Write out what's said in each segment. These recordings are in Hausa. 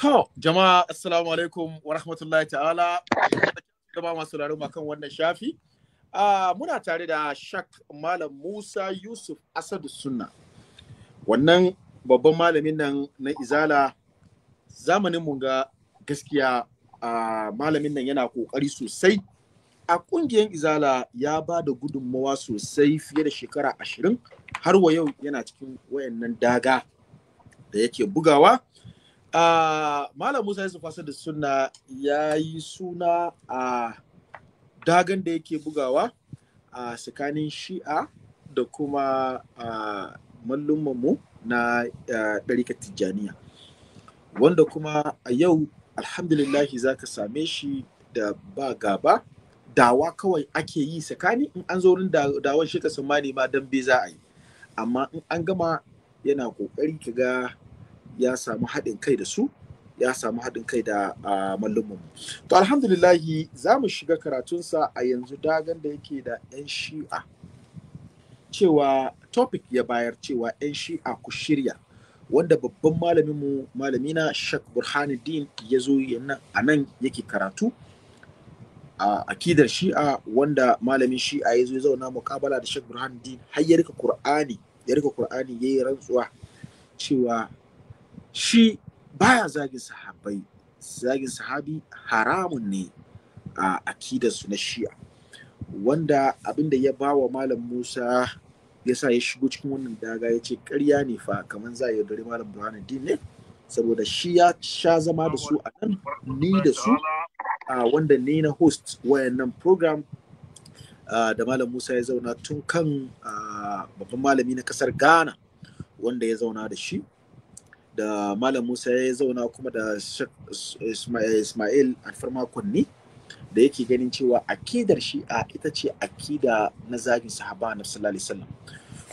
To, jama'a assalamu alaikum wa rahmatullahi ta'ala. Gaba masu laruma kan wannan shafi. Ah, muna tare da Shak Malam Musa Yusuf Asadu Sunna. Wannan babban malamin nan na Izala zamanin mu ga gaskiya ah, malamin nan yana kokari sosai. A kungiyar Izala ya ba da gudunmawa sosai fiye da shekara ashirin har wa yau yana cikin wayannan daga da yake bugawa. Malam Musa Yusuf Asad da suna ya yi suna a dagan da yake bugawa a tsakanin shi'a da kuma mu na ɗarikar tijjaniya wanda kuma a yau alhamdulillahi za ka same shi da ba gaba dawa kawai ake yi tsakani in an zo wurin dawon shi ka samani ma don za a yi amma in an gama yana ƙoƙari ka ga ya samu haɗin kai da su ya samu haɗin kai da mallumin to alhamdulillahi za mu shiga karatunsa a yanzu dagan da yake da 'yan shi'a cewa topic ya bayar cewa 'yan shi'a ku shirya wanda babban malaminmu malamina Sheikh burhanuddin ya zo yana, a nan yake karatu a akidar shi'a wanda malamin shi'a ya zo ya zauna mukabala da Sheikh burhanuddin har ya rika qur'ani ya rika qur'ani yayi rantsuwa cewa shi baya zagin sahabbai zagin sahabi haramun ne a akidarsu na shi'a wanda abinda ya bawa malam musa ya sa ya shigo cikin wannan daga ya ce karya ne fa kamar za ya dare malam din ne saboda shi ya sha zama da su a nan ni da su a wanda ni na host wayannan program da malam musa ya zauna tun kan babban malami na kasar ghana wanda ya zauna da shi da malam musa ya zauna kuma da eh, ismail alfarma kunni da yake ganin cewa akidar shi'a ita ce akida na zagin sahaba na sallallahu alaihi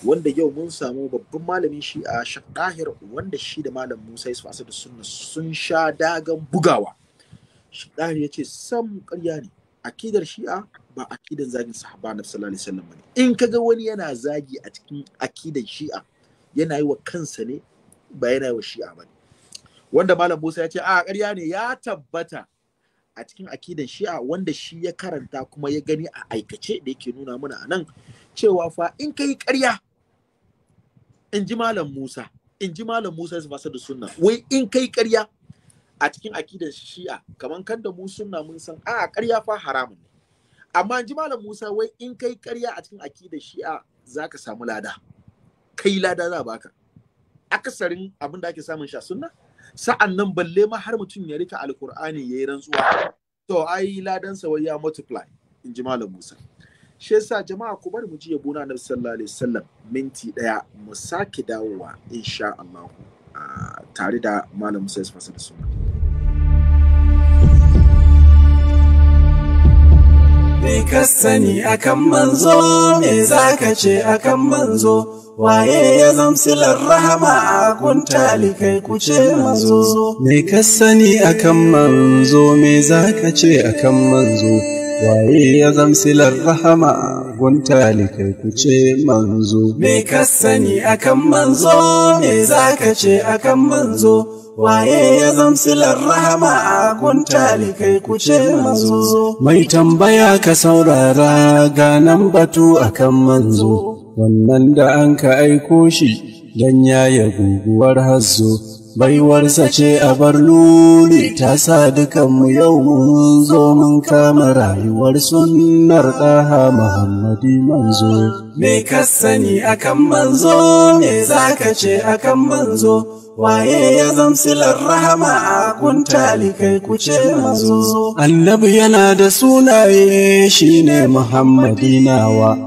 wanda yau mun samu babban malamin shi'a a dahir wanda shi da malam musa yusuf asadu sunna sun sha dagan bugawa shak ya ce sam karya ne akidar shi'a ba akidan zagin sahaba na sallallahu alaihi wasallam bane in kaga wani yana zagi a cikin akidan shi'a yana yi wa kansa ne ba yana wa shi'a ba wanda malam Musa ya ce a ƙarya ne ya tabbata a cikin akidan shi'a wanda shi ya karanta kuma ya gani a aikace da yake nuna mana a nan cewa fa in kai ƙarya in ji malam Musa in ji malam Musa ya fasa da sunna wai in kai ƙarya a cikin akidan shi'a kaman kan da mu sunna mun san a ƙarya fa haramun ne amma in ji malam Musa wai in kai ƙarya a cikin akidan shi'a zaka samu lada kai lada za baka akasarin abin da ake samun sha sunna sa'an nan balle ma har mutum ya rika alkur'ani ya yi rantsuwa to ai ladan wai ya multiply in ji malam musa shi yasa jama'a ku bari mu ji yabo na nabi sallallahu alaihi wasallam minti daya mu sake dawowa insha Allah ah, tare da malam musa ya fasa da sunna Me ka sani akan manzo, me za ka ce akan manzo, waye ya zamsilar rahama a talikai kai kuce manzo. Me ka sani akan manzo, me za ka ce akan manzo. waye ya zamsilar rahama gunta likai ku ce manzo me ka sani akan manzo me zaka ce akan manzo waye ya zamsilar rahama a kuntali kai kuce manzo mai tambaya ka saurara ga nan batu akan manzo wannan da an ka aiko shi dan yi guguwar hazo baiwarsa ce a bar luli ta sa dukanmu yau mun zo mun kama rayuwar sunnar ɗaha muhammadi manzo me ka sani akan manzo me za ka ce akan manzo waye ya zamsilar rahama a talikai kai ce manzo annabi yana da sunaye shine muhammadi nawa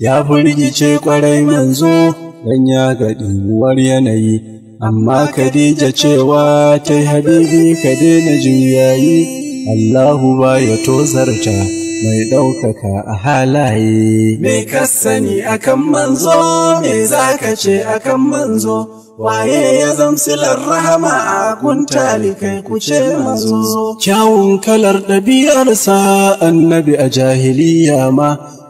ya firgice kwarai manzo dan ya ga ɗinguwar yanayi amma Khadija cewa ta habibi ka daina juyayi Allahu ba ya tozarta mai ɗaukaka a halaye me ka sani akan manzo me za ka ce akan manzo waye ya zamsilar rahama a kuntali kai kuce manzo kyawun kalar ɗabi'arsa annabi a jahiliya ma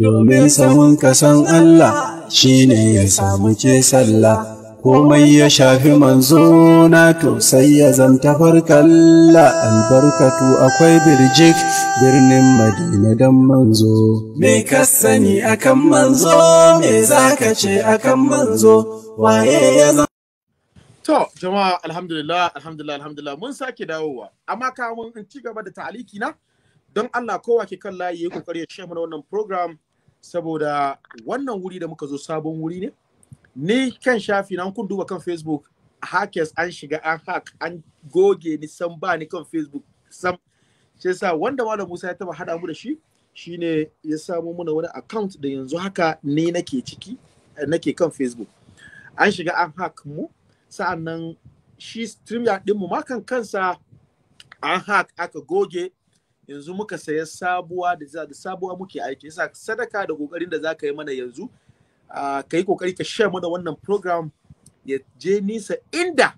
domin sahun kasan Allah shi ne ya samu ke sallah komai ya shafi manzo na to sai ya zanta farkalla albarkatu akwai birjik birnin madina don manzo me ka sani akan manzo me za ka ce akan manzo waye ya zama To, jama'a alhamdulillah, alhamdulillah, alhamdulillah, mun sake dawowa. Amma kamun in ci gaba da ta'aliki na, don Allah kowa ke kan layi ya kokari ya share mana wannan program saboda wannan wuri da muka zo sabon wuri ne ni kan shafi na kun duba kan facebook hackers an shiga an hack an goge ni san ba ni kan facebook sam shi sa wanda malam Musa ya taba hada mu da shi shine ya samu muna wani account da yanzu haka ni nake ciki eh, nake kan facebook an shiga an hack mu sa'annan shi ya din mu ma kan kansa an hack aka goge yanzu muka saya sabuwa da da sabuwa muke aiki yasa sadaka da kokarin da za ka yi mana yanzu ka yi kokari ka share mana wannan program ya je nisa inda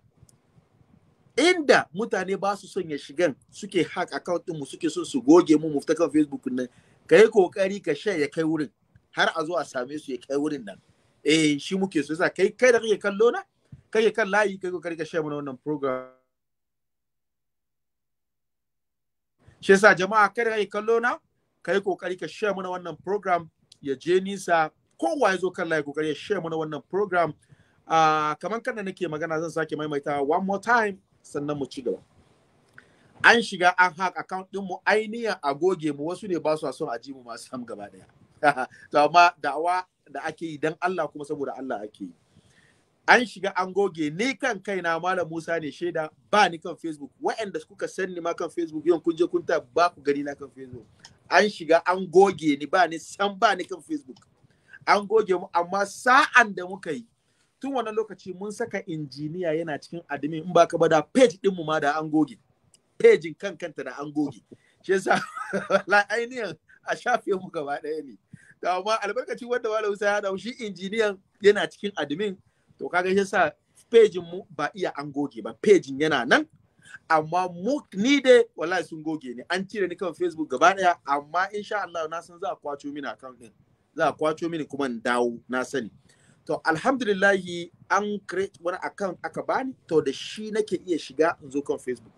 inda mutane ba su son ya shigan suke hack account mu suke son su goge mu mufta kan facebook nan ka yi kokari ka share ya kai wurin har a zo a same su ya kai wurin nan eh shi muke so yasa kai kai da kake kallo na kake kan layi kai kokari ka share mana wannan program shi yasa jama'a kada kai kallo na kai kokari ka share mana wannan program ya je nisa kowa ya zo kan like kokari ya share mana wannan program uh, ah, kamar kan da nake magana zan sake maimaita one more time sannan mu ci gaba an shiga an hack account din mu ainihin a goge mu wasu ne ba su son a ji mu masu sam gaba daya to amma da'awa da ake yi dan Allah kuma saboda Allah ake yi an shiga an goge ni kan kaina malam Musa ne shaida ba ni kan Facebook waɗanda kuka sanni ma kan Facebook yau kun je kun ta ba ku gani na kan Facebook an shiga an goge ni ba ni san ba ni kan Facebook an goge mu amma sa'an da muka yi tun wannan lokaci mun saka injiniya yana cikin admin in ba ka ba page din mu ma da an goge pejin kan kanta da an goge shi yasa la ainihin a shafe mu gaba ɗaya ne to amma albarkaci wanda malam Musa ya dawo shi injiniyan yana cikin admin to kaga yasa pejin mu ba iya an goge ba pejin yana nan amma mu ni dai wallahi sun goge ne an cire ni kan facebook gaba daya amma insha Allah na san za a kwaco mini account din za a kwaco mini kuma in dawo na sani to alhamdulillah an create wani account aka bani to da shi nake iya shiga in zo kan facebook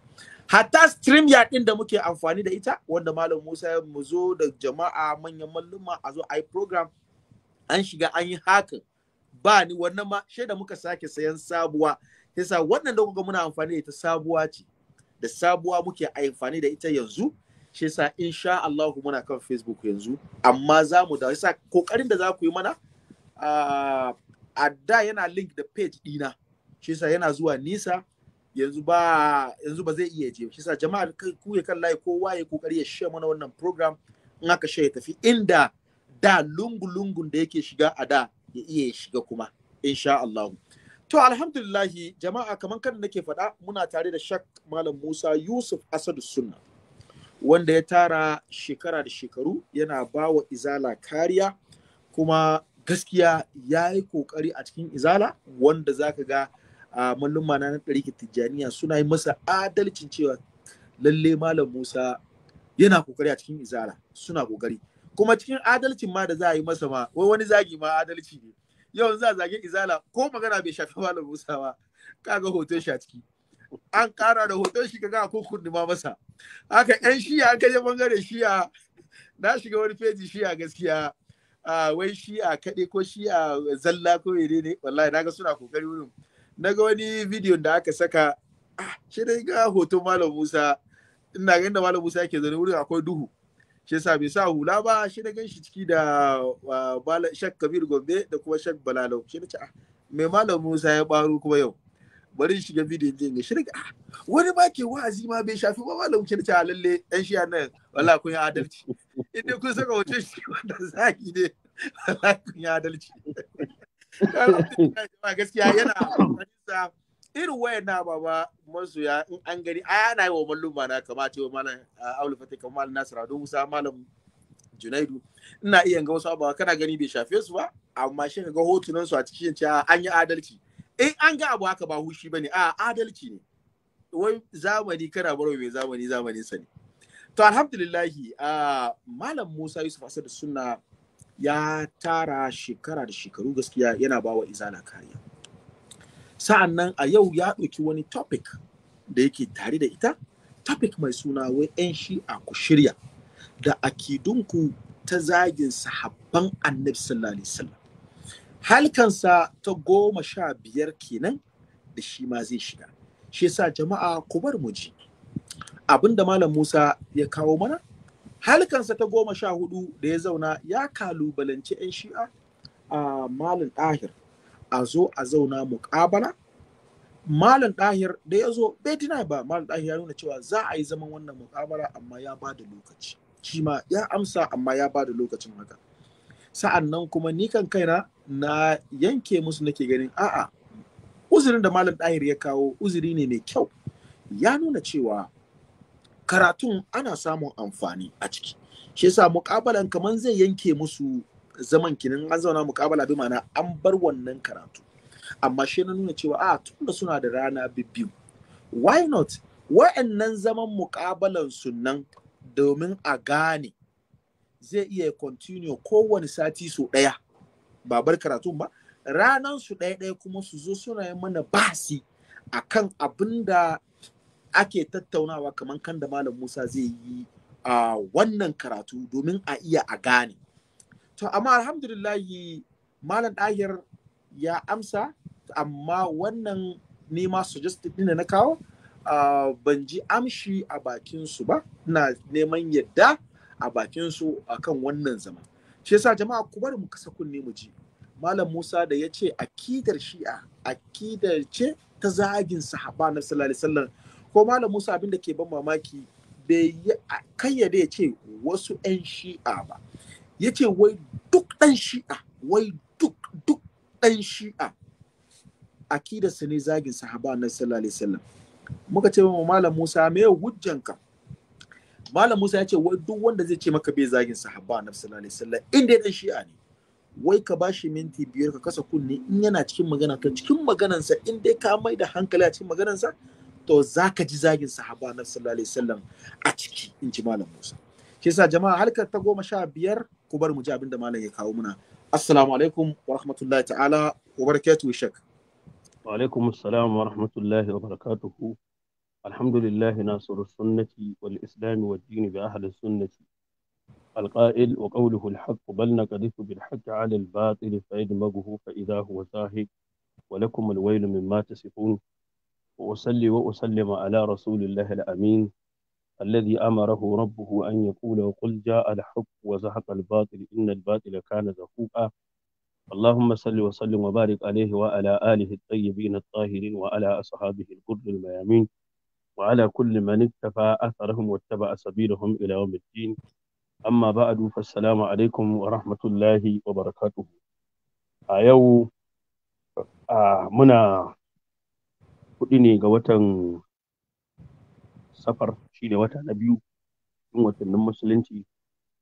hatta stream ya din da muke amfani da ita wanda malam Musa mu zo da jama'a manyan malluma a zo ai program an shiga an yi hakan ba ni wannan ma da muka sake sayan sabuwa yasa wannan da kuka muna amfani da ita sabuwa ce da sabuwa muke amfani da ita yanzu shi yasa insha Allah muna kan Facebook yanzu amma za mu da yasa kokarin da za ku yi mana ah, a da yana link da page dina shi yasa yana zuwa nisa yanzu ba yanzu ba zai iya je shi yasa jama'a ku ya kan layi kowa ya kokari ya share mana wannan program in aka share tafi inda da lungu lungun da yake shiga a da ya iya shiga kuma insha Allah to alhamdulillahi jama'a kamar kan nake faɗa muna tare da shak malam Musa Yusuf Asadu Sunna wanda ya tara shekara da shekaru yana ba wa izala kariya kuma gaskiya ya yi kokari a cikin izala wanda zaka ga a malluma na ke tijjaniya suna yi masa adalcin cewa lalle malam Musa yana kokari a cikin izala suna kokari kuma cikin adalcin ma da za a yi masa ma wai wani zagi ma adalci ne yau za a zage izala ko magana bai shafi malam musa ba kaga hoton shi a ciki an kara da hoton shi kaga ko ma masa haka yan shiya an kaje bangare shiya na shiga wani feji shiya gaskiya wai shiya kaɗai ko shiya zalla ko ire ne wallahi naga suna kokari wurin naga wani bidiyon da aka saka ah, shi dai ga hoton malam musa ina ga inda malam musa yake zaune wurin akwai duhu shi yasa bai sa hula ba shi na gan shi ciki da shak kabir gombe da kuma shak balalau shi na ce ah mai malam musa ya baro kuma yau bari shiga bidiyon ne shi daga ah, wani ba ke wa'azi ma bai shafi ba malam shi ce ah, lalle yan shi nan wallahi kun yi adalci inda kun saka wace shi wanda zaki ne wallahi kun yi adalci ah, gaskiya yana irin wayan na masu ya in an gani a ana yi wa malluma na kama ce wa malam Aulu Fatih kamar malam Nasir don Musa malam Junaidu ina iya ga wasu abawa kana gani bai shafe su ba amma shi ga hotunan su a cikin cewa an yi adalci in an ga abu haka ba hushi ne. a adalci ne wai zamani kana baro mai zamani zamani sa ne to alhamdulillahi malam Musa Yusuf da suna ya tara shekara da shekaru gaskiya yana bawa izala kariya sa'an nan a yau ya ɗauki wani topic da yake tare da ita topic mai suna wai 'yan shi'a ku shirya da akidunku ta zagin sahabban annabi sallallahu alaihi wasallam halkansa ta goma sha biyar kenan da shi ma zai shiga shi yasa jama'a ku bar mu ji abinda malam Musa ya kawo mana halkansa ta goma sha hudu da ya zauna ya kalubalance 'yan shi'a a ah, malam ɗahir a zo a zauna muƙabala malam ɗahir da ya zo bai tuna ba malam ɗahir ya nuna cewa za a yi zaman wannan muƙabala amma ya ba da lokaci shi ma ya amsa amma ya ba da lokacin haka sa'an nan kuma ni kan kaina na yanke musu nake ganin a'a uzurin da malam ɗahir ya kawo uzuri ne mai kyau ya nuna cewa karatun ana samun amfani a ciki shi yasa muƙabalan kamar zai yanke musu zaman kinan an zauna mukabala bi ma'ana an bar wannan karatu amma shi na nuna cewa a ah, tunda suna da rana bibbiyu why not wa'annan zaman mukabalan sunan domin a gane zai iya continue kowane sati su ɗaya ba bar karatu ba ranan su ɗaya ɗaya kuma su zo suna yi mana basi akan abin da ake tattaunawa kamar kan da malam musa zai yi a wannan karatu domin a iya a gane to amma alhamdulillahi malam ɗahir ya amsa amma wannan nema suggested ɗin na kawo ah, ban ji amshi a bakinsu ba na neman yadda a bakinsu a kan wannan zama shi yasa jama'a ku bari mu kasa kunne mu ji malam musa da ya ce akidar shi'a akidar ce ta zagin sahaba na sallallahu alaihi ko malam musa abinda ke ban mamaki bai kayyade ya ce wasu 'yan shi'a ba yace wai duk ɗan shi'a wai duk duk ɗan shi'a akidarsa ne zagin sahaba na sallallahu alaihi wasallam muka ce wa malam Musa me ka. malam Musa ya ce wai duk wanda zai ce maka bai zagin sahaba na sallallahu alaihi wasallam inda ɗan shi'a ne wai ka bashi minti biyar ka kasa kunne in yana cikin magana Ka cikin maganansa in dai ka mai da hankali a cikin maganansa to za ka ji zagin sahaba na sallallahu alaihi wasallam a ciki in ji malam Musa shi jama'a halkar ta goma sha biyar ko bari mu ji abin da malam ya kawo muna assalamu alaikum wa rahmatullahi wa barakatuhu shek wa alaikum assalam wa rahmatullahi wa barakatuhu alhamdulillahi nasiru sunnati wal islam wa addini bi ahli sunnati al qa'il wa qawluhu al haqq bal naqdifu bil haqq 'ala al batil fa idmaghu fa idha huwa sahiq wa lakum min waylu mimma tasifun wa usalli wa usallimu ala rasulillahi al amin الذي أمره ربه أن يقول وقل جاء الحق وزهق الباطل إن الباطل كان زهوقا اللهم صل وسلم وبارك عليه وعلى آله الطيبين الطاهرين وعلى أصحابه الكر الميامين وعلى كل من اتبع أثرهم واتبع سبيلهم إلى يوم الدين أما بعد فالسلام عليكم ورحمة الله وبركاته أيو آه منا kudi ne ga watan safar shine wata na biyu cikin watannin musulunci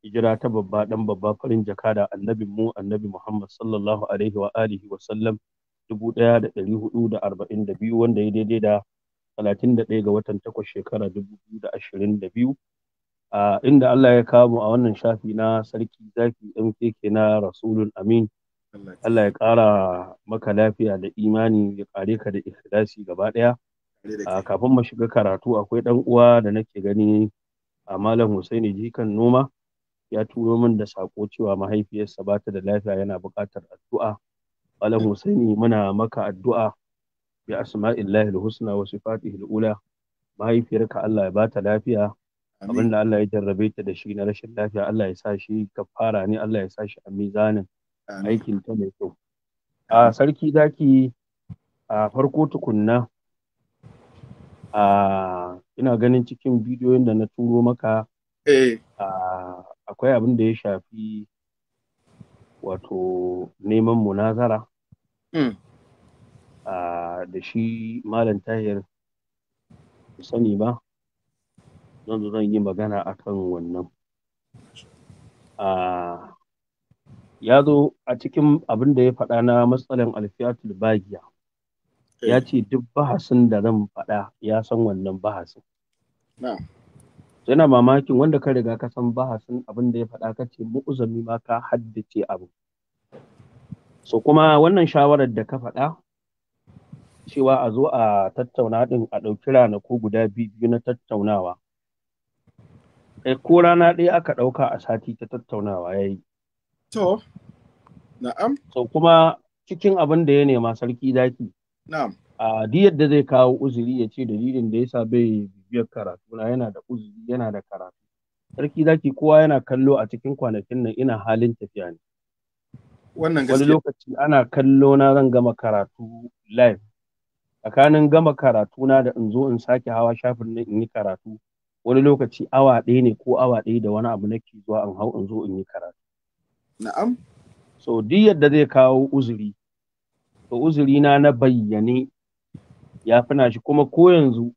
hijira ta babba dan babba farin jaka da annabin mu annabi Muhammad sallallahu alaihi wa alihi wa sallam 1442 wanda ya daidai da 31 ga watan 8 shekara da ashirin 2022 a inda Allah ya kawo a wannan shafi na sarki zaki keke na rasulun Amin Allah ya ƙara maka lafiya da imani ya ƙare ka da ikhlasi gaba ɗaya kafin mu shiga karatu akwai dan uwa da nake gani a malam Husaini jikan noma ya turo min da sako cewa mahaifiyarsa ba ta da lafiya yana buƙatar addu'a malam Husaini muna maka addu'a bi asma'illahi husna wa sifatihi ula mahaifiyarka Allah ya ta lafiya abin da Allah ya jarrabe ta da shi na rashin lafiya Allah ya sa shi kafara ne Allah ya sa shi a mizanin aikin ta mai kyau a sarki zaki a farko tukunna ina ganin cikin bidiyoyin da na turo maka eh. akwai abin da ya shafi wato neman munazara hmm. da shi malam tahir sani ba zan zan yi magana akan wannan ya zo a cikin abin da ya faɗa na matsalan alfiyatul bagiya Eh. ya ce duk bahasin da zan faɗa ya san wannan bahasin yana mamakin wanda ka riga ka san bahasin abin da ya faɗa ka ce mu'uzami ma ka haddace abu so kuma wannan shawarar da ka faɗa cewa a zo a tattauna ɗin a ɗauki ko guda biyu na tattaunawa kai eh, ko rana ɗaya aka ɗauka a sati ta tattaunawa ya yi to na'am so kuma cikin abin da ya nema sarki zaki a duk yadda zai kawo uzuri ya ce dalilin da yasa bai yi karatu na yana da uzuri yana da karatu sarki zaki kowa yana kallo a cikin kwanakin nan ina halin tafiya ne wannan wani lokaci ana kallo na zan gama karatu live tsakanin gama karatu na da in zo in sake hawa shafin na in yi karatu wani lokaci awa ɗaya ne ko awa ɗaya da wani abu nake zuwa in hau in zo in yi karatu na'am so duk yadda zai kawo uzuri to uzurina na bayyane ya fi shi kuma ko yanzu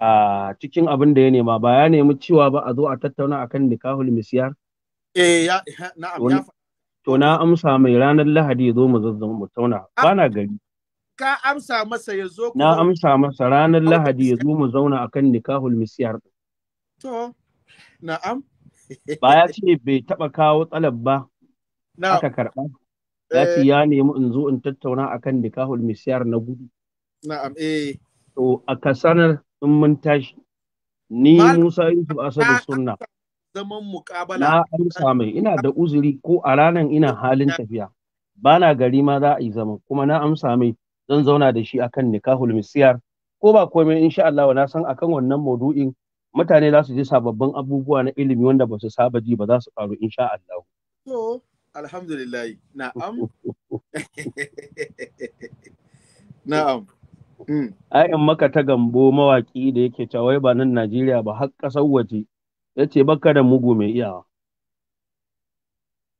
a cikin abin da ya nema ba ya nemi cewa ba a zo a tattauna akan nikahul misyar eh ya na'am to na amsa mai ranar lahadi ya zo mu zazzan mu tauna ah, na gari ka amsa masa ya zo na amsa masa ranar lahadi ya zo mu zauna akan nikahul misyar to na'am ba ya ce bai taba kawo tsalab ba aka karɓa Yaci eh. ya nemi in zo in tattauna akan nikahul misyar na gudu. Na'am eh. To a kasanar in mun tashi ni Musa Yusuf Asadu Sunna. Zaman muƙabala. Na amsa mai ina da uzuri ko a ranar ina halin tafiya. Bana gari ma za a yi zaman kuma na amsa mai zan zauna da shi akan nikahul misiyar. ko ba komai insha Allah na san akan wannan maudu'in mutane za su ji sababbin abubuwa na ilimi wanda ba su saba ji ba za su faru insha Allah. alhamdulillah na'am na'am hmm. ayan maka ta gambo mawaki da yake cewa ba nan Najeriya ba har kasar waje yace baka da mugu mai iyawa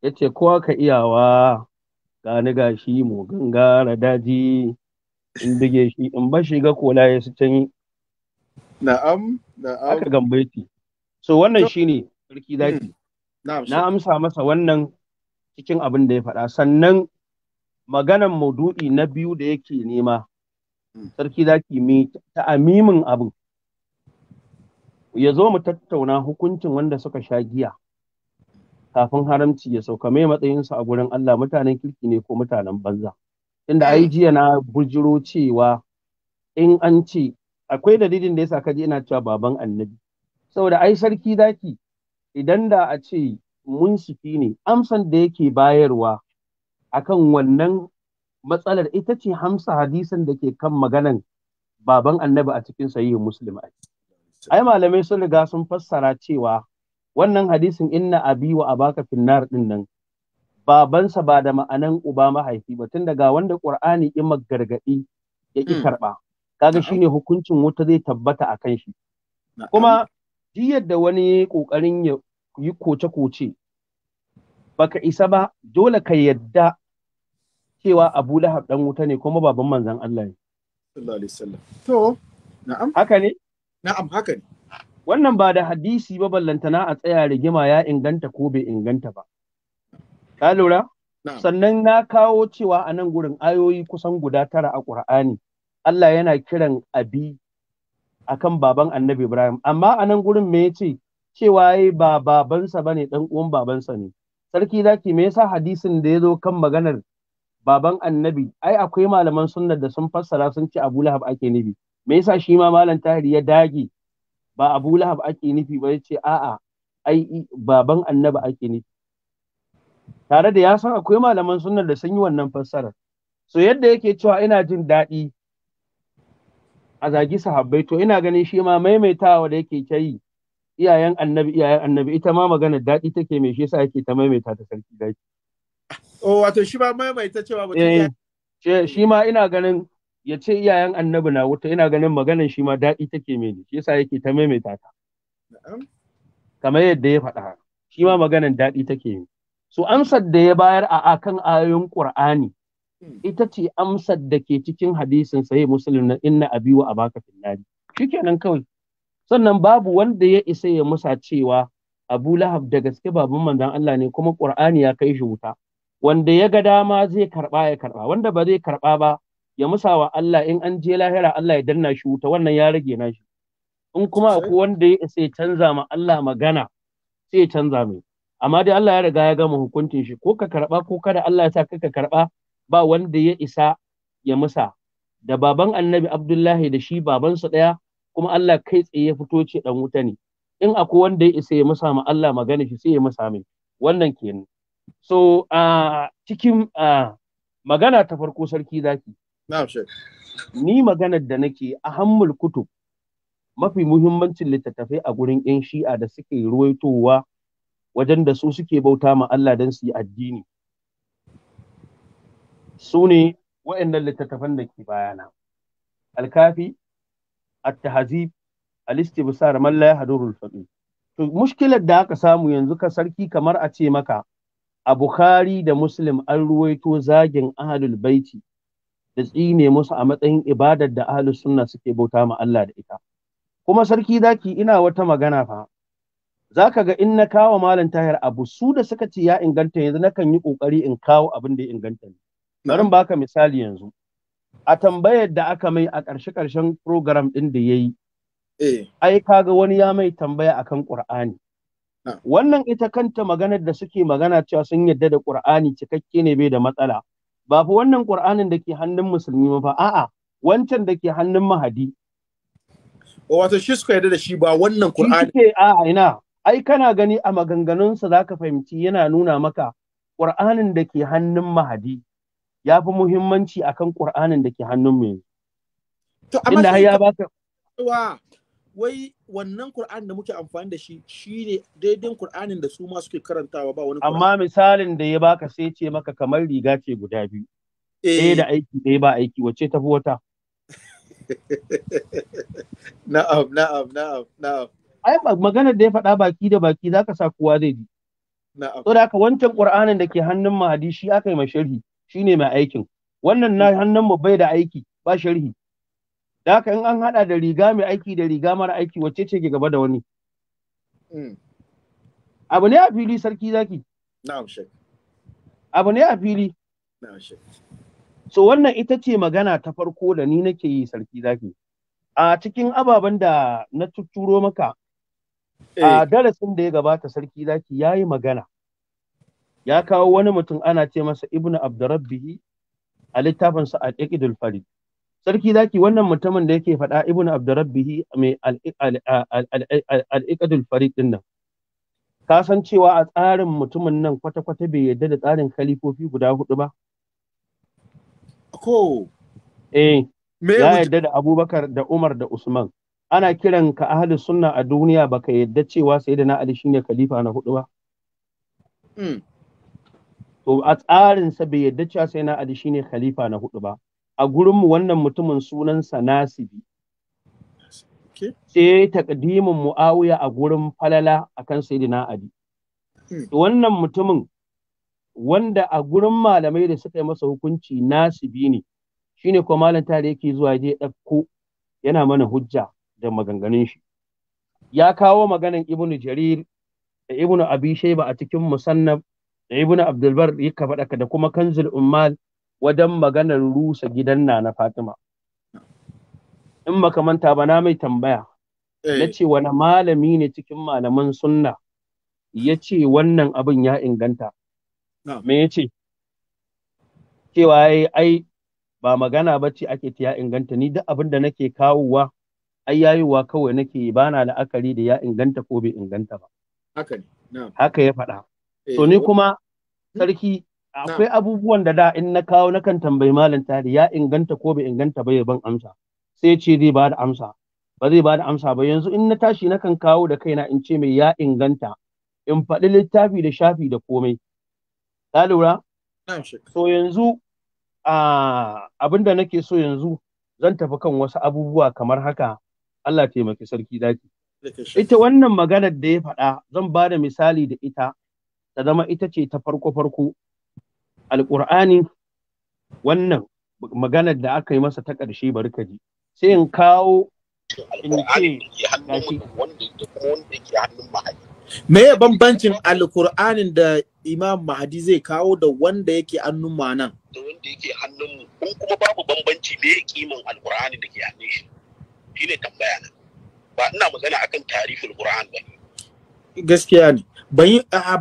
yace ce kowa ka iyawa gani gashi mu gangara daji in bige shi in ba shi ga kola ya su can na'am na'am aka gambaiti so wannan shine sarki zaki hmm. na amsa masa wannan cikin abin da ya faɗa sannan maganan maudu'i na biyu da yake nema hmm. sarki za ki mi ta amimin abin ya zo mu tattauna hukuncin wanda suka sha giya kafin haramci ya sauka mai matsayinsu a gurin Allah mutanen kirki ne ko mutanen banza inda ai jiya na bujiro cewa in an ce akwai dalilin da ya sa kaji ina cewa baban annabi saboda ai sarki zaki idan da a ce munsifi ne amsan da yake bayarwa akan wannan matsalar ita ce hamsa hadisan da ke kan maganan baban annabi a cikin sahihin muslim ai malamai sun riga sun fassara cewa wannan hadisin inna abi wa abaka finnar din nan babansa ba da ma'anan uba mahaifi ba tun daga wanda qur'ani in gargadi ya ki hmm. karba kaga shine hukuncin wuta zai tabbata a kan shi kuma duk yadda wani kokarin ya yi koce-koce baka isa ba dole ka yadda cewa Abu Lahab dan wuta ne kuma baban manzan Allah ne to na'am haka ne na'am haka ne wannan ba da hadisi ba ballantana a tsaya rigima ya inganta ko bai inganta ba ka lura sannan na kawo cewa a nan gurin ayoyi kusan guda tara a ƙur'ani, Allah yana kiran abi kan baban Annabi Ibrahim amma a nan gurin me ya ce? cewa yi ba babansa ne, dan uwan babansa ne sarki zaki me yasa hadisin da ya zo kan maganar baban annabi ai akwai malaman sunnar da sun fassara sun ce Abu Lahab ake nufi me yasa shi ma malam Tahir ya dage ba Abu Lahab ake nufi ba ya ce? a'a ai baban annabi ake nufi tare da ya san akwai malaman sunnar da sun yi wannan fassarar so yadda yake cewa ina jin daɗi a zagi sahabbai to ina ganin shi ma maimaitawa da yake ta yi iyayen annabi iyayen annabi ita ma magana daɗi take mai shi yasa yake ta maimaita ta sarki daɗi. oh wato shi ma maimaita cewa mutum eh, ya shi ma ina ganin ya ce iyayen annabi na wuta ina ganin maganan shi ma daɗi take ne shi yasa yake ta maimaita ta kamar yadda ya faɗa shi ma maganan daɗi take yi su amsar da ya bayar a akan ayoyin qur'ani hmm. ita ce amsar da ke cikin hadisin sahih muslim na inna abi wa abaka finnari shikenan kawai sannan babu wanda ya isa ya musa cewa Abu Lahab da gaske baban manzan Allah ne kuma Qur'ani ya kai shi wuta wanda ya ga dama zai karba ya karba wanda ba zai karba ba ya musa wa Allah in an je lahira Allah ya danna shi wuta wannan ya rage nashi. in kuma akwai wanda ya isa ya canza ma Allah magana sai ya canza mai amma dai Allah ya riga ya gama hukuncin shi ko ka karba ko kada Allah ya sa ka karba ba wanda ya isa ya musa da baban Annabi Abdullahi da shi babansa ɗaya kuma Allah kai tsaye ya fito ce dan wuta ne in akwai wanda ya isa ya masa ma Allah magana shi sai ya masa mai wannan kenan so a cikin magana ta farko sarki zaki na'am ni maganar da nake a hammul kutub mafi muhimmancin littattafai a gurin yan shi'a da suke ruwaitowa wajen da su suke bauta ma Allah dan su yi addini su ne wa'annan littattafan da ke bayana alkafi attahazib alisti al-istibsar man la yahdurul to mushkilar da aka samu yanzu ka sarki kamar a ce maka a Bukhari da Muslim an ruwaito zagin ahlul baiti da tsine musu a matsayin ibadar da ahlus sunna suke bauta ma Allah da ita kuma sarki zaki ina wata magana fa zaka ga in na kawo malam tahir abu su da suka ce ya inganta yanzu nakan yi kokari in kawo abin da ya inganta ne bari baka misali yanzu a tambayar da aka mai a ƙarshe ƙarshen program ɗin da ya yi eh. ai kaga wani ya mai tambaya a kan ƙur'ani wannan ita kanta maganar da suke magana cewa sun yadda da ƙur'ani cikakke ne bai da matsala ba fi wannan ƙur'anin da ke hannun musulmi ba a'a wancan da ke hannun mahadi wato shi suka yarda da shi ba wannan ƙur'ani. shi a ina ai kana gani a maganganunsa za ka fahimci yana nuna maka ƙur'anin da ke hannun Mahadi ya fi muhimmanci a kan Qur'anin da ke hannun mai. to amma sai ya baka wa wai wannan Qur'an da muke amfani da shi shi ne daidai Qur'anin da su ma suke karantawa ba wani amma misalin da ya baka sai ce maka kamar riga ce guda biyu eh. ɗaya da aiki ɗaya ba aiki wacce tafi wata na'am na'am na'am na'am ai maganar da ya faɗa baki da baki ka sa kowa zai ji na'am saboda haka wancan qur'anin da ke hannun mahadi shi aka yi masharhi shine mai aikin wannan na mm. hannun mu bai da aiki ba sharhi da haka in an hada da riga mai aiki da riga mara aiki wacce ce ke gaba da wani mm. abu ne a fili sarki zaki abu ne a fili so wannan ita ce magana ta farko da ni nake yi sarki zaki a cikin ababen da na tutturo maka a eh. darasin da ya gabata sarki zaki ya yi magana ya kawo wani mutum ana ce masa ibnu abdurrabbihi a sa al-iqdul farid sarki zaki wannan mutumin da yake faɗa ibnu abdurrabbihi mai al-iqdul farid din nan ka san cewa a tsarin mutumin nan kwata-kwata bai yarda da tsarin kalifofi guda hudu ba ko eh ya yadda da abubakar da umar da usman ana kiran ka ahli sunna a duniya baka yarda cewa sayyidina ali shine khalifa na hudu ba hmm. to a tsarinsa bai yadda cewa sai na ali shine khalifa na hudu ba a gurinmu wannan mutumin sunansa nasibi sai takdimin mu'awiya a gurin falala akan sayyidina ali hmm. wannan mutumin wanda a gurin malamai da suka yi masa hukunci nasibi ne shine kuma malam tare yake zuwa je ɗauko yana mana hujja da maganganun shi ya kawo maganan ibnu jarir da ibnu abi shayba a cikin musannaf ibn abdulbar yaka faɗa da kuma kanzul ummal wajen maganar rusa gidan na na fatima in makamanta ba na mai tambaya eh. na ce wani malami ne cikin malaman sunna ya ce wannan abin ya inganta me ya ce cewa ai ba magana ba ce ake ta ya inganta ni duk abin da nake kawowa ai yayuwa kawai nake ba na la'akari da ya inganta ko bai inganta ba haka ya faɗa so eh. ni kuma hmm. sarki ah. akwai abubuwan da da in na kawo na kan tambayi malam tari ya inganta ko bai inganta ba yaban amsa sai ce zai ba da amsa ba zai ba da amsa ba yanzu in na tashi na kan kawo da kaina in ce mai ya inganta in faɗi littafi da shafi da komai ka lura so yanzu abinda nake so yanzu zan tafi kan wasu abubuwa kamar haka Allah taimaki sarki daki ita wannan maganar da ya faɗa zan ba da misali da ita ta zama ita ce ta farko-farko alƙur'ani wannan maganar da aka yi masa ta ƙarshe bari ka ji sai in kawo in ce gashi me ya bambancin alƙur'anin da imam mahadi zai kawo da wanda yake hannun ma nan da wanda yake hannun mu kun kuma babu bambanci me ya kiman alƙur'ani da ke hannun shi shine tambaya na ba ina magana akan tarifin Alƙur'ani ba gaskiya ne ban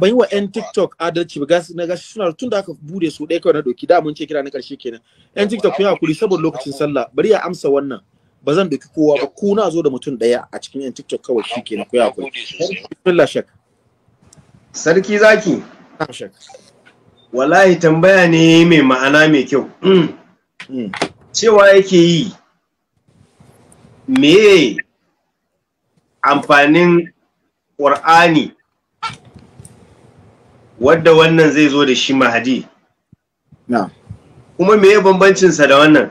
yi wa 'yan tiktok adalci ba gasu na gashi suna tun da aka bude su ɗaya kawai na doki da mun ce kira na ƙarshe kenan 'yan tiktok ya hakuri saboda lokacin sallah bari ya amsa wannan ba zan doki kowa ba ku na zo da mutum ɗaya a cikin 'yan tiktok kawai shi kenan kun ya hakuri bismillah shak sarki zaki wallahi tambaya ne mai ma'ana mai kyau hmm. cewa yake yi me amfanin ƙur'ani wadda wannan zai zo da shi mahadi kuma meye bambancinsa da wannan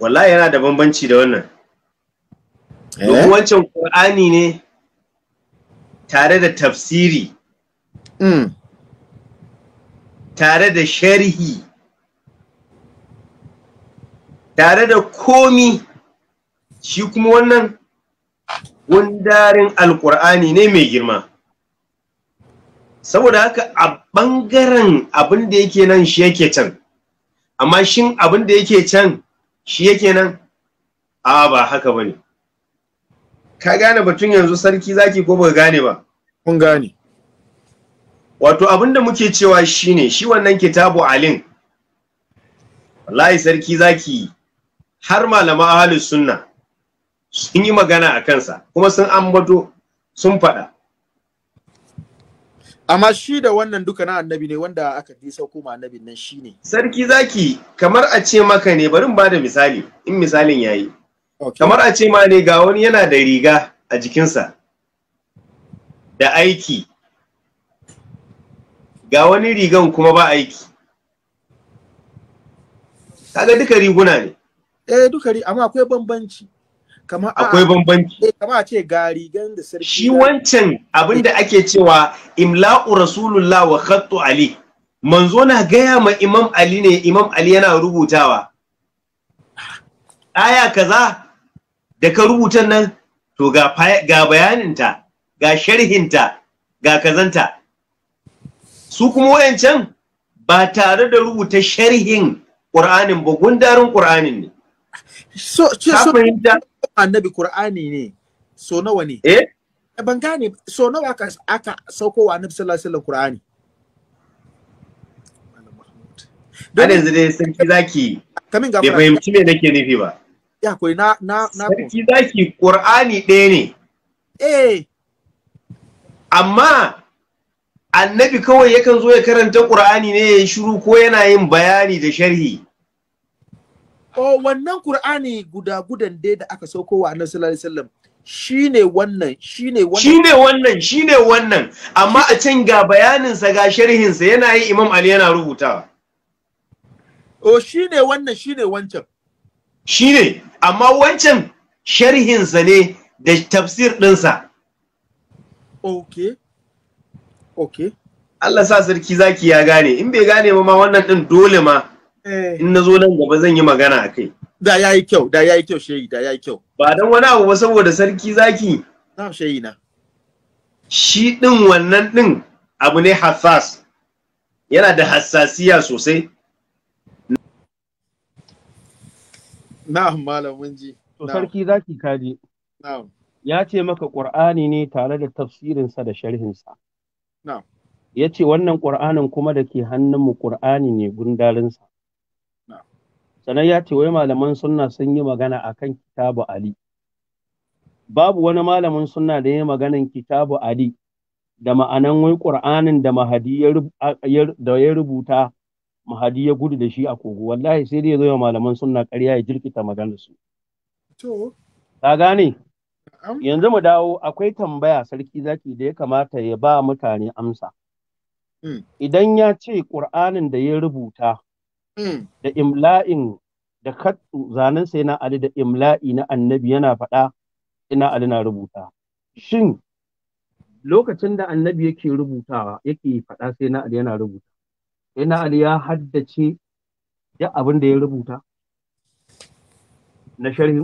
wallahi yana da bambanci da wannan eh? domin wancan qur'ani ne tare da tafsiri mm. tare da sharhi tare da komi shi kuma wannan gundarin alƙur'ani ne mai girma saboda haka a ɓangaren abin da yake nan shi yake can amma shin abin da yake can shi yake nan a ba haka ba ne ka gane batun yanzu sarki zaki ko ba gane ba kun gane wato abin da muke cewa shi ne, shi wannan kitabu alin wallahi sarki zaki har malama ahalus sunna sun yi magana a kansa kuma sun ambato sun faɗa amma shi da wannan duka na annabi ne wanda aka fi sauko ma annabin nan shi ne sarki zaki kamar a ce maka ne bari ba da misali in misalin yayi kamar a ce ma ne ga wani yana da riga a jikinsa da aiki ga wani rigan kuma ba aiki kaga duka riguna ne eh duka ri amma akwai bambanci akwai bambanci eh, kama a ce ga rigan da sarki shi wancan abinda ake cewa imla'u rasulullah wa khattu ali manzo na gaya ma imam ali ne imam ali yana rubutawa aya kaza da ka rubuta nan to ga ga bayaninta ga sharhinta ga kazanta su kuma wayancan ba tare da rubuta sharhin Qur'anin ba gundarin Qur'anin ne so so annabi qur'ani ne so nawa ne eh, eh ban gane so nawa aka aka sauko wa annabi sallallahu alaihi wasallam qur'ani dan yanzu dai sarki zaki kamin ga bai fahimci me nake nufi ba ya koi na na na sarki zaki qur'ani ɗaya ne eh amma annabi kawai yakan zo ya karanta qur'ani ne ya shiru ko yana yin bayani da sharhi o oh, wannan Qur'ani guda gudan dai da aka sauko wa Annabi sallallahu alaihi wasallam shine wannan shine wannan shine wannan shine wannan amma a can ga bayanin sa ga sharhin sa yana yi Imam Ali yana rubutawa o oh, shine wannan shine wancan shine amma wancan sharhin sa ne da tafsir din sa okay okay Allah sa sarki zaki ya gane in bai gane ba ma wannan din dole ma Eh. in na zo nan gaba zan yi magana a kai da ya yi kyau da ya yi kyau shehi da ya yi kyau ba don wani abu ba saboda sarki zaki na shehi na shi din wannan din abu ne hassas yana da hassasiya sosai Na malam mun ji to sarki zaki kaji na'am ya ce maka qur'ani ne tare da tafsirinsa da sharhinsa na'am ya ce wannan ƙur'anin kuma da ke hannunmu ƙur'ani ne gundarinsa sannan ya ce wai malaman sunna sun yi magana a kan kitabu ali babu wani malamin sunna da ya a kitabu ali da ma'anan wai ƙur'anin da ya rubuta mahadi ya gudu da shi a kogo wallahi sai dai ya zo ya malaman sunna ƙarya ya jirkita maganar su ta gane yanzu mu dawo akwai tambaya sarki zaki da ya kamata ya ba mutane amsa hmm. idan ya ce ƙur'anin da ya rubuta Hmm. da imla'in da katsu zanen sai na Ali da imla'i na annabi yana faɗa ina Ali na rubuta. Shin lokacin da annabi yake rubutawa yake faɗa sai na Ali yana rubuta. Sai na Ali ya haddace ya abin da ya rubuta na sharhi.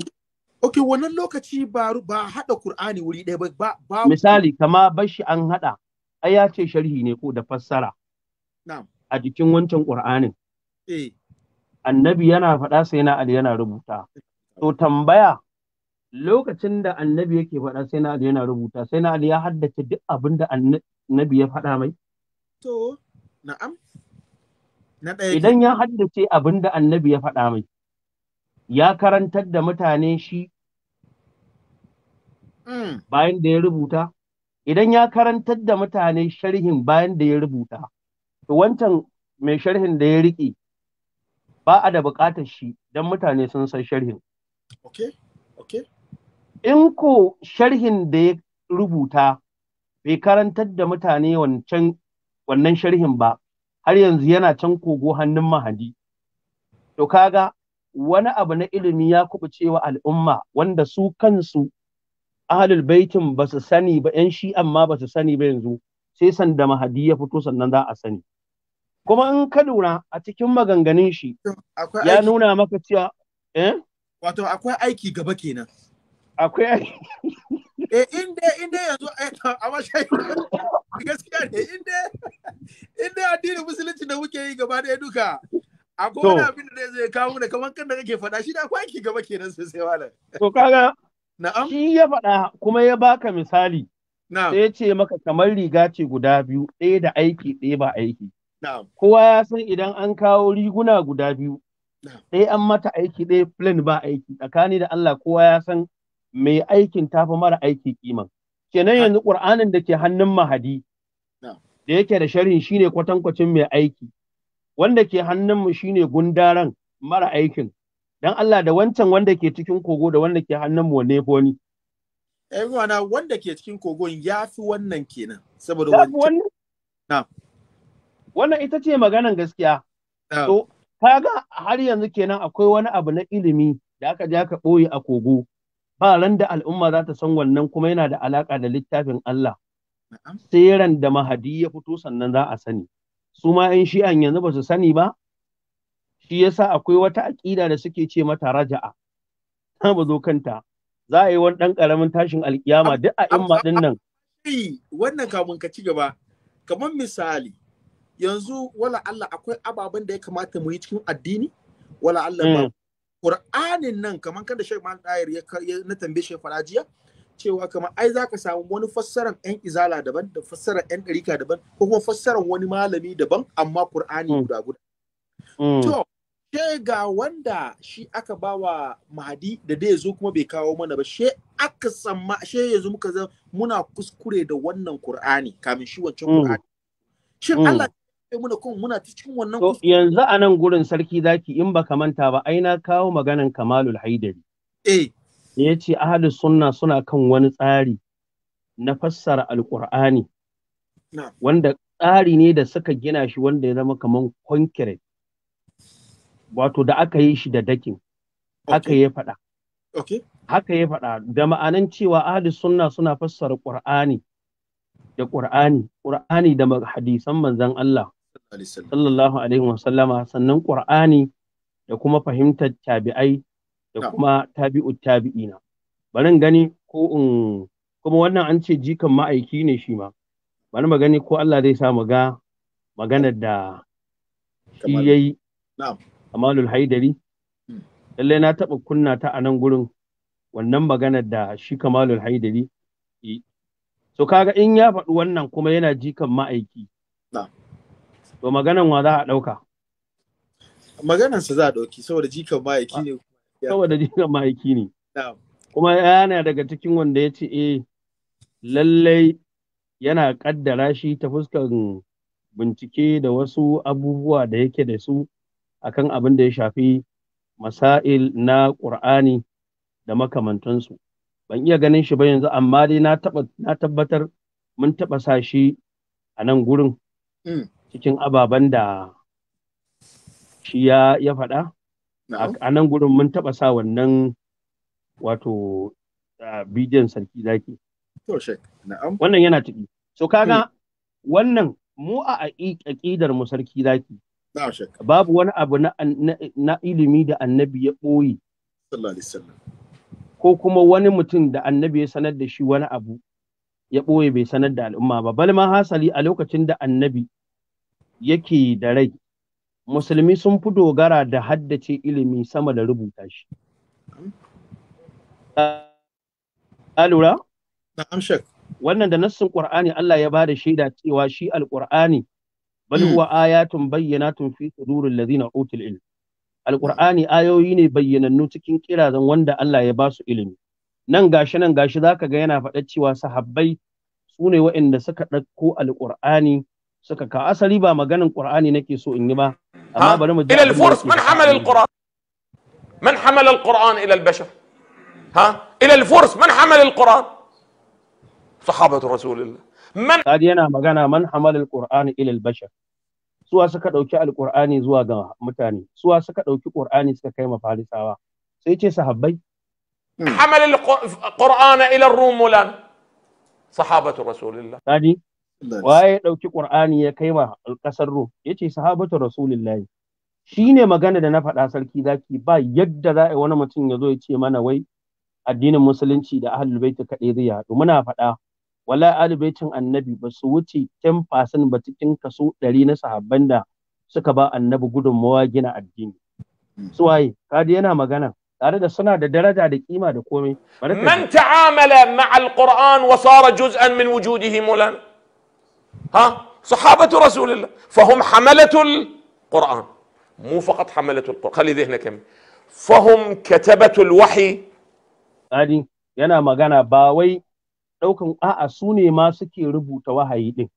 Ok, wannan lokaci ba ba haɗa Kur'ani wuri ɗaya ba. ba Misali, kama bashi an haɗa, ai ya ce sharhi ne ko da fassara. Na'am. A jikin wancan Kur'anin. Eh. annabi yana faɗa sai na ali yana rubuta to tambaya lokacin da annabi yake faɗa sai na ali yana rubuta sai na ali ya haddace duk abin da annabi ya faɗa mai to na'am na ɗaya idan ya haddace abin da annabi ya faɗa mai ya karantar da mutane shi mm. bayan da ya rubuta idan ya karantar da mutane sharhin bayan da ya rubuta to wancan mai sharhin da ya riƙe ba a da buƙatar shi don mutane sun san sharhin. Okay, okay. In ko sharhin da ya rubuta bai karantar da mutane wancan wannan sharhin ba, har yanzu yana can kogo hannun mahadi. To kaga wani abu na ilimi ya kubucewa al'umma wanda su kansu ahalul baitin ba su sani ba ‘yan shi amma ba su sani ba yanzu sai sanda mahadi ya fito sannan za a sani. kuma in ka lura a cikin maganganun shi ya nuna maka cewa eh wato akwai aiki gaba kenan akwai aiki eh inda inda yanzu eh, a washe gaskiya ne inda inda addinin musulunci da muke yi gaba da duka akwai wani abin da zai kawo ne kamar kan da kake faɗa shi da akwai aiki gaba kenan sosai wala to kaga na'am shi ya faɗa kuma ya baka misali sai ya ce maka kamar riga ce guda biyu ɗaya da aiki ɗaya ba aiki Kowa ya san idan an kawo riguna guda biyu, sai an mata aiki ɗaya plan ba aiki tsakani da Allah kowa ya san mai aikin tafi mara aiki kiman. Kenan yanzu Ƙur'anin da ke hannun Mahadi da yake da sharhin shine kwatankwacin mai aiki wanda ke hannun mu shine gundaran mara aikin dan Allah da wancan wanda ke cikin kogo da wanda ke hannun mu wanne ko ni. Eh wanda ke cikin kogon ya fi wannan kenan saboda wancan. wannan ita ce maganan gaskiya to kaga har yanzu kenan akwai wani abu na ilimi da aka je aka ɓoye a kogo ba ran da al'umma za ta san wannan kuma yana da alaƙa da littafin Allah sai da mahadi ya fito sannan za a sani su ma yan shi'an yanzu ba su sani ba shi yasa akwai wata aƙida da suke ce mata raja'a ta ba kanta za a yi wani ɗan ƙaramin tashin alkiyama duk a imma ɗin nan wannan kamun ka ci gaba kamar misali yanzu wala Allah akwai ababen da ya kamata mu yi cikin addini wala Allah ba mm. Qur'anin nan kamar kada Sheikh Mal Dair ya na tambaye shi Farajiya cewa kamar ai zaka samu wani fassarar ɗan izala daban da fassarar ɗan ɗarika daban ko kuma fassarar wani malami daban amma Qur'ani mm. guda guda mm. to she ga wanda shi aka bawa Mahdi da dai yazo kuma bai kawo mana ba she aka samma she yanzu muka zama muna kuskure da wannan Qur'ani kamin shi wancan Qur'ani shin Allah muna muna ta cikin wannan yanzu a nan gurin sarki zaki in baka manta ba ai na kawo maganan Kamalul Haidari eh ya ce ahlus sunna suna kan wani tsari na fassara alqur'ani wanda tsari ne da suka gina shi wanda ya zama kaman concrete wato da aka yi shi da dakin haka ya faɗa haka ya faɗa da ma'anan cewa ahlus sunna suna fassara qur'ani da qur'ani qur'ani da hadisan manzon Allah sallallahu alaihi wasallama sannan qur'ani da kuma fahimtar tabi'ai da kuma tabi'u tabi'ina barin gani ko in kuma wannan an ce jikan ma'aiki ne shi ma bari mu ko Allah zai sa mu ga maganar da shi yayi amalul Haidari hmm. lalle na taba kunna ta a nan gurin wannan maganar da shi Kamalul Haidari so kaga in ya faɗi wannan kuma yana jikan ma'aiki to maganan wa za a ɗauka maganan sa za a ɗauki saboda jikan ma'aiki ne saboda jikan ma'aiki ne kuma yana daga cikin wanda ya ce eh lallai yana ƙaddara shi ta fuskar bincike da wasu abubuwa da yake da su akan abin da ya shafi masail na ƙur'ani da makamantansu ban iya ganin shi ba yanzu amma dai na tabbatar mun taɓa sa shi a nan gurin mm. cikin ababen da shi ya faɗa a nan gurin mun taɓa sa wannan wato bidiyon sarki zaki wannan yana ciki so kaga hmm. wannan mu a aƙidar mu sarki zaki babu wani abu na ilimi da annabi ya ɓoye ko kuma wani mutum da annabi ya sanar da shi wani abu ya ɓoye bai sanar da al'umma ba bal ma hasali a lokacin da annabi yake da rai musulmi sun fi dogara da haddace ilimi sama da rubuta shi lura? na'am wannan da nassin qur'ani Allah ya bada shaida cewa shi alqur'ani bal huwa hmm. ayatun bayyinatun fi suduril ladina utul ilm alqur'ani ayoyi ne bayyanannu cikin kirazan wanda Allah ya ba su ilimi nan gashi nan gashi zaka ga yana faɗa cewa sahabbai su ne waɗanda suka ɗauko al'kur'ani. suka ka asali ba maganin qur'ani nake so in yi ba amma bari mu ila al-furs man hamala al-qur'an man hamala al-qur'an ila al-bashar ha ila al-furs man hamala al-qur'an sahabatu rasulillah man قد yana magana man hamala al-qur'an ila al-bashar suwa suka dauki al-qur'ani zuwa ga mutane suwa suka dauki qurani suka kai mafarisawa sai ce sahabbai حمل القران الى الروم ولان صحابه رسول الله ثاني waye ya ɗauki ƙur'ani ya kai ma ƙasar Ru. ya ce sahabatu rasulillahi shi ne magana da na faɗa sarki zaki ba yadda za a wani mutum ya zo ya ce mana wai addinin musulunci da ahlul baiti kaɗai zai haɗu muna faɗa wallahi ahlul baitin annabi ba su wuce 10% ba cikin kaso ɗari na sahabban da suka ba annabi gudunmawa gina addini hmm. waye kadi yana magana tare da suna da daraja da kima da komai man ta'amala ma'al qur'an wa sara juz'an min wujudihi mulan ها صحابة رسول الله فهم حملة القرآن مو فقط حملة القرآن خلي ذهنك فهم كتبة الوحي أدي ينا ما جانا باوي لو كان أسوني ما سكي ربو توهاي دين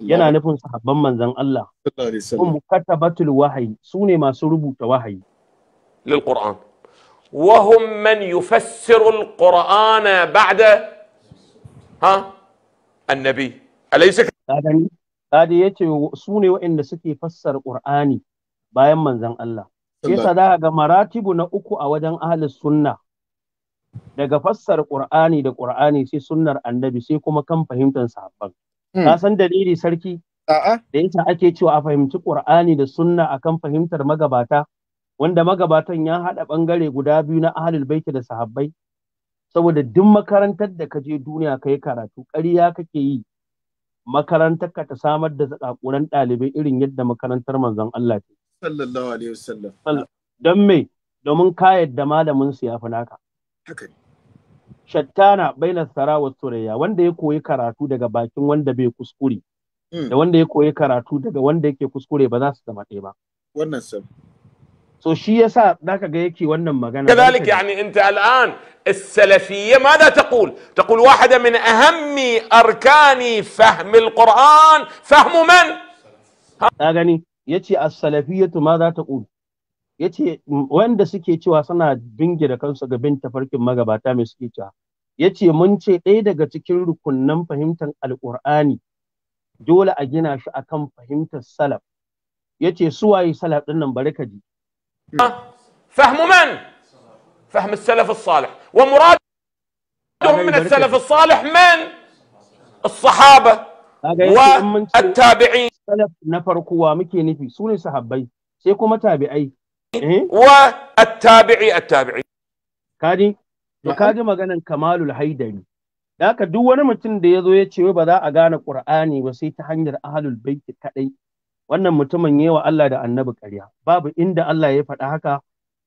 ينا نعم. نفون صحاب من زن الله هم كتبة الوحي سوني ما سربو توهاي للقرآن وهم من يفسر القرآن بعد ها النبي أليس ك Kadani, kadi ce su ne waɗanda suke fassar Ƙur'ani bayan manzan Allah. Sai sa za ga maratibu na uku a wajen ahalis sunna daga fassar Ƙur'ani da Ƙur'ani sai sunnar annabi sai kuma kan fahimtar sahabban. Hmm. Ka san dalili sarki? A'a. Da yasa ake cewa a fahimci Ƙur'ani da sunna akan fahimtar magabata wanda magabatan ya haɗa ɓangare guda biyu na ahalul baiti da sahabbai. Saboda duk makarantar da ka je duniya ka yi karatu ƙarya kake yi makarantar ka ta samar da zakakuran ɗalibai irin yadda makarantar manzon Allah ce sallallahu alaihi wasallam don me domin ka yadda malamin su ya fi naka haka shattana bai sara wa surayya wanda ya koyi karatu daga bakin wanda bai kuskure hmm. da wanda ya koyi karatu daga wanda yake kuskure ba za su zama ɗaya ba wannan so shi yasa zaka ga yake wannan magana كذلك يعني انت الان السلفيه ماذا تقول؟ تقول واحده من اهم اركان فهم القران فهم من؟ ka gani yace as-salafiyatu ماذا تقول؟ yace wanda suke cewa suna bingira kansu ga bin tafarkin magabata mai suke cewa yace mun ce ɗaya daga cikin rukunnan fahimtar alƙur'ani dole a gina shi akan fahimtar salaf yace suwaye salaf ɗin nan bari ka ji فهم من؟ فهم السلف الصالح ومرادهم من السلف الصالح من؟ الصحابة والتابعين السلف نفرق ومكي نفي سوني صحابي سيكو متابعي إيه؟ والتابعي التابعي كادي نعم. وكادي مغانا كمال الحيدين لكن دوانا متن mutum da بدا أغانا قرآني وسيتحنجر أهل البيت كأي wannan mutumin yi wa Allah da annabi ƙarya babu inda Allah ya faɗa haka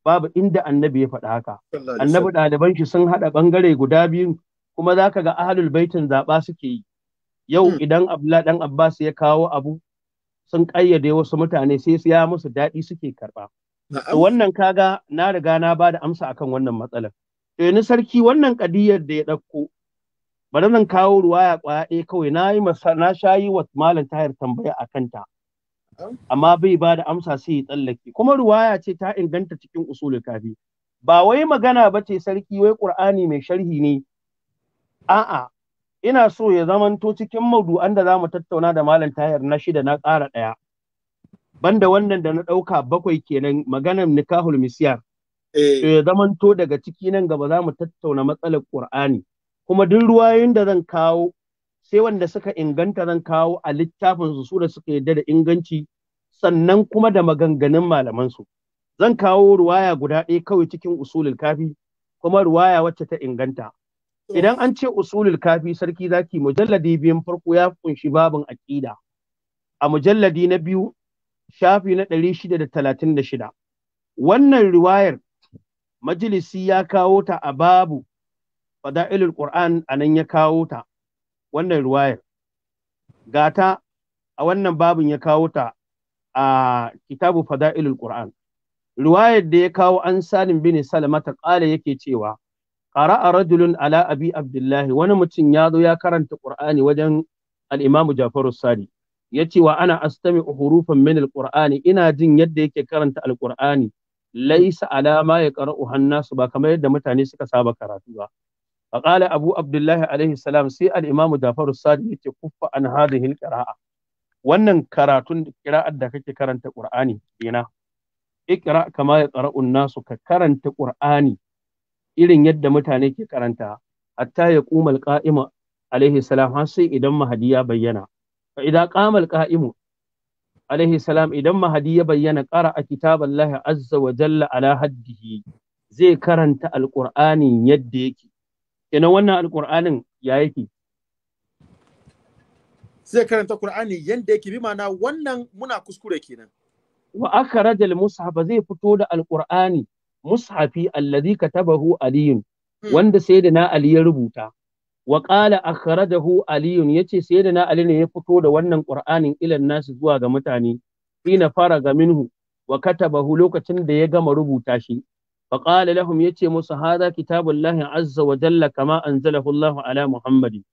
babu inda annabi ya faɗa haka annabi ɗaliban shi sun haɗa ɓangare guda biyu kuma za ka ga ahalul baitin zaɓa suke yi yau hmm. idan abdullah dan abbas ya kawo abu sun ƙayyade wasu mutane sai su ya musu daɗi suke karɓa wannan kaga na riga na ba da amsa akan wannan matsalar to sarki wannan kadiyar da ya ɗauko bari nan kawo ruwaya ƙwaya ɗaya kawai na yi na shayi wa malam tahir tambaya a kanta amma bai ba da amsa sai ya tsallake kuma ruwaya ce ta inganta cikin usulul kafi ba wai magana ba ce sarki wai qur'ani mai sharhi ne a'a ina so ya zamanto cikin maudu'an da mu tattauna da malam tayar na shida na ƙara ɗaya banda wannan da na ɗauka bakwai kenan maganar nikahul misiyar. Eh. to ya zamanto daga ciki nan gaba zamu tattauna matsalar qur'ani kuma duk ruwayoyin da zan kawo sai wanda suka inganta nan kawo a littafin su su da suka yadda da inganci sannan kuma da maganganun malamansu. zan kawo ruwaya guda ɗaya kawai cikin usulul kafi kuma ruwaya wacce ta inganta idan an ce usulul kafi sarki zaki mujalladi biyun farko ya kunshi babin aƙida, a mujalladi na biyu shafi na ɗari shida da talatin da shida wannan riwayar majalisi ya kawo ta a babu fada'ilul qur'an a nan ya kawo ta wannan ruwayar gata a wannan babin ya kawo ta a kitabu fada'ilul qur'an ruwayar da ya kawo an salim bin salamata ƙala yake cewa qara'a rajulun ala abi abdullahi wani mutum ya zo ya karanta qur'ani wajen Al'imamu jafaru sadi ya wa ana astami hurufan min qurani ina jin yadda yake karanta al laisa alama ya qara'u hannasu ba kamar yadda mutane suka saba karatu ba فقال أبو عبد الله عليه السلام سي الإمام جعفر الصادق يكف عن هذه القراءة wannan karatun kira'ar da kake karanta Qur'ani ina ikra kama ya qara'un nasu ka karanta Qur'ani irin yadda mutane ke karanta hatta ya kuma qa'imu alaihi salam har sai idan mahadi ya bayyana fa idza qamal qa'imu alaihi salam idan mahadi ya bayyana qara'a kitaballahi azza wa jalla ala haddihi zai karanta alqur'ani yadda yake ina wannan alƙur'anin ya yake zai karanta Qur'ani yanda yake bi ma'ana wannan muna kuskure kenan wa akhraja mushafa zai fito da alkur'ani mushafi allazi katabahu aliyun hmm. wanda na ali ya rubuta wa qala akhrajahu aliyun yace na ali ne ya fito da wannan Qur'anin ilan nasu zuwa ga mutane fara faraga minhu wa katabahu lokacin da ya gama rubuta shi فقال لهم يتي musu هذا كتاب الله عز وجل كما أنزله الله على محمد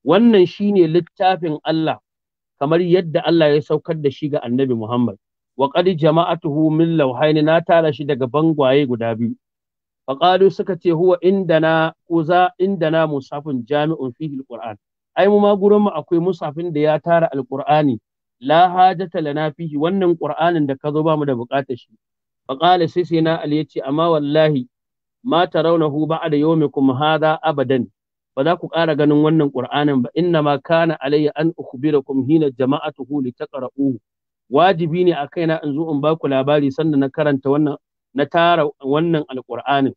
wannan shine littafin Allah kamar yadda Allah ya saukar da shi ga Annabi Muhammad wa qad jama'atuhu min lawhayn na tara shi daga bangwaye guda biyu faqalu suka ce huwa indana uza indana musafin jami'un fihi alquran ai mu ma gurin mu akwai musafin da ya tara alqurani la hajata lana fihi wannan qur'anin da ka zo ba mu da bukatar shi faƙala sai sai na ali ce amma wallahi mata ma da ba'da yawmikum hadha abadan ba za ku ƙara ganin wannan Kur'anin ba inna ma kana alayya an da ukhbirakum hina jama'atuhu litaqra'uhu wajibi ne a kaina in zo in ba ku labari sannan na karanta na tara wannan alqur'anin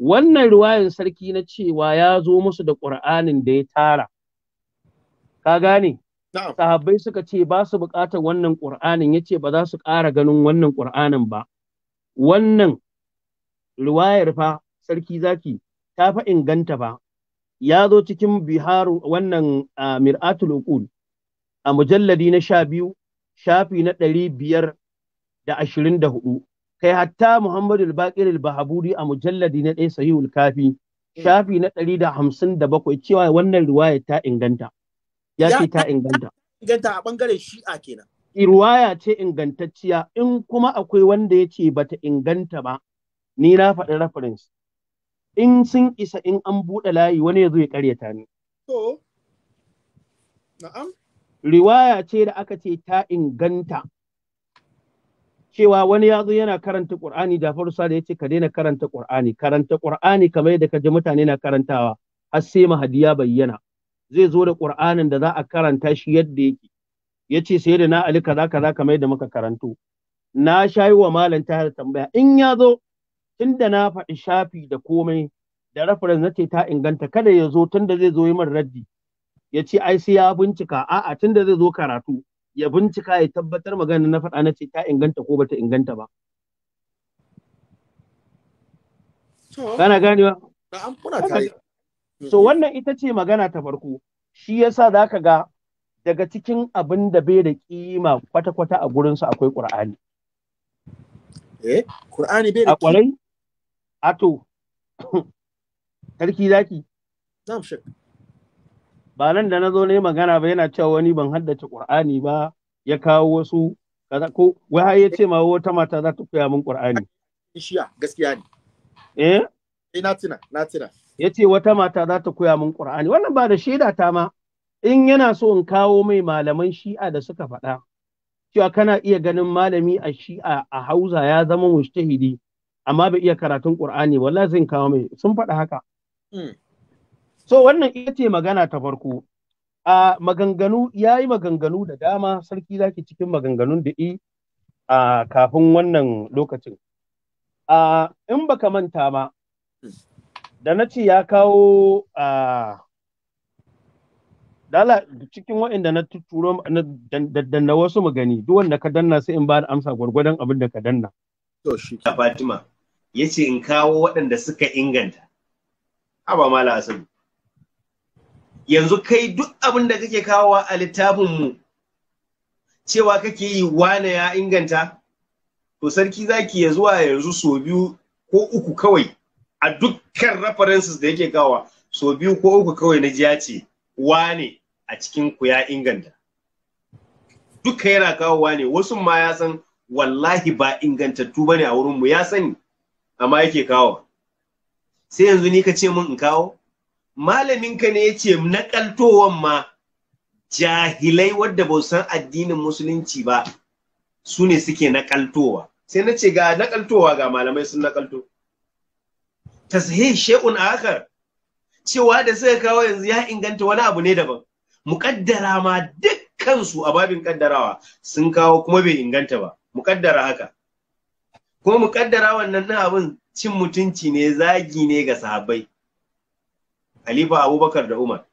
wannan riwayan sarki na cewa ya zo musu da qur'anin da ya tara ka gane sahabbai suka ce ba su buƙatar wannan qur'anin yace ba za su ƙara ganin wannan qur'anin ba wannan riwayar fa sarki zaki ta fa inganta fa ya zo cikin biharu wannan mir'atul uqul a mujalladi na sha biyu shafi na ɗari biyar da ashirin da hudu kai hatta muhammadul al bahaburi a mujalladi na ɗaya sahihul kafi shafi na ɗari da hamsin da bakwai cewa wannan riwaya ta inganta ya ce ta inganta inganta a ɓangaren shi'a kenan riwaya ce ingantacciya in kuma akwai wanda ya ce bata inganta ba ni na faɗi reference in sun isa in an buɗe layi wani ya zo ya ƙaryata ni. To, na'am. Riwaya ce da aka ce ta inganta cewa wani ya zo yana karanta Ƙur'ani da farusa da ya ce ka daina karanta Ƙur'ani karanta Ƙur'ani kamar yadda ka ji mutane na karantawa har sai mahadi bayyana zai zo da Ƙur'anin da za a karanta shi yadda yake ya ce sai da na ali kaza kaza mai da muka karanto na shayi wa malam tahir tambaya in ya zo tunda na faɗi shafi da komai da reference na ce ta inganta kada ya zo tunda zai zo yi min raddi ya ce ai sai ya bincika a'a tunda zai zo karatu ya bincika ya tabbatar magana na faɗa na ce ta inganta ko bata inganta ba kana ba? so wannan ita ce magana ta farko shi yasa zaka ga daga cikin abin da bai da kima kwata-kwata a gurinsu akwai ƙur'ani. Eh, Ƙur'ani bai da kima. A ƙwarai? Ato, sarki zaki. Na'am shi. Ba nan da na zo ne magana ba yana cewa wani ban haddace Ƙur'ani ba ya kawo wasu kaza ko wai ya ce ma wata mata za ta koya min Ƙur'ani. Ishiya gaskiya ne. Eh? Eh na tuna, na tuna. Ya ce wata mata za ta koya min Ƙur'ani. Wannan ba da shaida ta ma. in yana so in kawo mai malaman shi'a da suka faɗa cewa kana iya ganin malami a shi'a a hausa ya zama mujtahidi amma bai iya karatun qur'ani wallahi zan kawo mai sun faɗa haka hmm. so wannan ita ce magana ta farko a maganganu ya yi maganganu da dama sarki zaki cikin maganganun da i a kafin wannan lokacin a in baka manta ba hmm. da na ce ya kawo a Dala cikin waɗanda na tuturo na danna wasu mu gani duk wanda ka danna sai in ba da amsa gwargwadon abin da ka danna. To shi ka Fatima ya ce in kawo waɗanda suka inganta. Aba mala asabu. Yanzu kai duk abin da kake kawowa a littafin mu cewa kake yi wane ya inganta to sarki zaki ya zuwa yanzu so biyu ko uku kawai a dukkan references da yake kawowa so biyu ko uku kawai na jiya ce wane a cikin ku ya inganta duka yana kawowa ne wasu ma ya san wallahi ba ingantattu bane a wurin mu ya sani amma yake kawo sai yanzu ni ka ce min in kawo Malaminka ka ne yace naƙaltowan ma jahilai wadda ba san addinin musulunci ba su ne suke nakaltowa sai na ce ga nakaltowa ga malamai sun nakalto tashe shay'un akhar cewa da suka kawo yanzu ya inganta wani abu ne daban Mukaddara ma dukkansu a babin kaddarawa sun kawo kuma bai inganta ba muƙaddara haka kuma muƙaddara wannan na abin cin mutunci ne zagi ne ga sahabbai Khalifa Abubakar da Umar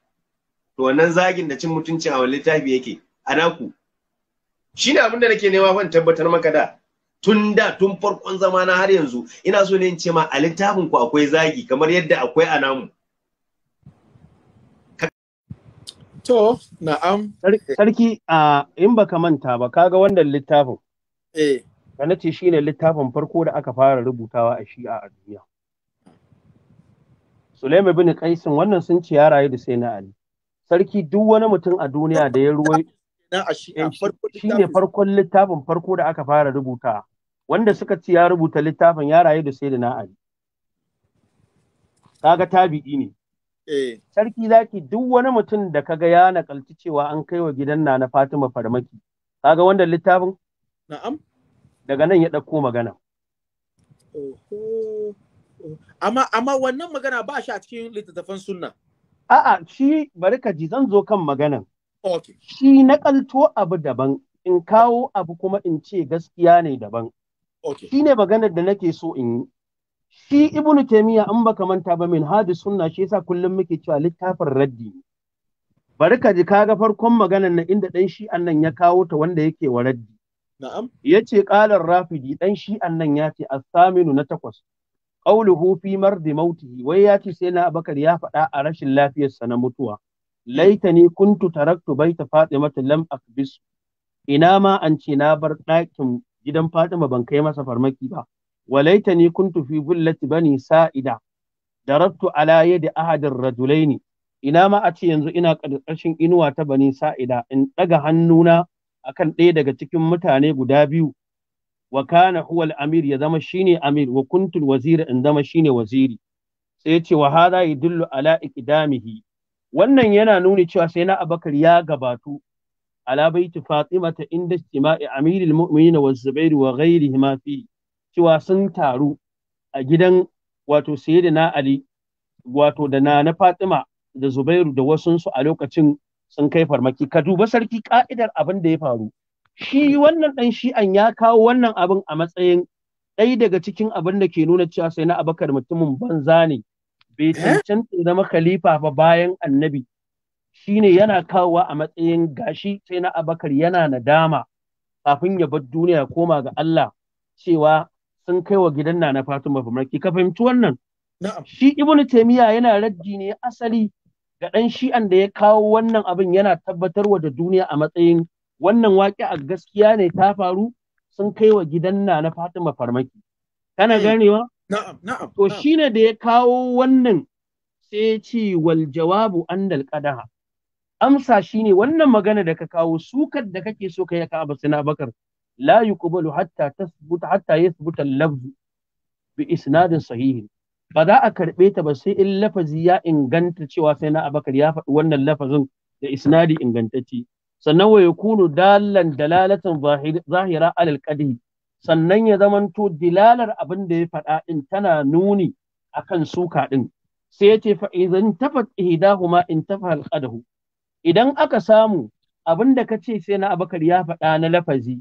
to wannan zagin da cin mutunci a wani littafi yake a shine abin da nake nema ban tabbatar maka da tun da tun farkon zamana har yanzu ina so ne in ce ma a littafin ku akwai zagi kamar yadda akwai anamu To, na'am. Sarki, a in baka manta ba, kaga wannan littafin. Eh. Ka nace shi ne littafin farko da aka fara rubutawa a shi'a a duniya. Sulaima bin Qaisin wannan sun ce ya rayu da sai na Ali. Sarki duk wani mutum a duniya da ya ruwa eh, shi ne farkon littafin farko da aka fara rubuta. Wanda suka ce ya rubuta littafin ya rayu da sai na Ali. Kaga tabi'i ne. Eh. Sarki zaki duk wani mutum da kaga ya nakalci cewa an kai wa gidan na na Fatima farmaki. Kaga wanda littafin? Na'am. Daga nan ya ɗauko magana. Amma amma wannan magana ba shi a cikin littattafan sunna. A'a shi bari ka ji zan zo kan maganan. Okay. Shi nakalto abu daban in kawo abu kuma in ce gaskiya ne daban. Okay. Shi ne maganar da nake so in yi. shi ibn taymiya an baka manta ba min hadi sunna shi yasa kullum muke cewa littafin raddi bari ka ji kaga farkon maganar na inda dan shi annan ya kawo ta wanda yake wa raddi na'am yace qalar rafidi dan shi annan ya ce as-saminu na takwas qawluhu fi mardi mautihi wai ya ce sai na Bakar ya faɗa a rashin lafiyarsa na mutuwa laitani kuntu taraktu baita fatimata lam akbis ina ma an ce na bar ɗakin gidan fatima ban kai masa farmaki ba walaitani kuntu fi bullati bani sa'ida darabtu ala yadi ahadin ne. ina ma a ce yanzu ina ƙarƙashin inuwa ta bani sa'ida in ɗaga hannuna akan ɗaya daga cikin mutane guda biyu wa kana amir ya zama shine amir wa kuntul in zama shine waziri sai ce wa hadha yadullu ala iqdamihi wannan yana nuni cewa sai na abakar ya gabatu ala baiti fatima ta inda istima'i amiril mu'minin wa zubair wa ghairihi ma cewa sun taru a gidan wato na Ali wato da na na Fatima da Zubairu da wasunsu a lokacin sun kai farmaki ka duba sarki ka'idar abin da ya faru shi wannan dan shi'an ya kawo wannan abin a matsayin ɗaya daga cikin abin da ke nuna cewa sai na abakar mutumin banza ne bai eh? cancanta zama khalifa ba bayan annabi shine yana kawowa a matsayin gashi sai na abakar yana nadama kafin ya bar duniya koma ga Allah cewa sun kai wa gidan Nana Fatima farmaki ka fahimci wannan shi Ibn Taymiyyah yana raddi ne asali ga ɗan shi'an da ya kawo wannan abin yana tabbatarwa da duniya a matsayin wannan waƙi a gaskiya ne ta faru sun kai wa gidan Nana Fatima farmaki kana eh, ganewa na'am na'am to shine da ya kawo wannan sai ya ce wal jawabu annal qadaha amsa shine wannan magana da ka kawo sukar da kake so kai ka Abu Sina Bakar la yuqbalu hatta tasbuta hatta yathbuta al-lafz bi isnadin sahihin. ba za a karɓe ta ba sai in lafazi ya inganta cewa sai na Abakar ya faɗi wannan lafazin da isnadi ingantacce sannan wa yakunu dalan dalalatan zahira alal qadi sannan ya zamanto dilalar abin da ya faɗa din tana nuni akan suka din sai ya ce fa idan tafat ihdahuma in tafahal qadahu idan aka samu abin da ka ce sai na Abakar ya faɗa na lafazi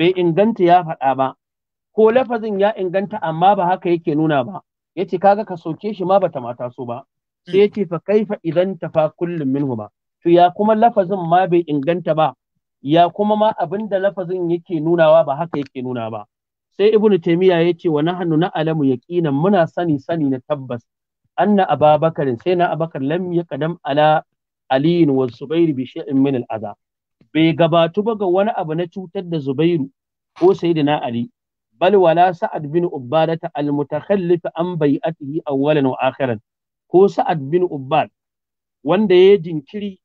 bai inganta ya faɗa ba ko lafazin ya inganta amma ba haka yake nuna ba yace kaga ka soke shi ma bata mata so ba sai yace fa kaifa idan tafa kullum minhu ba to ya kuma lafazin ma bai inganta ba ya kuma ma abinda lafazin yake nunawa ba haka yake nuna ba sai ibnu taymiya ce wa nahnu na'lamu yaqinan muna sani sani na tabbas anna ababakarin sai na abakar lam yaqdam ala aliyin wa zubair bi shay'in min al bai gabatu ba ga wani abu na cutar da Zubairu ko na Ali bal wala Sa'ad bin ta al-mutakhallif an bai'atihi awwalan wa akhiran ko Sa'ad bin Ubbad wanda ya jinkiri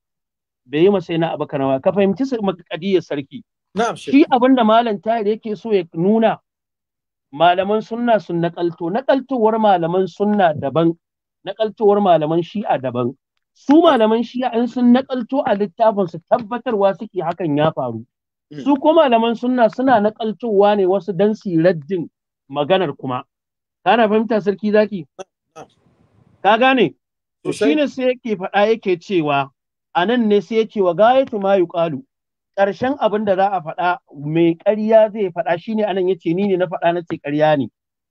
bai yi masa na abaka ka fahimci kadiyar sarki shi abinda malam tayar yake so ya nuna malaman sunna sun nakalto nakaltowar malaman sunna daban nakaltowar malaman shi'a daban su malaman shi'a in sun nakalto a littafin su tabbatarwa suke hakan ya faru hmm. su ko malaman sunna suna nakaltowa ne wasu dan su raddin maganar kuma kana fahimta sarki zaki ka gane to shine sai yake faɗa yake cewa a nan ne sai yake wa gayatu ma yuqalu ƙarshen abin da za a faɗa mai ƙarya zai faɗa shine anan yace ni ne na faɗa na ce ƙarya ne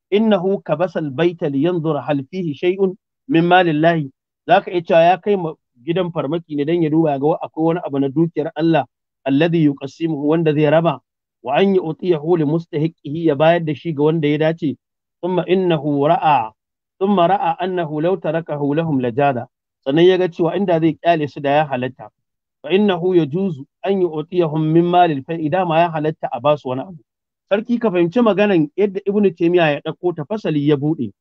innahu kabasal baita li yanzura hal fihi shay'un min malillahi za ka iya cewa ya kai gidan farmaki ne don ya duba ga akwai wani abu na dukiyar Allah alladhi yuqsimuhu wanda zai raba wa an yi utiyahu li mustahiqihi ya bayar da shi ga wanda ya dace thumma innahu ra'a thumma ra'a annahu law tarakahu lahum lajada sannan ya ga cewa inda zai kyale su da ya halatta fa innahu yajuzu an yi utiyahum min malil fa'ida ma ya halatta a basu wani abu sarki ka fahimci maganan yadda ibnu taymiya ya dauko ta fasali ya bude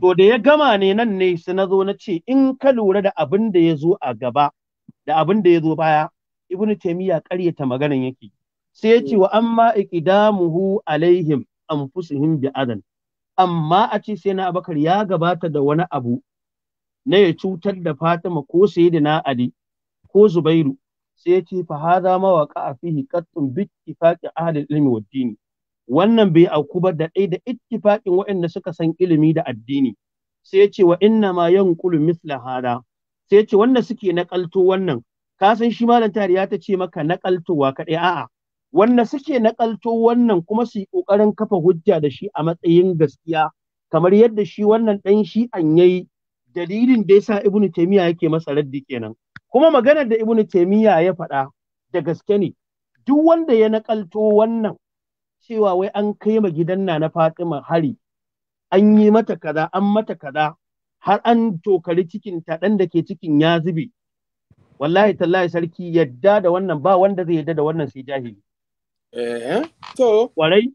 To da ya gama ne nan ne su na zo na ce in ka lura da abin da ya zo a gaba da abin da ya zo baya ibnu taymiya ƙaryata maganan yake sai ya ce wa amma iqdamuhu alaihim anfusuhum bi adan amma a ce sai na abakar ya gabata da wani abu na ya cutar da fatima ko sayyidina ali ko zubairu sai ya ce fa hadha ma fihi qattun bi ittifaqi ahli ilmi wad dini wannan bai auku ba da ɗai da ittifaƙin waɗanda suka san ilimi da addini sai ya ce wa inna ma misla hada sai ya ce wanda suke naƙalto wannan ka san shi malam ya ta ce maka naƙaltowa kaɗai a'a wanda suke naƙalto wannan kuma su yi ƙoƙarin kafa hujja da shi a matsayin gaskiya kamar yadda shi wannan ɗan shi an yayi dalilin da yasa Ibn taymiya yake masa raddi kenan kuma maganar da Ibn taymiya ya faɗa da gaske ne duk wanda ya naƙalto wannan cewa wai an kai ma gidan na na Fatima hari an yi mata kaza an mata kaza har an tokari cikin ta dan da ke cikin ya zube wallahi tallahi sarki yadda da wannan ba wanda zai yadda da wannan sai jahili eh to warai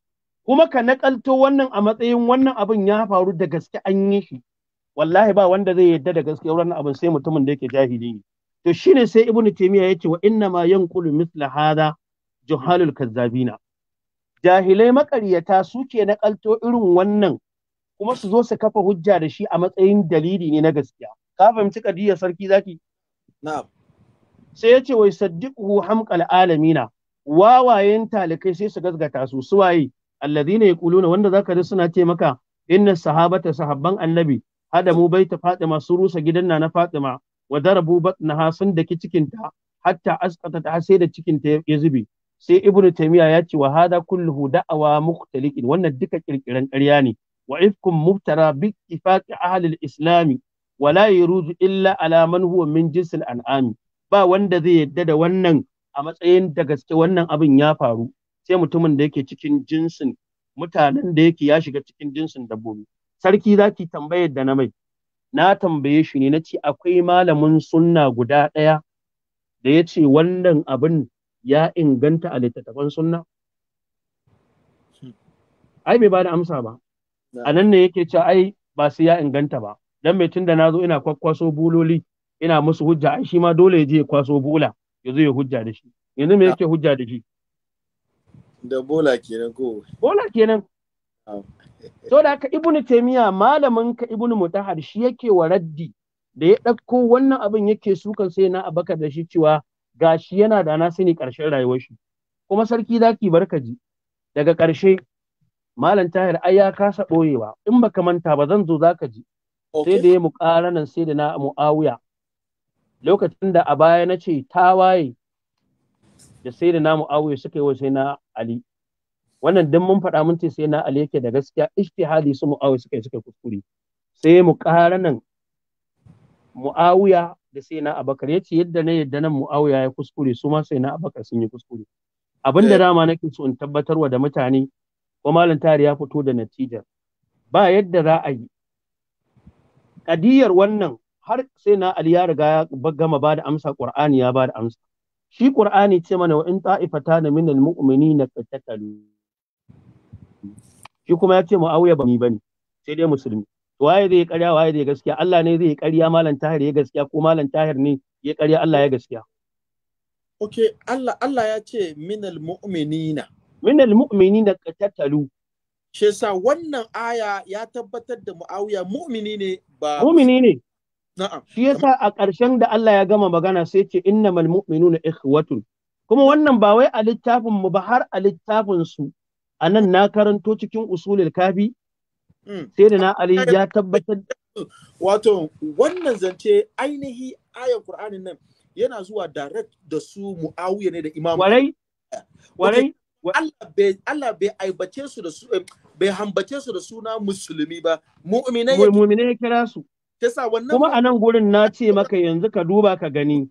kuma ka nakalto wannan a matsayin wannan abin ya faru da gaske an yi shi wallahi ba wanda zai yadda da gaske wannan abin sai mutumin da yake jahili ne to shine sai ibnu taymiya yace wa inna ma yanqulu mithla hadha juhalul kazzabina jahilai maƙaryata suke naƙalto irin wannan kuma su zo su kafa hujja da shi a matsayin dalili ne na gaskiya ka fahimci kadiyar sarki zaki na'am sai yace wai saddiquhu hamqal alamina wawayen talikai sai su gazgata su su waye alladhina yaquluna wanda zaka ji suna ce maka inna sahabata sahabban annabi Hada mu baita fatima su rusa gidan na fatima wa darabu batnaha sun daki cikinta hatta asqata ta sai da cikinta ya zube sai ibnu taymiya ya ce wa hada kulluhu da'awa muktaliqin wannan duka kirkiran ƙarya ne wa ifkum muftara bi ittifaqi ahli al-islam wa la yuruzu illa ala man huwa min al an'ami ba wanda zai yadda da wannan a matsayin da gaske wannan abin ya faru sai mutumin da yake cikin jinsin mutanen da yake ya shiga cikin jinsin dabbobi sarki zaki tambayar da na mai na tambaye shi ne na ce akwai malamin sunna guda ɗaya da ya ce wannan abin ya inganta a littattafan sunna ai bai bada amsa ba a nan ne yake cewa ai ba su ya inganta ba don mai na nazo ina kwakwaso buloli ina musu hujja ai shi ma dole ya je ya kwaso bula ya zo ya hujja da shi yanzu me yake hujja da shi da bola kenan ko bola kenan ah. So da ka ibnu taymiya malamin ka ibnu mutahhar shi yake wa raddi da ya ɗauko wannan abin yake sukan sai na abakar da shi cewa gashi yana da na sani ƙarshen rayuwar shi kuma sarki zaki ji. daga ƙarshe malam tahir ai ya kasa ɓoyewa in baka manta ba zan zo zaka ji sai da ya nan sai da na mu'awiya lokacin da a baya na ce tawaye da sai da na mu'awiya suka yi wa sai na ali wannan dan mun faɗa mun ce sai na ali yake da gaskiya ishtihadi su mu'awiya suka yi suka kuskure sai mu ƙaranan mu'awiya da sai na abakar ya ce yadda na yadda nan mu'awiya ya kuskure su ma sai na abakar sun yi kuskure Abinda da eh. dama nake so in tabbatarwa da mutane ko malam tari ya fito da natijar ba yadda za a yi kadiyar wannan har sai na ali ya riga ya gama ba da amsa qur'ani ya ba da amsa shi qur'ani ce mana wa in ta'ifata na minal mu'minina qatatalu shi kuma ya ce mu'awiya ba ni bane sai dai musulmi waye zai yi ƙarya waye zai gaskiya Allah ne zai yi ƙarya malam tahir ya gaskiya ko malam tahir ne ya ƙarya Allah ya gaskiya okay Allah Allah ya ce minal mu'minina minal mu'minina qatalu shi yasa wannan aya ya tabbatar da Muawiya mu'mini ne ba mu'mini ne na'am shi yasa a ƙarshen da Allah ya gama magana sai ce innamal mu'minuna ikhwatun kuma wannan ba wai a littafin mu ba har a littafin su a nan na karanto cikin usulul kafi Mm. sai da na ali ya tabbatar wato wannan zance ainihi ayan qur'anin nan yana zuwa direct da su muawiya ne da imam warai warai Allah bai aibace su da su eh, bai hambace su da suna musulmi ba mu'minai ya kira su kuma wannan kuma anan gurin na ce maka yanzu ka duba ka gani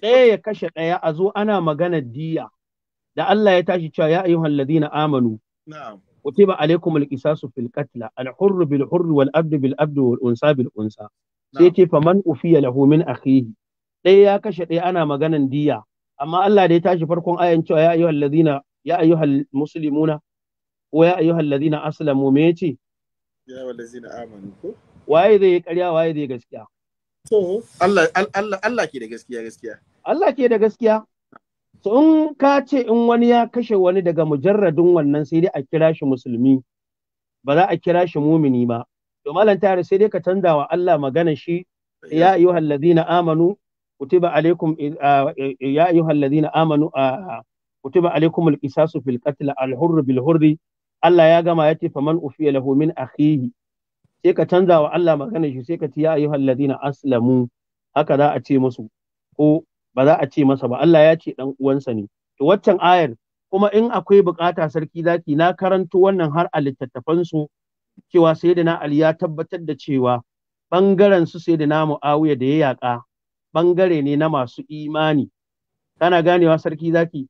ɗaya ya kashe ɗaya a zo ana maganar diya da Allah ya tashi cewa ya ayyuhal ladina amanu na'am kutiba alaikumul qisasu fil qatl al hurr bil hurr wal abd bil abd wal unsa bil unsa sai ce faman ufiya lahu min akhihi ɗaya ya kashe ɗaya ana maganan diyya. amma Allah da ya tashi farkon ayan cewa ya wa ya ayyuhal ladina aslamu me yace waye zai yi ƙarya waye zai gaskiya Allah ke da gaskiya so in ka ce in wani ya kashe wani daga mujarradin wannan sai dai a kira shi musulmi ba za a kira shi mumini ba to malam tare sai dai ka canza wa Allah magana shi ya ayyuhal ladina amanu kutiba alaikum e, e, ya ayyuhal ladina amanu kutiba alaikum alqisasu fil qatl al hurr bil hurr Allah ya gama yace faman ufiya lahu min akhihi sai ka canza wa Allah magana shi sai ka ce ya ayyuhal ladina aslamu haka za a ce musu ko ba za a ce masa ba Allah ya ce dan uwansa ne to waccan ayar kuma in akwai bukata sarki zaki na karanto wannan har a littattafan su cewa sayyidina Ali ya tabbatar da cewa bangaren su sayyidina Muawiya da ya yaka bangare ne na masu imani kana ganewa sarki zaki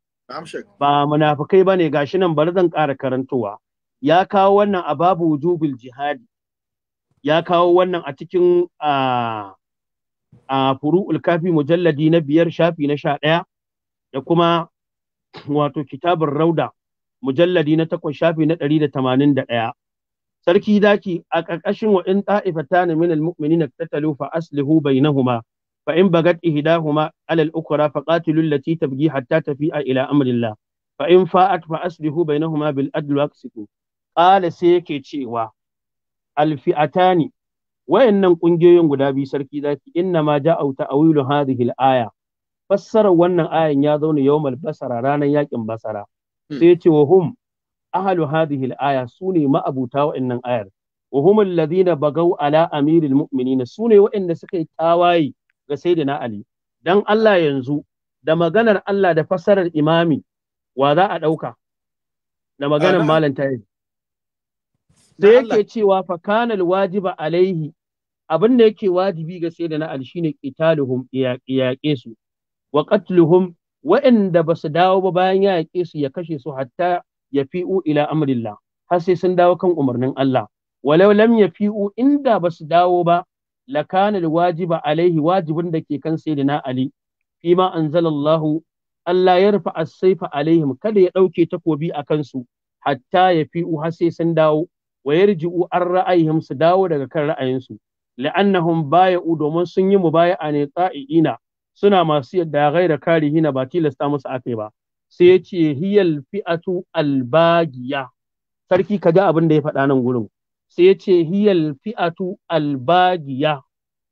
ba munafikai bane gashi nan bari zan ƙara karantowa ya kawo wannan a babu wujubil jihadi ya kawo wannan a cikin a ah, a furu'ul kafi mujalladi na biyar shafi na sha ɗaya da kuma wato kitabun rauda mujalladi na takwas shafi na ɗari da tamanin da ɗaya sarki zaki a ƙarƙashin wa in ta ne min almu'minina tattalu fa aslihu bainahuma fa in bagat ihdahuma huma alal ukura, fa qatilu allati tabghi hatta a ila amrillah fa in fa'at fa aslihu huma bil adl waqsitu sai yake cewa alfi'atani wayannan kungiyoyin guda biyu sarki zaki inna ma Auta, ta'awilu hadhihi al-aya fassarar wannan ayan ya zauna yawmal basara ranar yakin basara hmm. sai yace wa hum ahlu hadhihi al-aya sune ma'abuta wayannan ayar wa hum alladhina bagaw ala amiril mu'minina sune wayanda suka yi tawaye ga sayyidina ali dan Allah yanzu da maganar Allah da fassarar imami wa za a dauka da maganar malam tayyib sai yake cewa fa kana alwajiba alaihi abin da yake wajibi ga sayyidina Ali shine qitaluhum yaƙe su wa qatluhum wa'anda ba su dawo ba bayan ya yaƙe su ya kashe su hatta ya fi'u ila amrillah har sai sun dawo kan umarnin Allah walau lam ya fi'u inda ba su dawo ba lakana wajiba alaihi wajibin da ke kan na Ali fima anzalallahu Allah ya rufa as-saifa alaihim kada ya dauke takobi a kansu hatta ya fi'u har sai sun dawo wa yarji'u an ra'ayihim su dawo daga kan ra'ayinsu la'annahum baya'u domin sun yi mubaya'a ne tsa'i'ina suna masu yadda gaira karihina ba tilasta musu akai ba sai ya ce hiyal fi'atu albagiya sarki ka ga abin da ya faɗa nan gurin sai ya ce hiyal fi'atu albagiya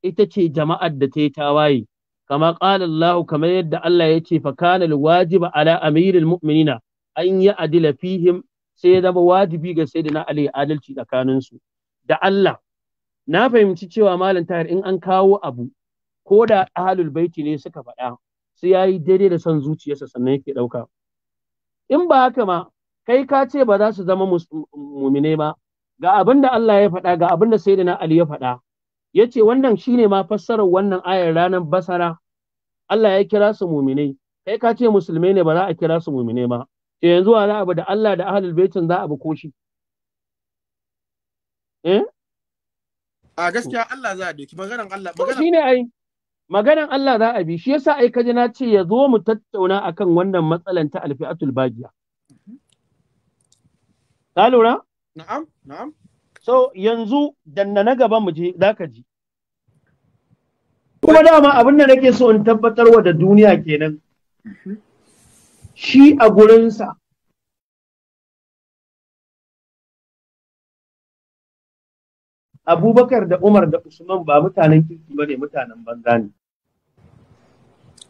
ita ce jama'ar da ta yi tawaye kama qala Allah kamar yadda Allah ya ce fa kana wajiba ala amiril mu'minina an ya adila fihim sai zama wajibi ga sayyidina Ali adalci tsakaninsu da Allah na fahimci cewa malam tahir in an kawo abu ko da ahlul baiti ne suka faɗa sai yayi daidai da son zuciyarsa sannan yake ɗauka in ba haka ma kai ka ce ba za su zama mumine ba ga abin da Allah ya faɗa ga abin da sayyidina Ali ya faɗa yace wannan shine ma fassarar wannan ayar ranar basara Allah ya kira su muminai kai ka ce musulmai ne ba za a kira su muminai ba yanzu wani abu da Allah da ahlul baitin za a bi koshi eh a gaskiya Allah za a doki maganan Allah ai maganan Allah za a bi shi yasa ai kaji na ce ya zo mu tattauna akan wannan matsalan ta alfi'atul bagiya ka lura na'am na'am so yanzu danna na gaba mu je ka ji kuma dama abin da nake so in tabbatar wa da duniya kenan mhm. shi a gurinsa abubakar da umar da usman ba mutanen kirki ba ne mutanen banza ne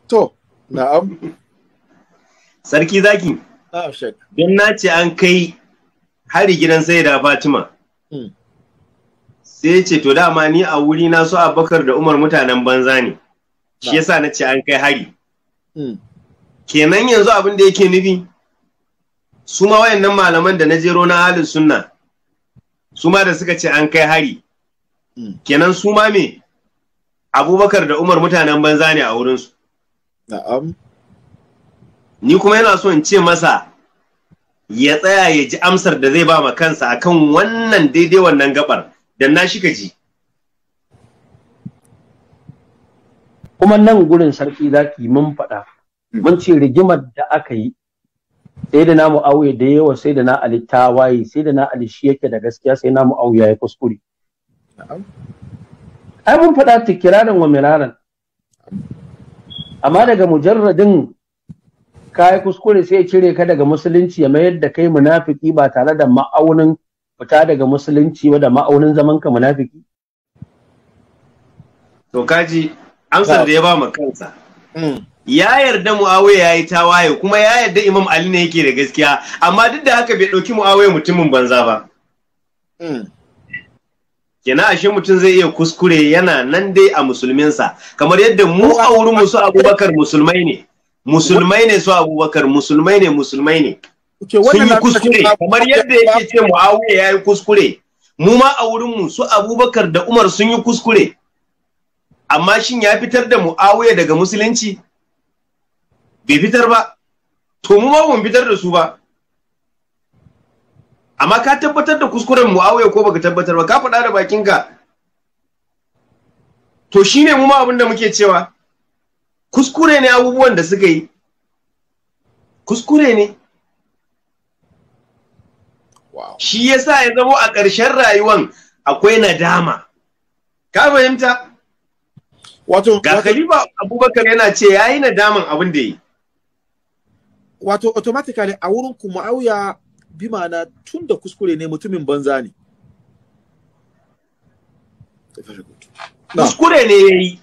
to na'am sarki zaki ah, don na ce an kai hari gidan hmm. sai da fatima sai ce to dama ni a wuri na so abubakar da umar mutanen banza ne shi yasa na ce an kai hari hmm. kenan yanzu abin da yake nufi su ma wayannan malaman da na jero na halin sunna su ma da suka ce an kai hari kenan su ma me abubakar da umar mutanen banza ne a wurinsu na'am ni kuma yana so in ce masa ya tsaya ya ji amsar da zai ba ma kansa akan wannan daidai wannan gabar da na shi ji kuma nan gurin sarki za ki mun faɗa hmm. mun ce rigimar da aka yi sai da namu auye da yawa sai da na ali tawaye sai da na alishi yake da gaskiya sai namu auya ya kuskure ai mun faɗa tikirarin wa miraran amma daga mujarradin yi kuskure sai ya cire ka daga musulunci ya mayar da kai munafiki ba tare da ma'aunin fita daga musulunci ba da ma'aunin zaman ka munafiki to kaji amsar da ya ba mu kansa hmm. ya yarda muawiya yi tawaye kuma ya yarda imam ali ne yake da gaskiya amma duk da haka bai dauki muawiya mutumin banza ba hmm. kina ashe mutum zai iya kuskure yana nan dai a musulminsa kamar yadda mu a wurin musu abubakar musulmai ne musulmai ne su abubakar musulmai ne musulmai ne sun yi kuskure kamar yadda yake ce muawiya ya yi kuskure mu ma a wurin mu su abubakar da umar sun yi kuskure amma shin ya fitar da muawiya daga musulunci bai fitar ba to mu ma mun fitar da su ba amma ka tabbatar da kuskuren muawiya ko baka tabbatar ba ka faɗa da bakinka to shine mu ma abin da muke cewa kuskure ne abubuwan da suka yi kuskure ne shi yasa ya zamo a ƙarshen rayuwan akwai nadama ka fahimta wato ga khalifa abubakar yana ce yayi nadaman abin da yi wato automatically a wurin ku muawiya bi ma'ana tun da kuskure ne mutumin banza ne kuskure ne ya yi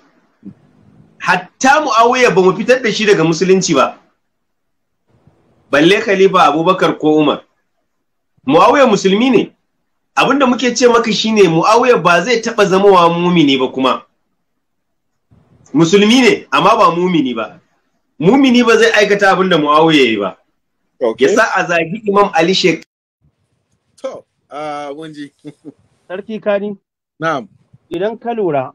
hatta mu'awiya ba mu fitar da shi daga musulunci ba balle khalifa abubakar ko umar Mu'awiyar musulmi ne abinda muke ce maka ne, mu'awiyar ba zai taɓa zamowa mumini ba kuma musulmi ne amma ba mumini ba mumini ba zai aikata abinda mu'awiya yi ba ya sa a zagi imam ali Sheik. to a gunji sarki kani na'am idan ka lura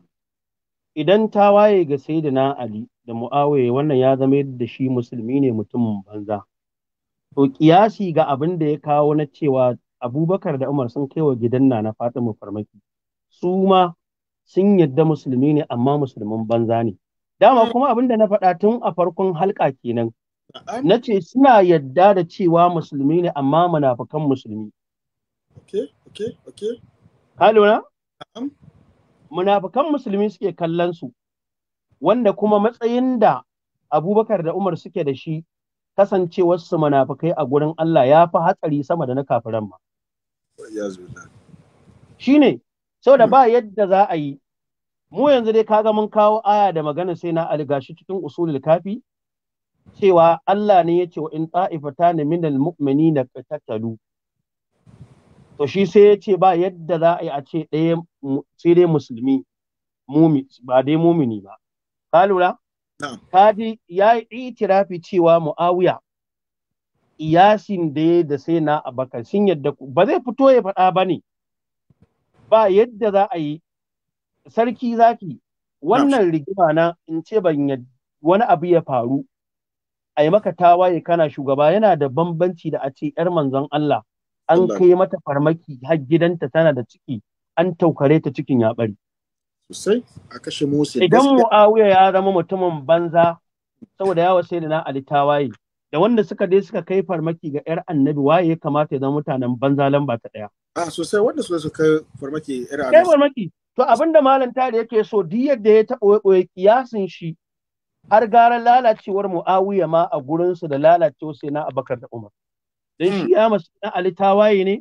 idan ta waye ga sayyidina ali da muawiya wannan ya zama yadda shi musulmi ne mutumin banza to kiyasi ga abin da ya kawo na cewa abubakar da umar sun kai wa gidan na na fatima farmaki su ma sun yadda musulmi ne amma musulmin banza ne dama hmm. kuma abin da na faɗa tun a farkon halka kenan Na ce suna yadda da cewa musulmi ne amma munafukan musulmi. Okay, okay, okay. Munafukan musulmi suke kallon su, wanda kuma matsayin da Abubakar da Umar suke da shi kasancewarsu wasu munafukai a gurin Allah ya fi hatsari sama da na kafiran ma. Shi ne, saboda hmm. ba yadda za a yi, mu yanzu dai kaga mun kawo aya da magana sai na algashi cikin usulul kafi cewa Allah ne ya ce wa in ta'ifata ne minal mu'mini na tattalu to shi sai ya ce ba yadda za a yi a ce ɗaya sai dai musulmi ba dai mumini ba ka lura kaji ya yi itirafi cewa mu'awiya iyasin da ya da sai na abakar sun yadda ba zai fito ya faɗa ba ne ba yadda za a yi sarki zaki wannan rigima na in ce ban wani abu ya faru a yi maka tawaye kana shugaba yana da bambanci da a ce ‘yar manzon Allah an kai mata farmaki har gidanta tana da ciki an taukare ta cikin ya bari. Sosai a kashe Musa. Idan Mu'awiya ya zama mutumin banza saboda yawa sai da na Ali tawaye da wanda suka dai suka kai farmaki ga ‘yar annabi waye ya kamata ya zama mutanen banza lamba ta ɗaya. A sosai wanda suka kai farmaki ‘yar annabi. Kai farmaki. To abinda malam tare yake so duk yadda ya taɓa ɓoye kiyasin shi har gara lalacewar mu'awiya ma a gurinsu da lalacewar sai na abakar da umar don hmm. shi ya masu na ali tawaye ne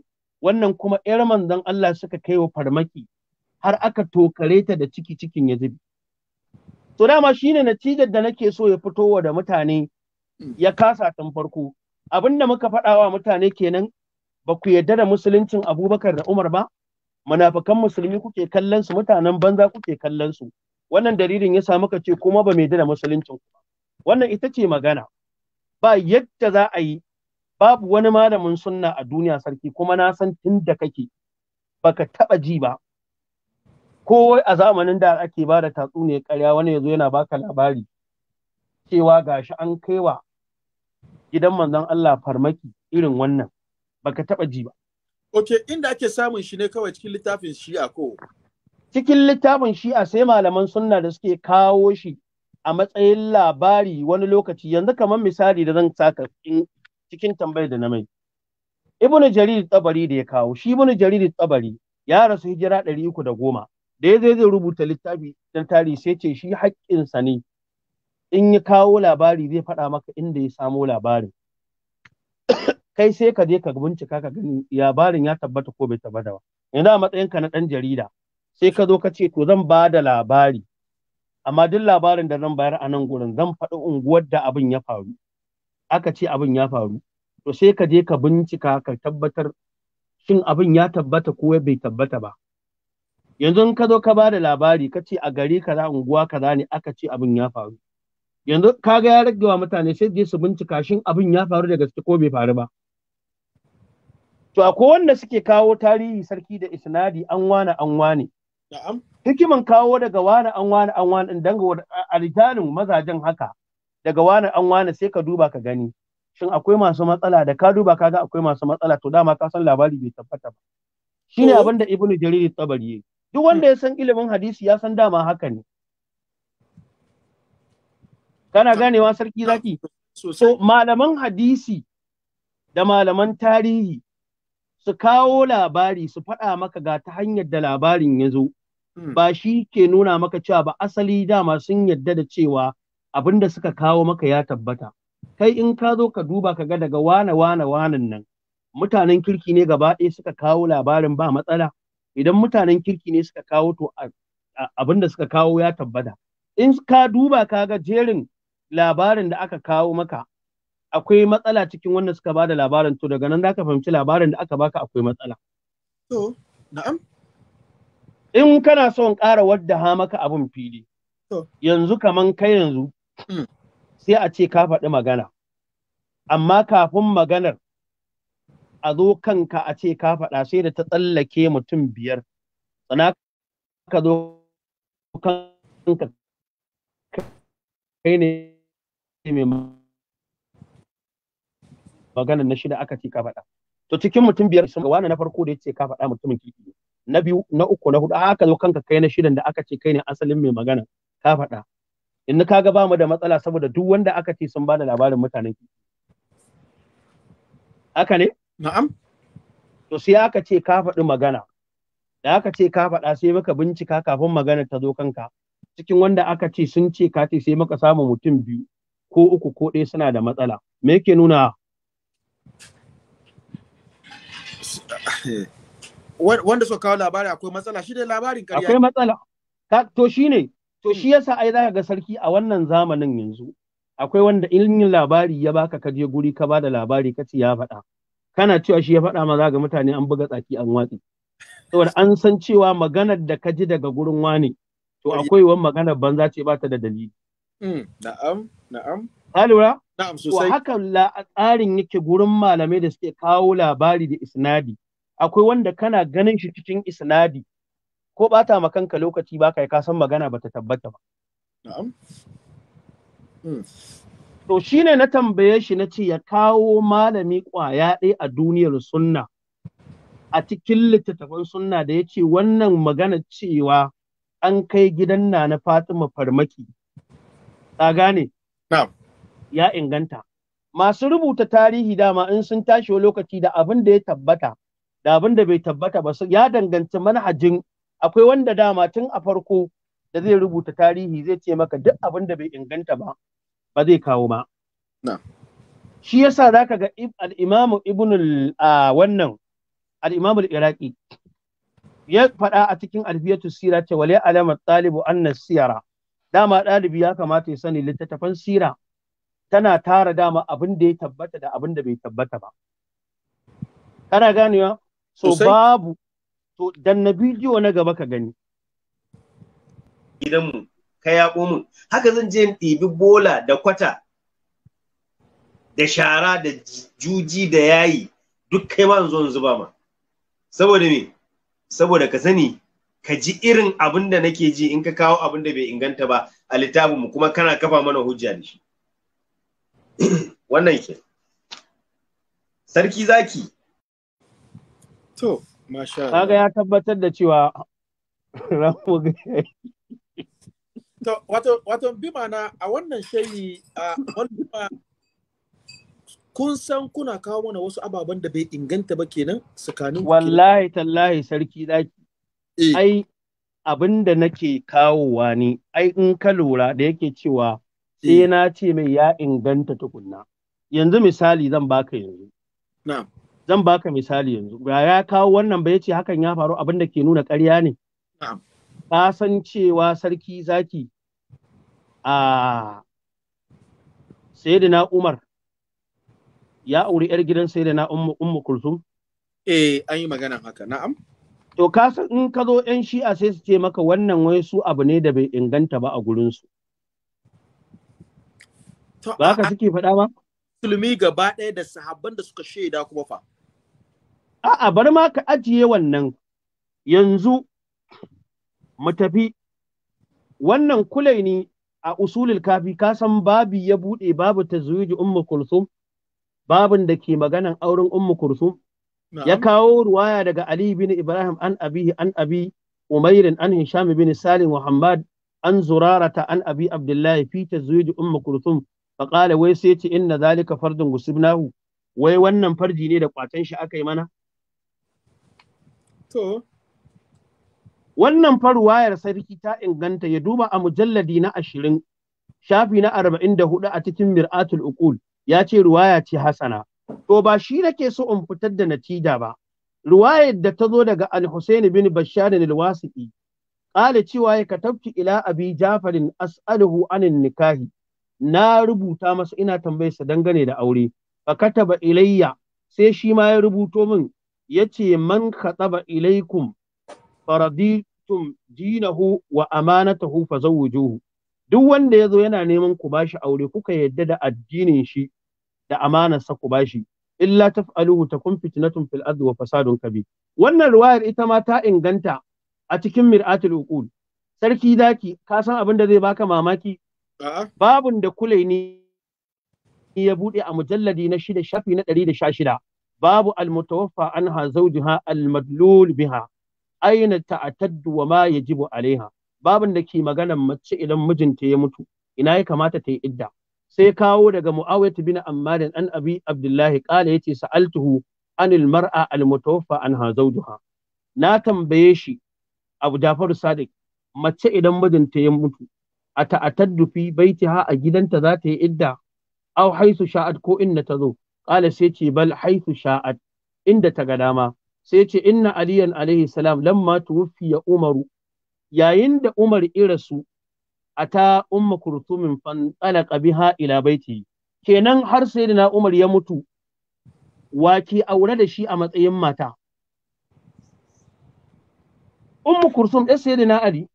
wannan kuma yar manzon Allah suka kai wa farmaki har aka tokare ta da ciki cikin ya zubi to dama shine natijar da nake so ya fito wa da mutane hmm. ya kasa tun farko abinda muka faɗa wa mutane kenan ba ku yarda da musuluncin abubakar da umar ba munafukan musulmi kuke kallon su mutanen banza kuke kallon su wannan dalilin ya samu ka ce kuma ba mai da musuluncin ku wannan ita ce magana ba yadda za a yi babu wani malamin sunna a duniya sarki kuma na san tunda kake baka taba ji ba ko a zamanin da ake ba da tatsuniyar ƙarya wani yazo yana baka labari cewa gashi an kaiwa gidan manzon Allah farmaki irin wannan baka taba ji ba okay inda ake samun shi ne kawai cikin littafin shi a ko cikin littafin shi'a sai malaman sunna da suke kawo shi a matsayin labari wani lokaci yanzu kamar misali da zan saka cikin tambayar da na mai ibn jarir tsabari da ya kawo shi ibn jarir tsabari ya rasu hijira ɗari uku da goma da ya zai zai rubuta littafi na tarihi sai ce shi sa ne in ya kawo labari zai faɗa maka inda ya samo labarin kai sai ka je ka bincika ka gani labarin ya tabbata ko bai tabbata ba yanzu a matsayinka na ɗan jarida sai ka zo ka ce to zan ba da labari amma duk labarin da zan bayar a nan gurin zan faɗi unguwar da abin ya faru aka ce abin ya faru to sai ka je ka bincika ka tabbatar shin abin ya tabbata ko bai tabbata ba yanzu in ka zo ka ba da labari ka ce a gari kaza unguwa kaza ne aka ce abin ya faru yanzu kaga ya ragewa mutane sai je su bincika shin abin ya faru da gaske ko bai faru ba to akwai wanda suke kawo tarihi sarki da isnadi an wane an wane Hikiman kawo daga wani an wani an wani in danga a ritanin mazajen haka daga wani an wani sai ka duba ka gani. Shin akwai masu matsala da ka duba kaga akwai masu matsala to dama ka san labari bai tabbata ba. Shi ne abin da Ibn Jarir Tabari Duk wanda ya san ilimin hadisi ya san dama haka ne. Kana ganewa sarki zaki? So malaman hadisi da malaman tarihi su kawo labari su faɗa maka ga ta hanyar da labarin ya zo Hmm. ba shi ke nuna maka cewa ba asali dama sun yadda da cewa abin da suka kawo maka ya tabbata kai in ka zo ka duba ka ga daga wane wane wanan nan mutanen kirki ne gaba ɗaya suka kawo labarin ba matsala idan mutanen kirki ne suka kawo to abin da suka kawo ya tabbata in ka duba ka ga jerin labarin da aka kawo maka akwai matsala cikin wanda suka ba da labarin to daga nan zaka fahimci labarin da aka baka akwai matsala to na'am in kana son ƙara wadda ha maka abin fili yanzu kaman kai yanzu hmm. sai a ce ka faɗi magana amma kafin maganar a zo kanka a ce ka faɗa sai da ta tsallake mutum biyar tsana ka zo kanka kai ne mai magana na shida aka ce ka faɗa to cikin mutum biyar sun wani na farko da ya ce ka faɗa mutumin ne. na biyu na uku na hudu haka zo kanka kai na shidan da aka ce kai ne asalin mai magana ka faɗa in ka ga bamu da matsala saboda duk wanda aka ce sun bada labarin mutanen ki haka ne na'am to sai aka ce ka faɗi magana da aka ce ka faɗa sai maka bincika kafin magana ta zo kanka cikin wanda aka ce sun ce ka ce sai maka samu mutum biyu ko uku ko ɗaya suna da matsala me yake nuna eh, wanda suka kawo labari akwai matsala shi dai labarin ƙarya akwai matsala to shine to hmm. shi yasa ai zaka ga sarki a wannan zamanin yanzu akwai wanda ilmin labari ya baka ka je guri ka bada labari ka ya faɗa kana cewa shi ya faɗa ma zaka ga mutane an buga tsaki an watsi saboda an san cewa maganar da ka ji daga gurin wani to akwai wani maganar banza ce ba ta da dalili hmm, na'am na'am ka lura na'am sosai hakan la tsarin yake gurin malamai da suke kawo labari da isnadi akwai wanda kana ganin shi cikin isnadi ko bata ma kanka lokaci ba kai ka san magana bata tabbata ba na'am hmm. to shine na tambaye shi na ce ya kawo malami kwaya ɗaya a duniyar sunna a cikin littattafan sunna da ya ce wannan magana cewa an kai gidan na na Fatima farmaki. Ta gane? Ya inganta. Masu rubuta tarihi dama in sun tashi lokaci da abin da ya tabbata da abin da bai tabbata ba ya danganci manhajin akwai wanda dama tun a farko da zai rubuta tarihi zai ce maka duk abin da bai inganta ba ba zai kawo ba. shi yasa ka ga al'imamu imamu ibn wannan al'imamu Iraki. ya faɗa a cikin alfiyatu sira ce wale alamar ɗalibu anna siyara dama ɗalibi ya kamata ya sani littattafan sira tana tara dama abin da ya tabbata da abin da bai tabbata ba kana ganewa So babu, to dan na bidiyo na gaba ka gani. mu, ka yaƙo mun. Haka zan je in ɗibi bola da kwata, da shara da juji da yayi duk kai ma zo zuba ma. Saboda me? Saboda ka sani ka ji irin abin da nake ji in ka kawo abin da bai inganta ba a littafin mu kuma kana kafa mana hujja da shi. Wannan ke. Sarki zaki, To, masha Allah. Kaga ya tabbatar da cewa ramu To, wato, wato bi mana a wannan shayi a wanda kun san kuna kawo mana wasu ababen da bai inganta ba kenan tsakanin Wallahi tallahi sarki daki. Eh. Ai abin da nake kawowa ne, ai in ka lura da yake cewa sai eh. na ce mai ya inganta tukunna. Yanzu misali zan baka yanzu. Na'am. zan baka misali yanzu ba ya kawo wannan ba yace hakan ya faru abin da ke nuna ƙarya ne ka san cewa sarki zaki a sayyidina Umar ya auri yar gidan sayyidina Ummu Ummu Kulsum eh an yi magana haka na'am to ka san in ka zo yan shi'a sai su ce maka wannan wai su abu ne da bai inganta ba a gurin su ba ka suke faɗa ba musulmi gaba ɗaya da sahabban da suka shaida kuma fa A'a bar ma ka ajiye wannan yanzu mu tafi wannan Kulai ne a usulul kafi ka san babi ya buɗe babu tazwiji ummu kulsum babin da ke maganan auren ummu kulsum ya kawo ruwaya daga Ali bin Ibrahim an abihi an abi Umairin an Hisham bin Salim Muhammad an zurarata an abi Abdullahi fi tazwiji ummu kulsum fa wai sai ce inna zalika fardun gusibnahu wai wannan farji ne da kwatan shi aka yi mana Wannan faruwayar sarki ta inganta ya duba a mujalladi na ashirin shafi na arba'in da hudu a cikin mir'atul uqul ya ce ruwaya ce hasana. To ba shi nake so in fitar da natija ba. Ruwayar da ta zo daga al Hussein bin Bashar al-Wasiqi cewa ya katabci ila abi jafarin as'aluhu anin nikahi na rubuta masa ina tambayarsa dangane da aure ka kataba ilayya sai shi ma ya rubuto min Ya ce man khataba ilaikum faraditum dinahu wa amanatahu fazawwijuhu duk wanda yazo yana neman ku bashi aure kuka yadda da addinin shi da amanarsa ku bashi illa taf'aluhu takun fitnatun fil ardi wa fasadun kabi. wannan riwayar ita ma ta inganta a cikin mir'atul uqul sarki zaki ka san abin da zai baka mamaki babun da ne ya bude a mujalladi na shida shafi na ɗari da sha shida babu almutawaffa anha zawjiha almadlul biha aina ta'taddu wa ma yajibu alaiha babin da ke maganan mace idan mijinta ya mutu ina ya kamata ta yi idda sai kawo daga mu'awiyah bin ammar an abi abdullahi qala yace sa'altuhu anil mar'a almutawaffa anha zawjuha na tambaye shi abu jafaru sadiq mace idan mijinta ya mutu a ta'ataddu fi baitiha a gidanta za ta yi idda aw haisu sha'at ko inna ta zo qala sai ce bal haythu sha'at inda ta ga dama sai ce inna aliyan alaihi salam lamma ya umaru yayin da umar irasu ta umma kurtumin fantalaka biha ila baiti kenan har sayyidina umar ya mutu wake aure da shi a matsayin mata ummu kursum ɗan na ali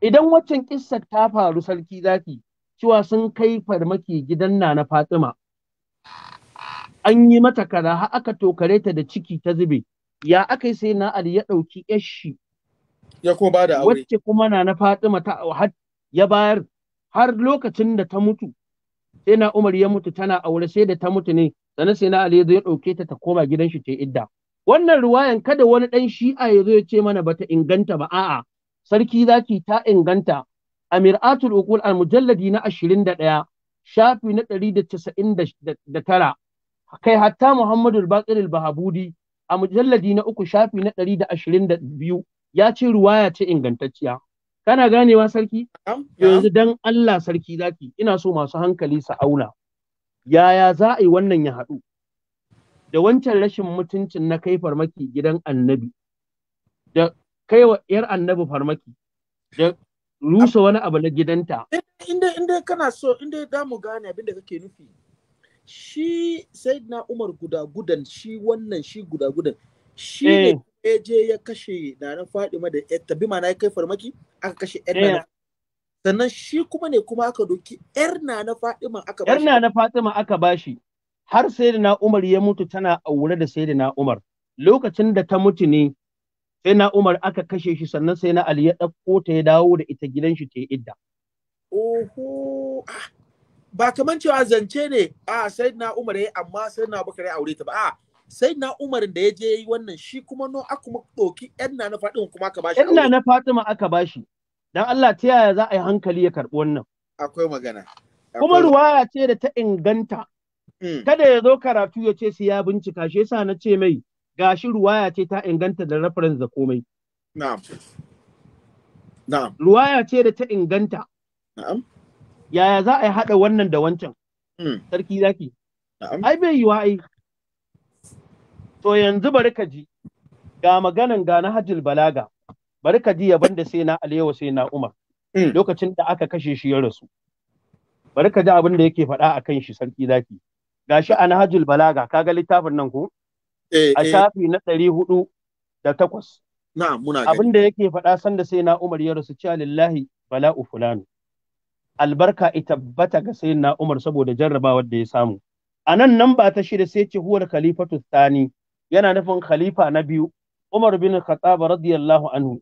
idan waccan kissar ta faru sarki zaki cewa sun kai farmaki gidan na na Fatima an yi mata kaza har aka tokare ta da ciki ta zube ya aka yi sai na Ali ya ɗauki yashi ya ko ba aure wacce kuma na Fatima ta har ya bayar har lokacin da ta mutu sai Umar ya mutu tana aure sai da ta mutu ne sannan sai na Ali ya zo ya ɗauke ta ta koma gidan shi ta idda wannan ruwayan kada wani ɗan shi'a ya zo ya ce mana bata inganta ba a'a sarki zaki ta inganta Amiratul mir'atul uqul al mujalladi na 21 shafi na 199 kai hatta Muhammadu Bakir Bahabudi a mujalladi na uku shafi na ɗari da ashirin ya ce ruwaya ce ingantacciya. Kana ganewa sarki? Yanzu dan Allah sarki zaki ina so masu hankali su auna. Yaya za a yi wannan ya haɗu? Da wancan rashin mutuncin na kai farmaki gidan annabi, da kai wa ‘yar annabi farmaki, da rusa wani abu na gidanta. Inda kana so, inda da mu gane abin da kake nufi. shi na umar guda gudan shi wannan shi guda gudan shi ne eh. ya je ya kashe na na fadima da yar tabi mana ya kai farmaki aka kashe yar na eh. sannan shi kuma ne kuma aka doki yar na na fadima aka bashi yar na na ma aka bashi har na umar ya mutu tana aure da na umar lokacin da ta mutu ne sai na Umar aka kashe shi sannan sai na Ali ya ɗauko ta ya dawo da ita gidan shi ta idda. Oho, ah, ba kaman cewa zance ne a sai na umar ya amma sai na bakar ya aure ta ba a sai na umar da ya je yi wannan shi kuma no aka kuma ɗauki yan na na fatima kuma aka bashi yan na na fatima aka bashi dan Allah ta yaya za a yi hankali ya karɓi wannan akwai magana kuma ruwaya ce da ta inganta mm. kada ya zo karatu ya ce su ya bincika shi yasa na ce mai gashi ruwaya ce ta inganta da reference da komai na'am na'am ruwaya ce da ta inganta na'am yaya za a yi haɗa wannan da wancan hmm. sarki zaki ai bai yiwa ai to yanzu bari ka ji ga maganan ga na hajjil balaga bari ka ji yaban da sai na alewa sai na umar hmm. lokacin da aka kashe shi ya rasu bari ka ji abin da yake faɗa a kan shi sarki zaki shi a hajjil balaga ka ga littafin nan ko eh, a eh. shafi na ɗari hudu da takwas abin da yake faɗa sanda sai na umar ya rasu cewa lillahi bala'u fulani. albarka ita bata ga sayyidina Umar saboda jarrabawar da ya samu A nan ba ta shida sai ce huwar khalifatu thani yana nufin khalifa na biyu Umar bin Khattab radiyallahu anhu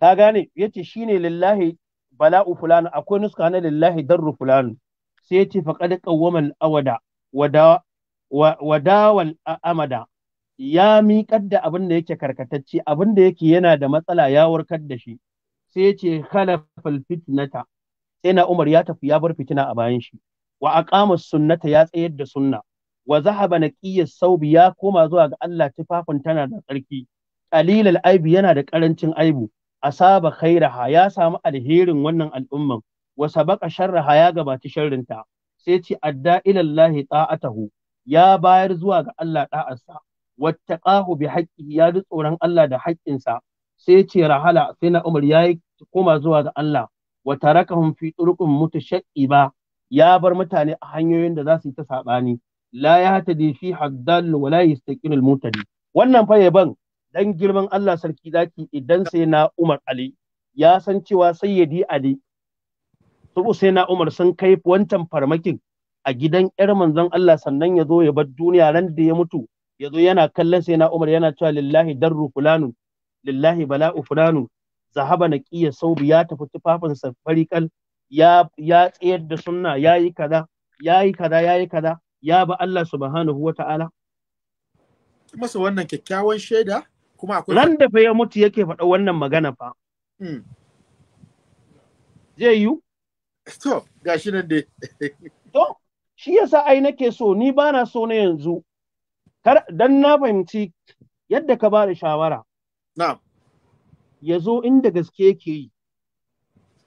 ta gane yace shine lillahi bala'u fulan akwai nuska na lillahi darru fulan sai yace faqad qawwama al-awada wada amada ya miƙar da abin da yake karkatacce abin da yake yana da matsala ya warkar da shi sai ya ce khalafal fitnata sai na Umar ya tafi ya bar fitina a bayan shi wa aqama sunnata ya tsayar da sunna wa zahaba naqiyas saubi ya koma zuwa ga Allah tufafin tana da tsarki qalilal aibi yana da karancin aibu asaba khairaha ya samu alherin wannan al'umman wa sabaqa sharraha ya gabaci sharrinta sai ce adda ila Allah ta'atahu ya bayar zuwa ga Allah da'arsa wattaqahu bi haƙƙi ya ji tsoron Allah da haƙƙinsa sai ce rahala sai na Umar ya koma zuwa ga Allah wa tarakahum fi turuqin ba? ya bar mutane a hanyoyin da za su yi ta sabani la yahtadi fi haddal wa la yastaqil al mutadi wannan fa dan girman Allah sarki zaki idan sai na Umar Ali ya san cewa sayyidi Ali su sai na Umar sun kai wancan farmakin a gidan ƴar manzon Allah sannan ya zo ya bar duniya ran da ya mutu ya zo yana kallon sai na Umar yana cewa lillahi darru fulanu lillahi bala'u fulanu zahaba na ƙiya saubi ya tafi tufafinsa farikal ya ya tsayar da sunna ya yi kaza ya yi kaza ya yi kaza ya ba Allah subhanahu wa ta'ala masa wannan kyakkyawan shaida kuma akwai ran da fa ya mutu yake faɗa wannan magana fa hmm. zai yi to gashi nan dai to shi yasa ai nake so ni ba na so na yanzu kar dan na fahimci yadda ka ba da shawara na'am ya zo inda gaske yake yi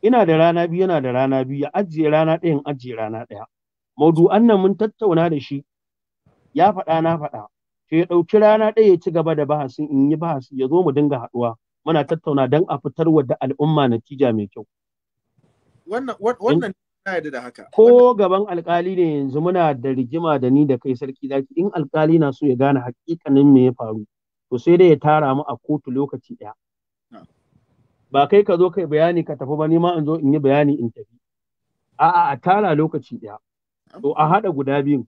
ina da rana biyu yana da rana biyu ya ajiye rana ɗaya ajiye rana ɗaya Maudu, annan mun tattauna da shi ya faɗa na faɗa to ya ɗauki rana ɗaya ya ci gaba da bahasin in yi bahasin, ya zo mu dinga haɗuwa muna tattauna don a fitar wa da al'umma natija mai kyau wannan da haka ko gaban alkali ne yanzu muna da rigima da ni da kai sarki zaki in alkali na so ya gane hakikanin me ya faru to sai dai ya tara mu a kotu lokaci ɗaya ba kai ka zo kai bayani ka tafi ba ni ma in zo in yi bayani in tafi a'a a tara lokaci ɗaya to a haɗa guda biyu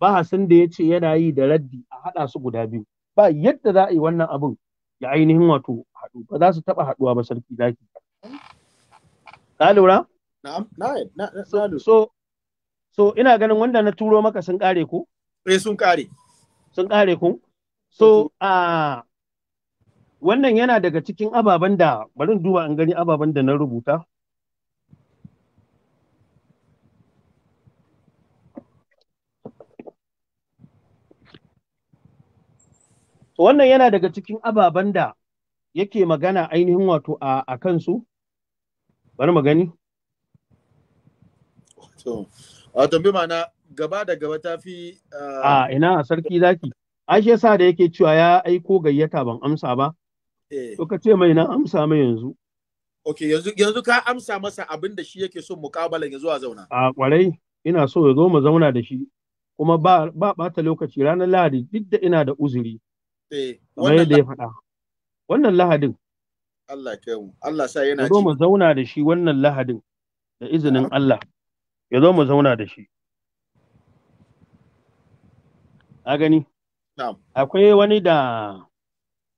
bahasin da ya ce yana yi da raddi a haɗa su guda biyu ba yadda za a yi wannan abun ya ainihin wato haɗu ba za su taɓa haɗuwa ba sarki zaki ka lura so so ina ganin wanda na turo maka sun ƙare ko eh sun ƙare sun ƙare ko so a wannan yana daga cikin ababen da bari duba an gani ababen da na rubuta wannan yana daga cikin ababen da yake magana ainihin wato a kansu bari mu gani a tambi mana gaba da gaba ta fi ah, a ina sarki zaki ashe sa da yake cewa ya aiko gayyata ban amsa ba To eh. ka ce mai na amsa mai yanzu. Ok, yanzu ka amsa masa abin da shi yake son mukabalan ya zuwa a zauna. A kwarai ina so ya zo mu zauna da shi kuma ba ba lokaci ranar Lahadi duk da ina da uzuri. Eh, wannan da ya faɗa. Wannan Lahadin. Allah ke mu. Allah sa yana ci. Ya zo mu zauna da shi wannan Lahadin da izinin Allah. Ya zo mu zauna da shi. A gani? Akwai wani da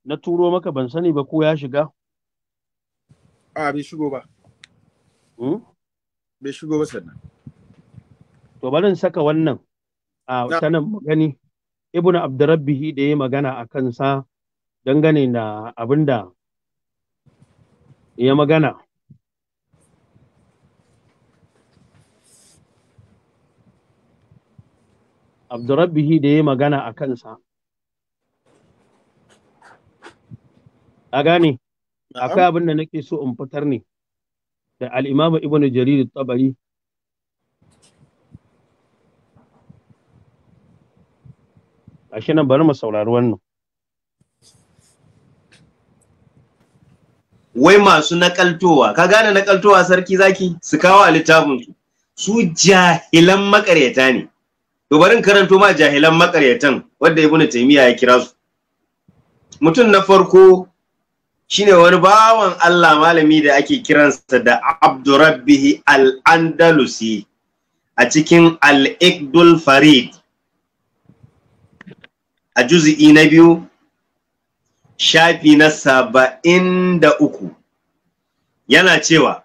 na turo maka ban sani ba ko ya shiga? A bai shigo ba. Hmm? Bai shigo ba sannan. To barin saka wannan a sanan magani Ibn Abdurrabbihi da ya magana a kansa dangane da abinda ya magana. Abdurrabbihi da ya magana a kansa. a gane akwai abin da nake so in fitar ne da al'imama ibn jarir tabari shi nan bari mu saurari wannan wai masu nakaltowa ka gane nakaltowa sarki zaki su kawo a littafin su su jahilan makaryata ne to bari karanto ma jahilan makaryatan wanda ibnu taymiya ya kira su mutum na farko shine wani bawan Allah malami da ake kiransa da Abdurrabbihi al-Andalusi a cikin al-Iqdul Farid a juz'i na biyu shafi na saba'in da uku yana cewa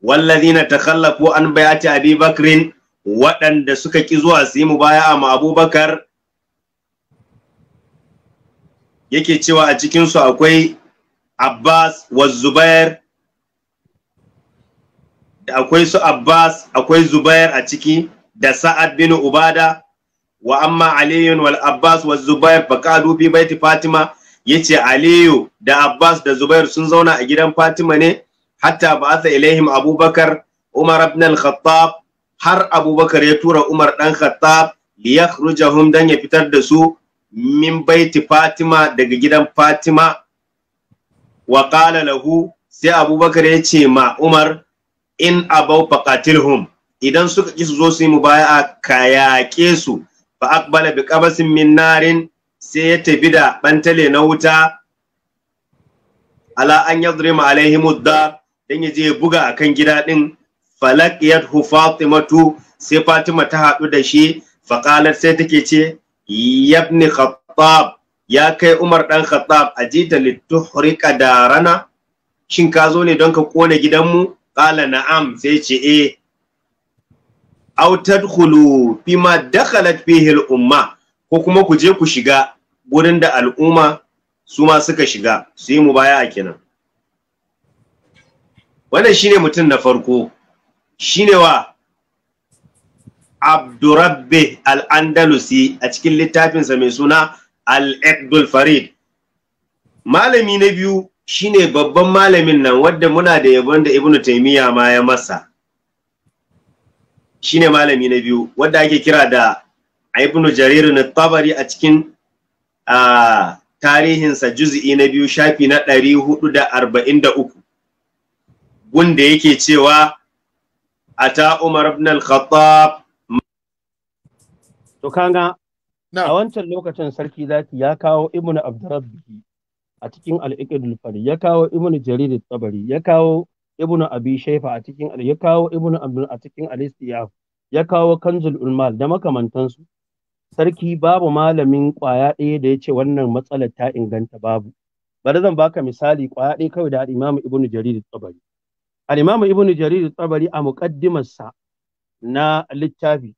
na takhallafu an bayati abi bakrin waɗanda suka ƙi zuwa su yi mu baya, ma abubakar yake cewa a cikinsu akwai Abbas wa Zubair akwai su Abbas akwai Zubair a ciki da Sa'ad bin Ubada wa amma Aliyun wal Abbas wa Zubair faqadu fi baiti Fatima yace Aliyu da Abbas da Zubair sun zauna a gidan Fatima ne hatta ba'atha ilaihim Abubakar Umar ibn al-Khattab har Abubakar ya tura Umar dan Khattab li yakhrujahum dan ya fitar da su min baiti Fatima daga gidan Fatima wa qala lahu sai abubakar ya ce ma umar in abau faqatilhum idan suka ki su zo su yi mubaya'a ka yaƙe su fa aqbala bi qabasin min narin sai ya tafi da ɓantale na wuta ala an yadrima alaihim ad dan yaje ya buga akan gida din falaqiyat hu fatimatu sai fatima ta haɗu da shi fa sai take ce yabni khattab ya kai Umar ɗan Khattab a jita littuhrika darana shin ka zo ne don ka kone gidanmu qala na'am sai ce eh aw tadkhulu bima dakhalat fihi al-umma ko kuma ku je ku shiga gurin da al'umma su ma suka shiga su yi a kenan wannan shine mutum na farko shine wa Abdurrabbi al-Andalusi a cikin littafinsa mai suna al-iqdul farid malami na biyu shine babban malamin nan wadda muna da yabon da Ibn taimiyya ma ya masa shine malami na biyu wadda ake kira da ibnu jarir na tabari a cikin tarihinsa juzi'i na biyu shafi na ɗari hudu da arba'in da uku wanda yake cewa ata umar ibn al-khattab to a wancan lokacin sarki zaki ya kawo ibnu abdurrabbi a cikin al-iqdul fari ya kawo ibnu jarir tabari ya kawo ibnu abi shayfa a cikin ya kawo ibnu abdul a cikin al-istiyaf ya kawo kanzul ulmal da makamantansu sarki babu malamin kwaya ɗaya da ya ce wannan matsalar ta inganta babu bari zan baka misali kwaya ɗaya kawai da al-imamu ibnu jarir tabari al-imamu ibnu jarir tabari a muqaddimarsa na littafi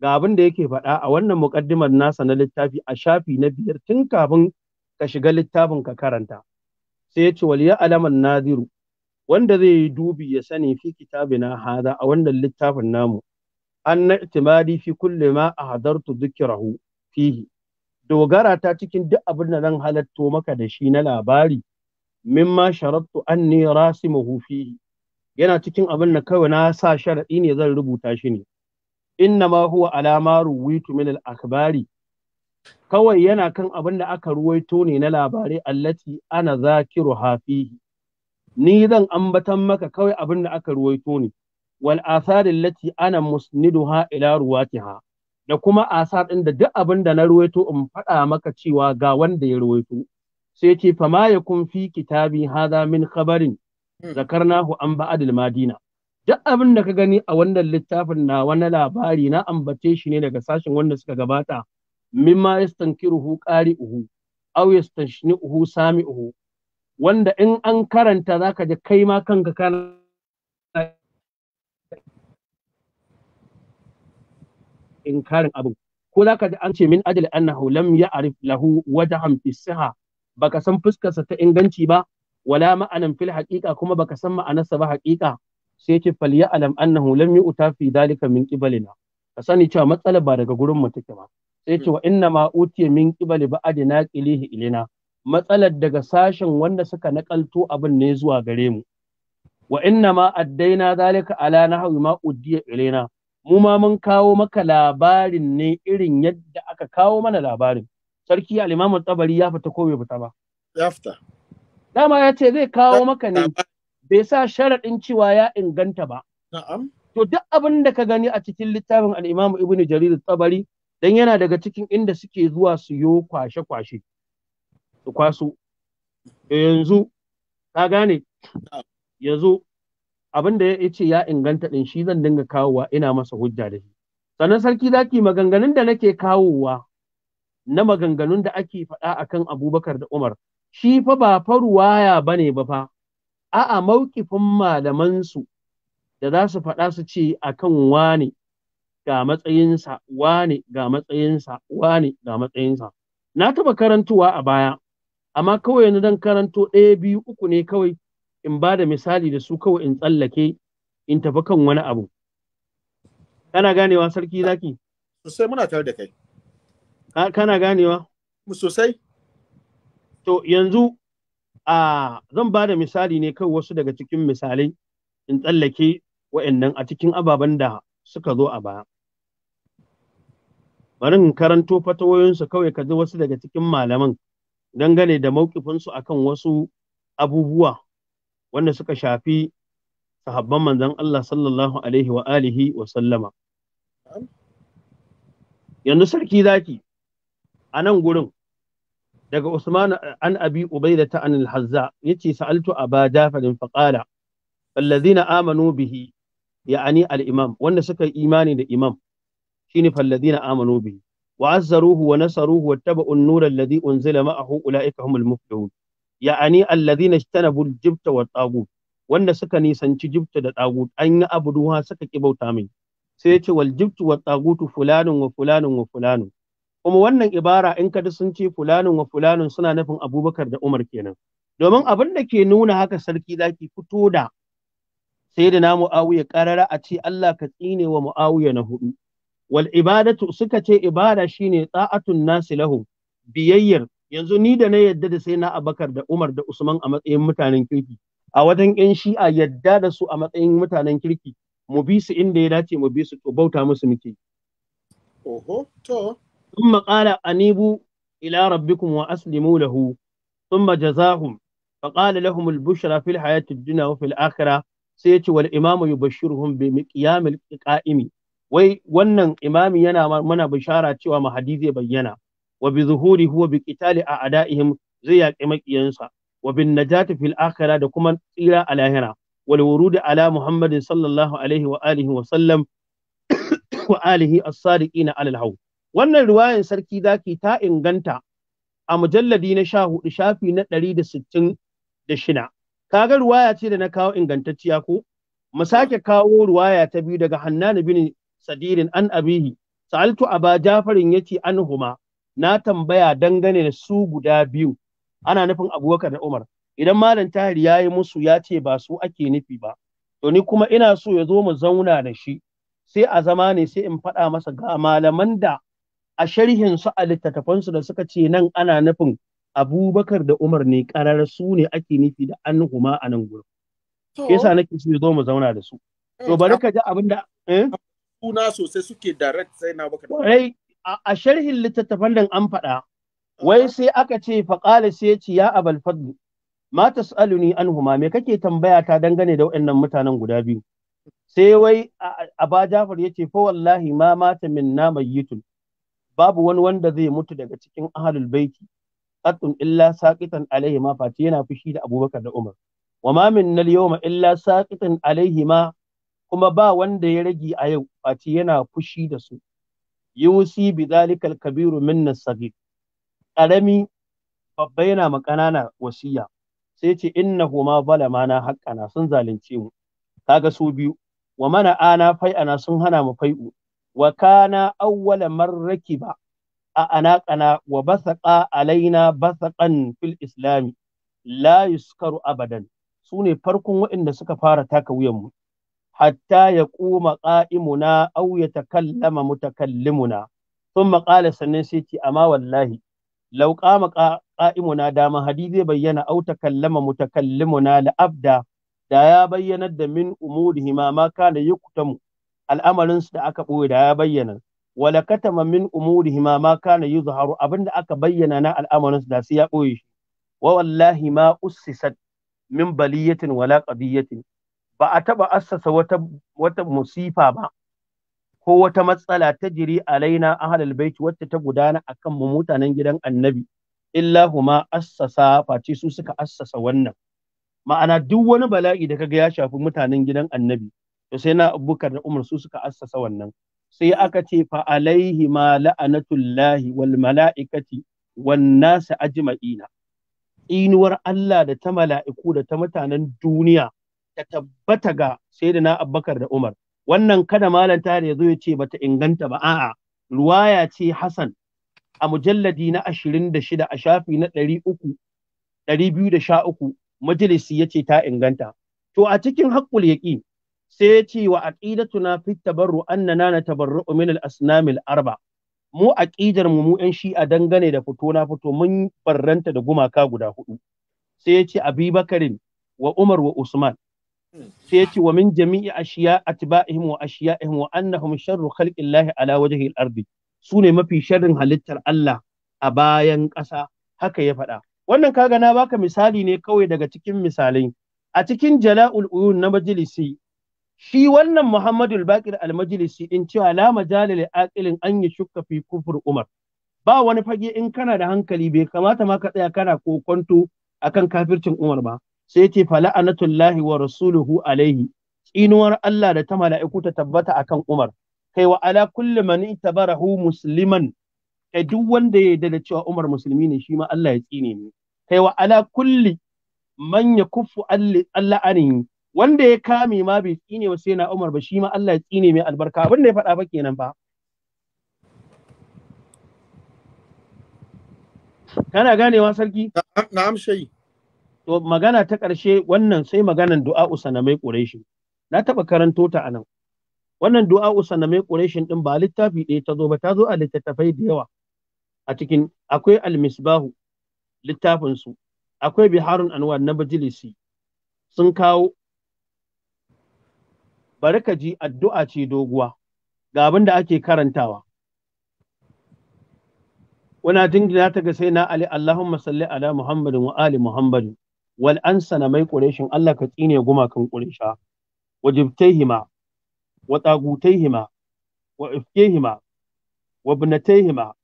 ga abin da yake faɗa a wannan muƙaddimar nasa na littafi a shafi na biyar tun kafin ka shiga littafin ka karanta sai ya ce waliya alaman naziru wanda zai yi dubi ya sani fi na hada a wannan littafin namu an na itimadi fi kulle ma a hadartu dhikrahu fihi dogara ta cikin duk abin da zan halatto maka da shi na labari mimma sharattu anni rasimuhu fihi yana cikin abin da kawai na sa sharaɗi ne zan rubuta shi ne inna ma huwa alama ruwitu min akbari kawai yana kan abin da aka ruwaito ne na labarai allati ana zakiru hafihi ni zan ambatan maka kawai abin da aka ruwaito ne wal asar allati ana musniduha ila ruwatiha da kuma asar din da duk abin da na ruwaito in faɗa maka cewa ga wanda ya ruwaito sai ce fama yakun fi kitabi hadha min khabarin hmm. zakarnahu an ba'd madina duk abin da ka gani a wannan littafin na wani labari na ambace shi ne daga sashen wanda suka gabata Min mimma yastankiruhu qari'uhu aw yastashni'uhu uhu. wanda in an karanta zaka ji kai ma kanka kana karin abin ko zaka ji an ce min ajli annahu lam ya'rif lahu wajhan fi siha baka san fuskarsa ta inganci ba wala ma'anan fil haqiqa kuma baka san ma'anarsa ba haqiqa sai yace fal alam annahu lam yu'ta fi dalika min qibalina ka sani cewa matsalar ba daga gurin mu take ba sai yace wa inna ma utiya min qibali ba'd naqilihi ilina matsalar daga sashen wanda suka nakalto abin ne zuwa gare mu wa inna ma addaina dalika ala nahwi ma udiya ilina mu ma mun kawo maka labarin ne irin yadda aka kawo mana labarin sarki al-imam tabari ya fita ko bai fita ba ya fita dama ya ce zai kawo maka ne bai sa sharaɗin cewa ya inganta ba. To duk abin da ka gani a cikin littafin al'imamu Ibn Jarir Tsabari dan yana daga cikin inda suke zuwa su yo kwashe-kwashe. Su kwaso. Yanzu, ka gane? Yanzu, abin da ya ce ya inganta ɗin shi zan dinga kawowa ina masa hujja da shi. Sannan sarki zaki maganganun da nake kawowa na maganganun da ake faɗa akan Abubakar da Umar. Shi fa ba faruwaya bane ba fa. a'a mawkifin malamansu da za su faɗa su ce a kan wane ga matsayinsa wane ga matsayinsa wane ga matsayinsa na taɓa karantowa a baya amma kawai yanzu don karanto ɗaya biyu uku ne kawai in ba da misali da su kawai in tsallake in tafi kan wani abu kana ganewa sarki zaki sosai muna tare da kai kana ganewa sosai to yanzu a zan ba da misali ne kawai wasu daga cikin misalai in tsallake wa'annan a cikin ababen da suka zo a baya bari in karanto fatawoyinsu kawai ka ji wasu daga cikin malaman dangane da maukifinsu akan wasu abubuwa wanda suka shafi sahabban manzon Allah sallallahu alaihi wa alihi wa sallama yanzu sarki zaki a nan gurin daga Usman an Abi Ubaida ta an al-Hazza yace sa'altu Aba Jafarin faqala alladhina amanu bihi ya'ani al-imam wanda suka yi imani da imam shine falladhina amanu bihi wa azzaruhu wa nasaruhu wattaba'u an-nur alladhi unzila ma'ahu ulaika humul muflihun ya'ani alladhina ijtanabu al-jibta wa tagut wanda suka nisanci jibta da tagut an yi abu duha suka ki min sai yace wal jibtu wa tagutu fulanun wa fulanun wa fulanun kuma wannan ibara in ka sun ce fulanin wa fulanin suna nufin abubakar da umar kenan domin abin da ke nuna haka sarki zaki fito da sai da na mu'awiya karara a ce Allah ka tsine wa mu'awiya na hudu wal ibadatu suka ce ibada shine tsa'atun nasi lahu biyayyar yanzu ni da na yadda da sai na abakar da umar da usman a matsayin mutanen kirki a wajen yan shi'a yadda da su a matsayin mutanen kirki mu bi su inda ya dace mu bi su to bauta musu muke oho to ثم قال أنيبوا إلى ربكم وأسلموا له ثم جزاهم فقال لهم البشرى في الحياة الدنيا وفي الآخرة سيتي والإمام يبشرهم بمقيام القائم wai wannan imamin yana mana bishara cewa mahadi zai bayyana wa bi huwa bi qitali a adaihim zai yaki makiyansa wa bin najati fil akhira da kuma tsira a lahira wal wurud ala muhammadin wa alihi wa wannan riwayan sarki zaki ta inganta a mujalladi na sha hudu shafi na ɗari da sittin da shida kaga ruwaya ce da na kawo ingantacciya ko mu sake kawo ruwaya ta biyu daga hannan bin sadirin an abihi sa'altu aba jafarin yace anhuma na tambaya dangane da su guda biyu ana nufin abubakar da umar idan malam tahir ya yi musu ya ce ba su ake nufi ba to ni kuma ina so ya zo mu zauna da shi sai a zama ne sai in faɗa masa ga malaman da a sharhin su a littattafansu da suka ce nan ana nufin abubakar da umar ne karar su ne ake nufi da an huma a nan gurin yasa nake so zo mu zauna da su to eh, bari ka ji abin da eh? suna sosai suke direct sai na baka rai a sharhin littattafan nan an faɗa wai sai aka ce faqala sai ya ce ya abal fadl ma tas'aluni an huma me kake tambaya ta dangane da waɗannan mutanen guda biyu sai wai aba jafar yace fa wallahi ma mata min na mayyitun babu wani wanda zai mutu daga cikin ahlul baiti qatun illa saqitan alaihi ma fati yana fushi da Abubakar da Umar wa ma minna al-yawma illa saqitan alaihi ma kuma ba wanda ya rage a yau fati yana fushi da su yusi bi zalikal kabiru minna sagir karami babba yana makanana ƙanana wasiya sai ce innahu ma zalama na haqqana sun zalunce mu kaga su biyu wa mana ana fai'ana sun hana mu fai'u wa kana awwala marraki ba a anaƙana wa basaƙa alaina basaƙan fil islami la yuskaru abadan su ne farkon waɗanda suka fara taka mu. hatta ya ƙuma ƙa'imuna au ya takallama mutakallimuna sun maƙala sannan sai ce amma wallahi lau ƙama ƙa'imuna da mahadi zai bayyana au mu mutakallimuna la'abda da ya bayyanar da min umurihima ma kana yuktamu al'amarinsu da aka boye da ya bayyana wala katama min umurihi ma ma kana yuzharu abinda aka bayyana na al'amarin da su ya boye shi wa wallahi ma ussisat min baliyatin wala qadiyatin ba a taba assasa wata wata musifa ba ko wata matsala ta jiri alaina ahlul baiti wacce ta gudana akan mu mutanen gidan annabi illa huma assasa face su suka assasa wannan ma'ana duk wani bala'i da kaga ya shafi mutanen gidan annabi to sai na da umar su suka assasa wannan sai aka ce fa alaihi ma la'anatullahi wal mala'ikati wan nasu ajma'ina inuwar Allah da ta mala'iku da ta mutanen duniya ta tabbata ga Sai na abubakar da umar wannan kada malam tare yazo ya ce bata inganta ba a'a ruwaya ce hasan a mujalladi na 26 a shafi na 300 213 majalisi yace ta inganta to a cikin haqqul yaqin sai ya ce wa aqidatuna fi tabarru annana natabarru min al-asnam al-arba mu aqidar mu mu yan shi'a dangane da fito na fito mun barranta da gumaka guda hudu sai ya ce abubakarin wa umar wa usman sai ya ce wa min jami'i ashiya atba'ihim wa ashiya'ihim wa annahum sharru khalqillahi ala wajhi al-ardi ne mafi sharrin halittar Allah a bayan ƙasa haka ya faɗa wannan kaga na baka misali ne kawai daga cikin misalai a cikin jala'ul uyun na majalisi shi wannan Muhammadul Bakir al-Majlisi din cewa la majalil aqilin an yi fi kufur Umar ba wani fage in kana da hankali bai kamata ma ka tsaya kana kokonto akan kafircin Umar ba sai ce fala'anatullahi wa rasuluhu alaihi tsinuwar Allah da ta mala'iku ta tabbata akan Umar kai wa ala kulli man itabarahu musliman kai duk wanda ya yarda da cewa Umar musulmi ne shi ma Allah ya tsine ne kai wa ala kulli man yakuffu Allah anihi wanda ya kame ma bai tsine wa sai na Umar ba shi ma Allah ya tsine mai albarka abin da ya faɗa ba kenan ba kana ganewa sarki na'am shayi to magana ta ƙarshe wannan sai maganan du'a usana mai quraishi na taɓa karanto ta anan wannan du'a usana mai quraishi din ba littafi ɗaya ta zo ba ta zo a littattafai da yawa a cikin akwai al littafin su akwai biharun anwar na bajilisi sun kawo bari ka ji addu'a ce doguwa ga abin da ake karantawa wana jingina ta ga sai na ali allahumma salli ala muhammadin wa ali muhammadin wal na mai quraishin allah ka tsine gumakan quraisha wajibtaihima wa tagutaihima wa ifkihima wa ibnataihima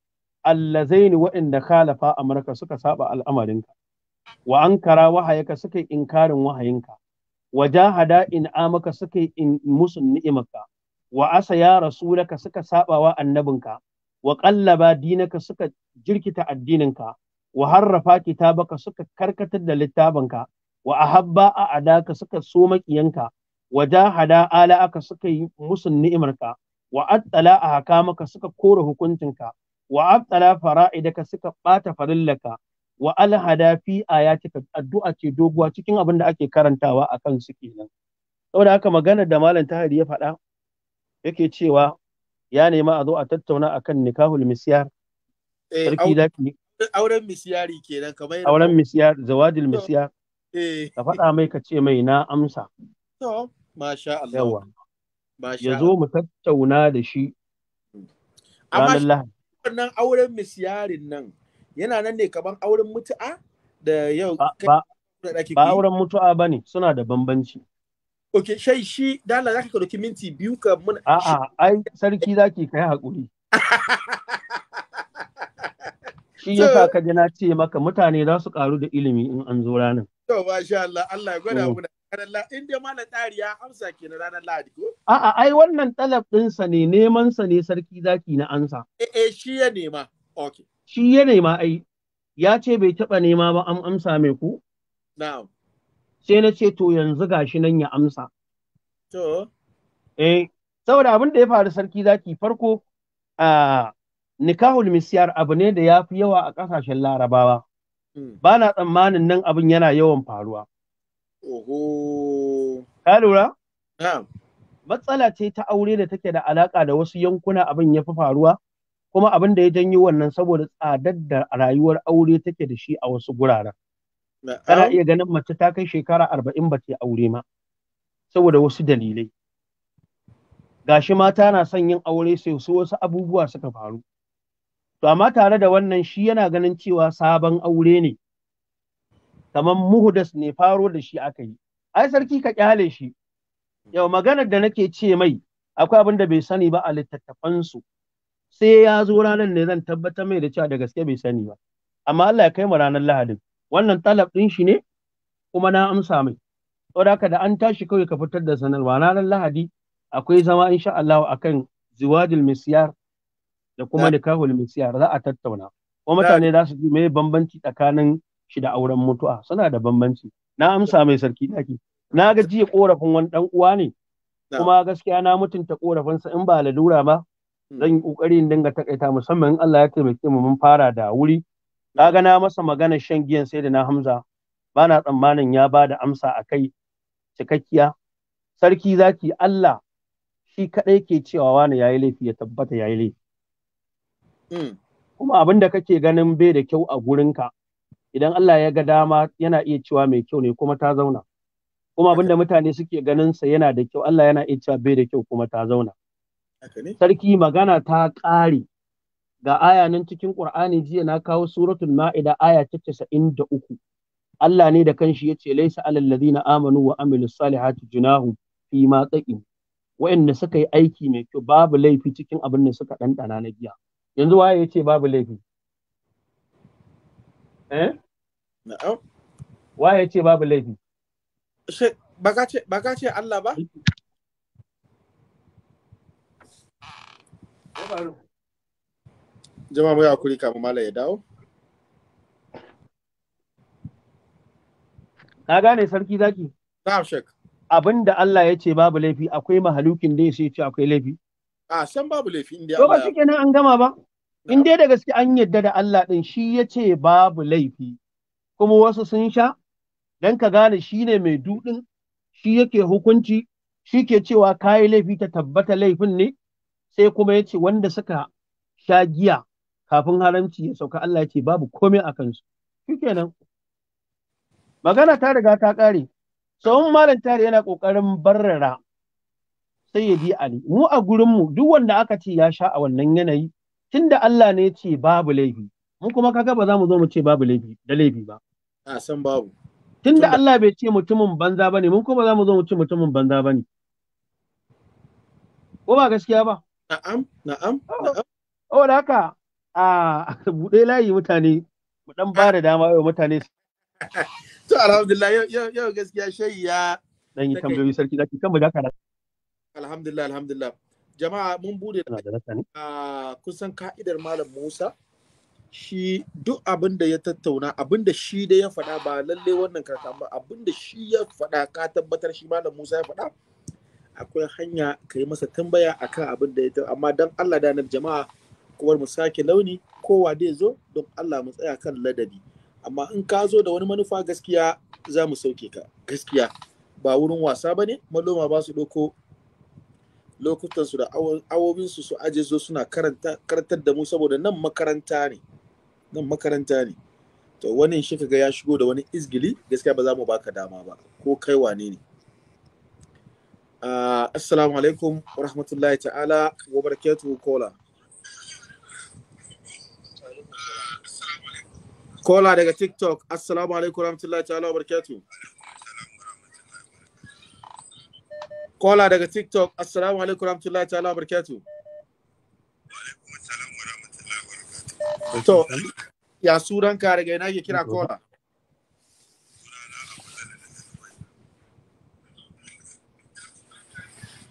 allazaini waɗanda khalafa Amurka suka saba al'amarinka wa ankara wahayaka suka inkarin wahayinka wajahada in amaka suka in musu ni'imaka wa asa ya rasulaka suka sabawa annabinka wa dina dinaka suka jirkita addininka wa harrafa kitabaka suka karkatar da littafinka wa ahabba a adaka suka so makiyanka wa jahada ala aka suka yi musu ni'imarka wa attala a hakamaka suka kore hukuncinka wa attala fara'idaka suka bata farillaka wa alhada fi ayatika addu'a ce doguwa cikin abin da ake karantawa a kan su kenan saboda haka maganar da malam tahiri ya faɗa yake cewa ya nema a zo a tattauna akan nikahul misyar eh, sarki zaki auren misyari kenan kamar auren misyar zawadil misyar eh. ka faɗa mai ka ce mai na amsa to masha Allah yawa ya zo mu tattauna da shi amma wannan auren misyarin nan yana nan ne kaman auren mutu'a da yau ba auren mutu'a ba ne suna da bambanci ok shai shi dala za ka ɗauki minti biyu ka mun a'a ai sarki za ki kai haƙuri shi ya sa ka ji na ce maka mutane za su karu da ilimi in an zo ranar to ba sha Allah Allah ya gwada muna ranar in dai malam tsari ya amsa na ranar Lahadi ko? A'a ai wannan talab ɗinsa ne neman sa ne sarki zaki na ansa. Eh eh shi ya nema. Okay. shi ya nema ai ya ce bai taɓa nema ba an amsa mai ku? Na'am. Sai na ce to yanzu gashi nan ya amsa. To. Eh, saboda abin da ya faru sarki zaki farko a nikahul misyar abu ne da ya fi yawa a kasashen larabawa. Hmm. Ba na tsammanin nan abin yana yawan faruwa. Oho. Ka lura? Na'am. Matsala ce ta aure da take da alaka da wasu yankuna abin ya fi faruwa. kuma abin da ya janyo wannan saboda tsadar da rayuwar aure take da shi a wasu guraren kana iya ganin mace ta kai shekara arba'in ba ta aure ma saboda wasu dalilai gashi mata na son yin aure sai su wasu abubuwa suka faru to amma tare da wannan shi yana ganin cewa sabon aure ne kamar muhudas ne faro da shi aka yi ai sarki ka kyale shi yau maganar da nake ce mai akwai abin da bai sani ba a littattafansu sai ya zo ranar ne zan tabbatar mai da cewa da gaske bai sani ba amma Allah ya kai mu ranar Lahadin wannan talab din shi ne kuma na amsa mai saboda haka da an tashi kawai ka fitar da sanarwa ranar Lahadi akwai zama insha Allah akan ziwadul misyar da kuma nikahul misyar za a tattauna kuma mutane za su ji mai bambanci tsakanin shi da auren mutuwa suna da bambanci na amsa mai sarki daki na ga jiya korafin wani dan uwa ne kuma gaskiya na mutunta korafinsa in ba lalura ba Hmm. zan yi kokari in dinga takaita musamman in Allah ya taimake mu mun fara da wuri Na ga na masa magana shan giyan sai da na Hamza Ba na tsammanin ya ba da amsa a kai cikakkiya sarki zaki Allah shi kadai ke cewa wani yayi laifi ya tabbata yayi laifi hmm. kuma abin da kake ganin bai da kyau a gurinka idan Allah ya ga dama yana iya cewa mai kyau ne kuma ta zauna kuma abin da mutane suke ganin sa yana da kyau Allah yana iya cewa bai da kyau kuma ta zauna sarki magana ta ƙare ga aya nan cikin ƙur'ani jiya na kawo suratul ma'ida aya ta 93 Allah ne da kanshi yace laisa alal ladina amanu wa amilu salihati junahu fi ma Wa wa'anda suka yi aiki mai kyau babu laifi cikin abin da suka dandana na jiya. yanzu waye yace babu laifi eh na'am waye yace babu laifi baka ce baka ce Allah ba Jama mu ya dawo. gane sarki zaki? Na'am shek. Abin da Allah ya ce babu laifi akwai mahalukin da ya ce akwai laifi. A san babu laifi inda Allah. ba an gama ba. In dai da gaske an yadda da Allah din shi ya ce babu laifi. Kuma wasu sun sha dan ka gane shi ne mai dudin shi yake hukunci shi ke cewa kayi laifi ta tabbata laifin ne sai kuma ya ce wanda suka sha giya kafin haramci ya sauka Allah ya ce babu komai a kansu shikenan magana ta riga ta ƙare sauran malam tare yana ƙoƙarin barrara sai ya ji ali mu a gurinmu duk wanda aka ce ya sha a wannan yanayi tunda Allah ne ya ce babu laifi mu kuma kaga ba za mu zo mu ce babu laifi da laifi ba a san babu tunda Allah bai ce mutumin banza ba ne mun kuma za mu zo mu ce mutumin banza ba ne ko ba gaskiya ba Na'am, na'am, na'am. Oh, da haka a buɗe layi mutane mu dan ba da dama yau mutane. To alhamdulillah yau gaskiya shayi ya Ɗan yi tambayoyi sarki zaki kan mu da kana. Alhamdulillah alhamdulillah. Jama'a mun bude a kusan ka'idar Malam Musa shi duk abin da ya tattauna abin da shi da ya faɗa ba lalle wannan karkar ba abin da shi ya faɗa ka tabbatar shi Malam Musa ya faɗa akwai hanya ka yi masa tambaya akan abin da ya ta, amma don Allah da jama'a kuma mu sake launi kowa dai zo don Allah mu tsaya kan ladabi amma in ka zo da wani manufa gaskiya za mu sauke ka gaskiya ba wurin wasa ba ne maloma ba su ɗauko lokutansu da awobinsu su aje zo suna karantar da mu saboda nan makaranta ne nan makaranta ne to wani shi ga ya shigo da wani izgili gaskiya ba za mu baka dama ba ko kai wane ne Uh, assalamu alaikum wa rahmatullahi ta'ala wa barakatuhu kola. Kola daga TikTok, assalamu alaikum wa rahmatullahi ta'ala wa barakatuhu. Kola daga TikTok, assalamu alaikum wa rahmatullahi ta'ala wa barakatuhu. To, ya suranka daga ina ke kira kola?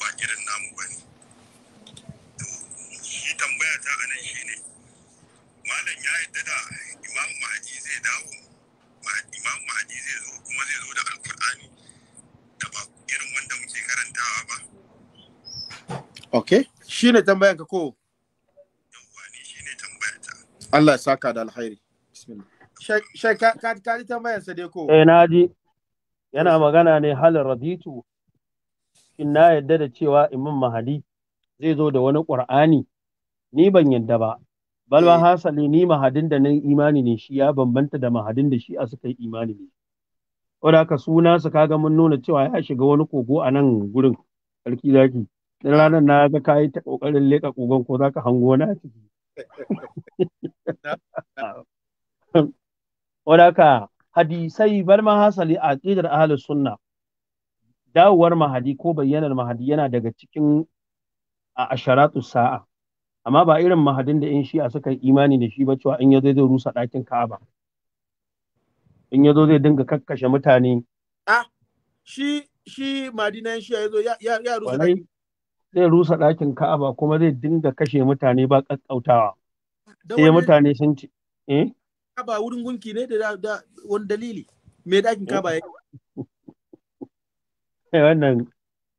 ba irin namu ba ne shi tambaya ta a nan shine malam ya yadda da imam mahadi zai dawo imam mahadi zai zo kuma zai zo da alkur'ani da ba irin wanda muke karantawa ba ok shi ne tambayan ka ko yawwa shi ne Allah ya saka da alkhairi bismillah shai ka ji tambayan sa dai ko eh na ji yana magana ne halin raditu shin na yadda da cewa imam mahadi zai zo da wani ƙur'ani ni ban yadda ba balwa eh. hasali ni mahadin da nan imani ne shi ya bambanta da mahadin da shi a suka yi imani ne wanda haka suna su kaga mun nuna cewa ya shiga wani kogo a nan gurin sarki zaki rana ranar na ga kai ta kokarin leka kogon ko zaka hango na ciki haka hadisai bar ma hasali aqidar ahlus sunna dawowar mahadi ko bayyanar mahadi yana daga cikin a asharatu sa'a amma ba irin mahadin da yan shi'a suka yi imani da shi ba cewa in yazo zai rusa ɗakin Ka'aba in yazo zai dinga kakkashe mutane a shi shi madina shi yazo ya ya rusa ɗakin zai rusa ɗakin Ka'aba kuma zai dinga kashe mutane ba kakkautawa sai mutane sun ci eh ba wurin gunki ne da wani dalili me ɗakin Ka'aba yake kai wannan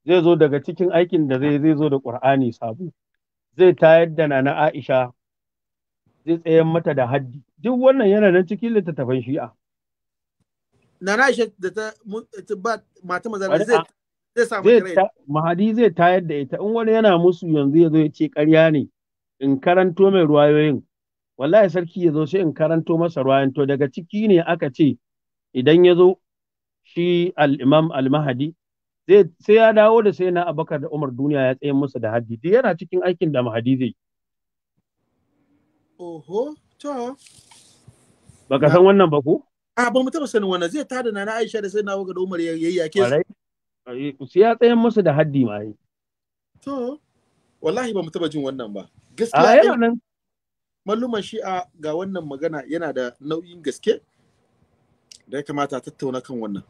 zai zo daga cikin aikin da zai zai zo da Qur'ani sabo zai tayar da nana Aisha zai tsayen mata da haddi duk wannan yana nan cikin littattafan Shi'a nana Aisha da ta ba mata maza zai zai samu mahadi zai tayar da ita in wani yana musu yanzu ya zo ya ce ƙarya ne in karanto mai ruwayoyin wallahi sarki ya zo sai in karanto masa ruwayan to daga ciki ne aka ce idan ya zo shi al-imam al-mahadi sai ya dawo da sai na abakar da umar duniya ya tsaye musu da haddi duk yana cikin aikin da mahadi zai oho to baka san wannan ba ko a ba mu taba sanin wannan zai tada na Aisha da sai na abakar da umar ya yake su sai ya tsaye musu da haddi ma yi to wallahi ba mu taba jin wannan ba gaskiya yana nan malluman shi'a ga wannan magana yana da nauyin gaske da ya kamata a tattauna kan wannan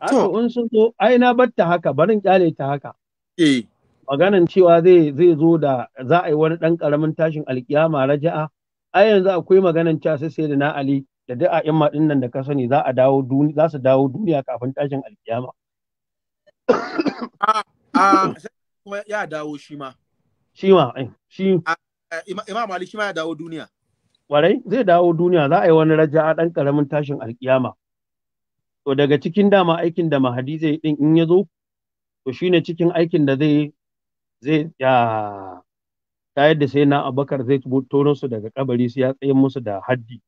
Aka in sun zo ai na batta haka barin kyale ta haka. Eh. Maganan cewa zai zai zo da za a yi wani ɗan ƙaramin tashin alkiyama raja'a ai yanzu akwai maganan cewa sai sai da na Ali da a imma din nan da ka sani za a dawo duniya za su dawo duniya kafin tashin alkiyama. a ah, ah, kuma ya dawo shi ma. Shi ma ai shi ah, eh, Imam Ali shi ma ya dawo duniya. Warai zai dawo duniya za a yi wani raja'a ɗan ƙaramin tashin alkiyama. to daga cikin dama aikin da mahadi zai din in ya zo to shine cikin aikin da zai zai ya ta yadda sai na abakar zai tono su daga kabari su ya tsaye musu da haddi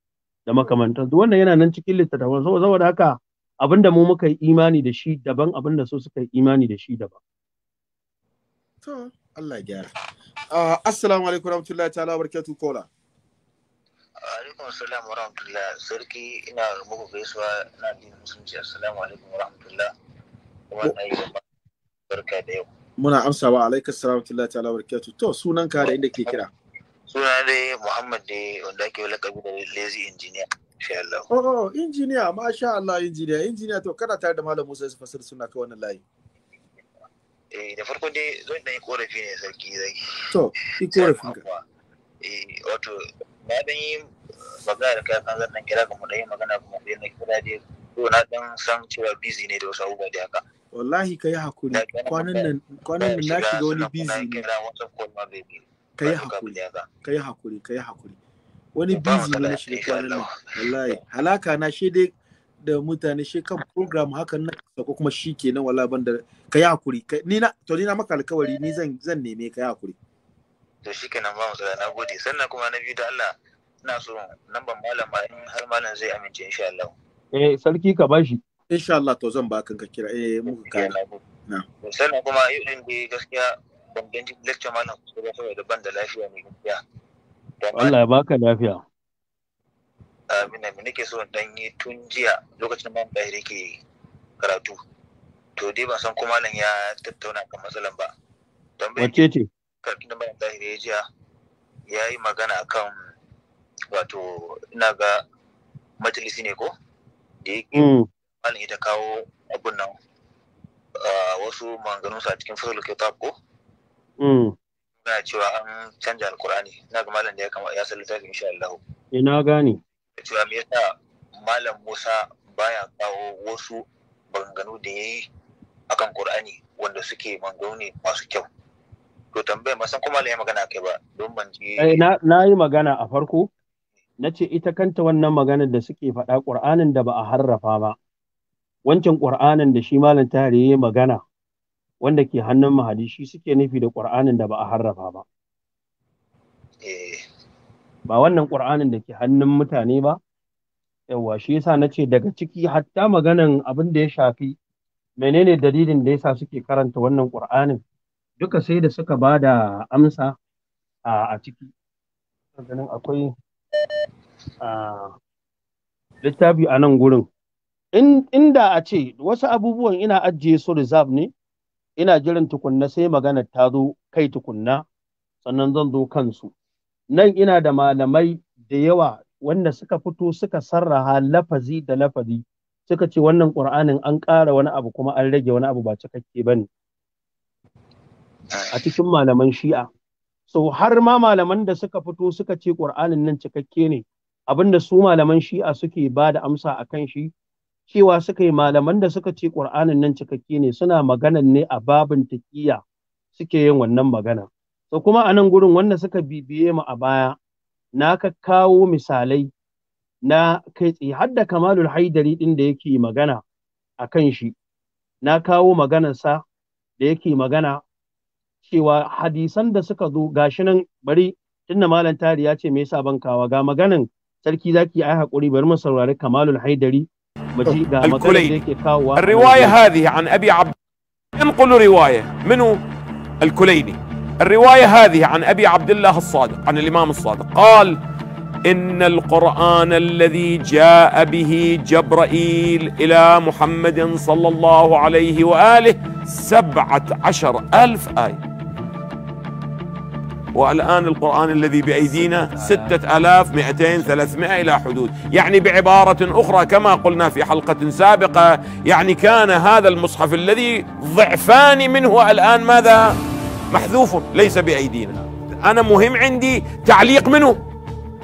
da makamantan wannan yana nan cikin littattafan saboda haka abinda mu muka yi imani da shi daban abinda su suka yi imani da shi daban to Allah ya gyara ah, assalamu alaikum warahmatullahi ta'ala barakatuh kola alaikum salam wa rahmatullah sarki ina muku gaisuwa na bin musulunci assalamu alaikum wa rahmatullah kuma na yi barka da yau muna amsawa alaikum salam wa ta'ala wa barakatuh to sunan ka da inda ke kira suna ne muhammad ne wanda ake yi lakabi da lazy engineer insha Allah oh, oh, oh engineer masha Allah engineer engineer to kana tare da malam Musa su fasir suna ka wannan layi eh da farko dai zan dan yi korafi ne sarki zai to ki korafin ka eh wato na dan yi magana da kai kan zan kira kamar dan yi magana kuma da kira dai ko na dan san cewa busy ne da wasu abubuwa da haka wallahi ka yi hakuri kwanan nan na shiga wani busy ne ka yi hakuri ka yi hakuri ka yi hakuri wani busy ne na shiga kwanan nan wallahi halaka na shi dai da mutane shi kan program hakan na Da kuma shi kenan wala ban da ka yi hakuri ni na to ni na maka alkawari ni zan zan neme ka yi hakuri to shi kenan ba musu na gode sannan kuma na biyu da Allah ina so namban malam ba in har malam zai amince insha Allah eh sarki ka bashi insha Allah to zan ba ka kira eh muka kai na sannan kuma yau din dai gaskiya ban ganji lecture malam ko ba saboda ban da lafiya ne gaskiya Allah ya baka lafiya amin amin nake so dan yi tun jiya lokacin ban bayar yake karatu to dai ba san ko malam ya tattauna kan matsalan ba wace ce karatun da bayan zahiri jiya ya yi magana kan wato ina ga majalisi ne ko da mm. ya malin ita kawo abun nan wasu maganganun sa cikin fasul ta ko mm. na cewa an canja alkur'ani na ga malam da ya kama ya san littafin insha Allah ina eh, gane cewa me yasa malam Musa baya kawo wasu maganganu da yayi akan Qur'ani wanda suke maganganu ne masu kyau to tambayar masan kuma ya magana kai ba don manje. Eh, na yi magana a farko na ce ita kanta wannan maganar da suke faɗa ƙur'anin da ba a harrafa ba wancan ƙur'anin da shi malam tare ya magana wanda ke hannun mahadi shi suke nufi da ƙur'anin da ba a harrafa ba eh. ba wannan ƙur'anin da ke hannun mutane ba yawa shi yasa na ce daga ciki hatta maganan abin da ya shafi menene dalilin da yasa suke karanta wannan ƙur'anin duka sai da suka ba da amsa a ciki ganin akwai littafi a nan gurin inda a ce wasu abubuwan ina ajiye su reserve ne ina jiran tukunna sai magana ta zo kai tukunna sannan zan zo kansu nan ina da malamai da yawa wanda suka fito suka sarraha lafazi da lafazi suka ce wannan ƙur'anin an ƙara wani abu kuma an rage wani abu ba cikakke ba ne a cikin malaman shi'a so har ma malaman da suka fito suka ce ƙur'anin nan cikakke ne abinda su malaman shi'a suke ba da amsa a kan shi cewa suka yi malaman da suka ce ƙur'anin nan cikakke ne suna maganan ne a babin taƙiya suke yin wannan magana so kuma a nan gurin wanda suka bibiye mu a baya na ka kawo misalai na kai tsaye har da kamalul haidari din da yake magana a kan shi na kawo maganarsa da yake magana cewa hadisan da suka zo gashi nan bari tunda malam tari ya ce me yasa ban kawa ga maganan sarki zaki ai hakuri bari mu saurari kamalul haidari maji ga maganan da yake kawowa riwaya هذه an abi abd ينقل روايه منو الكليني الروايه هذه عن ابي عبد الله الصادق عن الامام الصادق قال ان القران الذي جاء به جبرائيل الى محمد صلى الله عليه واله سبعه عشر الف ايه والآن القرآن الذي بأيدينا ستة ألاف مئتين ثلاثمائة إلى حدود يعني بعبارة أخرى كما قلنا في حلقة سابقة يعني كان هذا المصحف الذي ضعفان منه الآن ماذا محذوف ليس بأيدينا أنا مهم عندي تعليق منه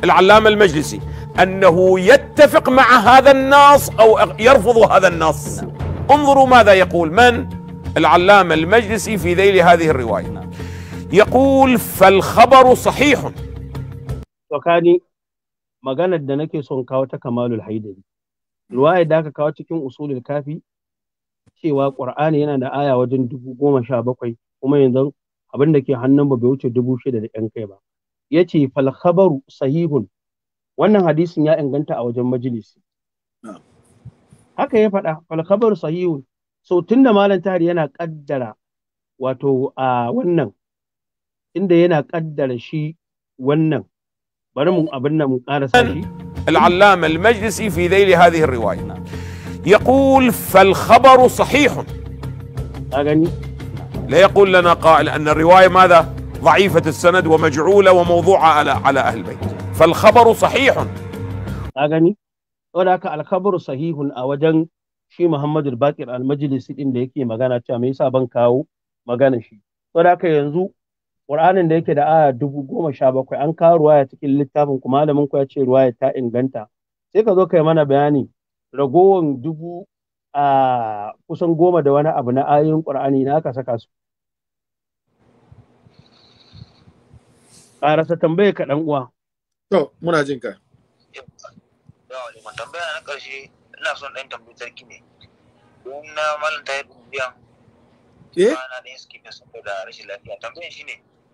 العلامة المجلسي أنه يتفق مع هذا النص أو يرفض هذا النص انظروا ماذا يقول من العلامة المجلسي في ذيل هذه الرواية يقول فالخبر صحيح وكاني maganar da nake son kawo ta kamalul haidari ruwaya da aka kawo cikin usululkafi cewa qur'ani yana da aya wajen dubu goma sha bakwai kuma yanzu abin da ke hannun ba bai wuce dubu shida da yan kai ba ya ce falkhabaru sahihun wannan hadisin ya inganta a wajen majalisi haka ya faɗa falkhabaru sahihun so tunda malam tari yana kaddara wato a wannan inda yana kaddara shi wannan bari mu abin nan mu karasa shi العلامة المجلسي في ذيل هذه الرواية يقول فالخبر صحيح la آه، لا يقول لنا قائل أن الرواية ماذا ضعيفة السند ومجعولة وموضوعة على على أهل البيت فالخبر صحيح أغني آه، ولك الخبر صحيح أوجن شي محمد الباكر المجلس إن din da yake بنكاو cewa شي yasa ينزو Qur'anin da yake da aya dubu goma sha bakwai an kawo ruwaya cikin littafin kuma malamin ku ya ce ruwaya ta inganta sai ka zo kai mana bayani ragowan dubu a kusan goma da wani abu na ayoyin Qur'ani na aka saka su ƙarasa tambaye ka uwa to muna jin ka yawa tambaya na ƙarshe ina son ɗan tambayi sarki ne don na malam ta yi biyan eh ɗan saboda rashin lafiya tambayan shi ne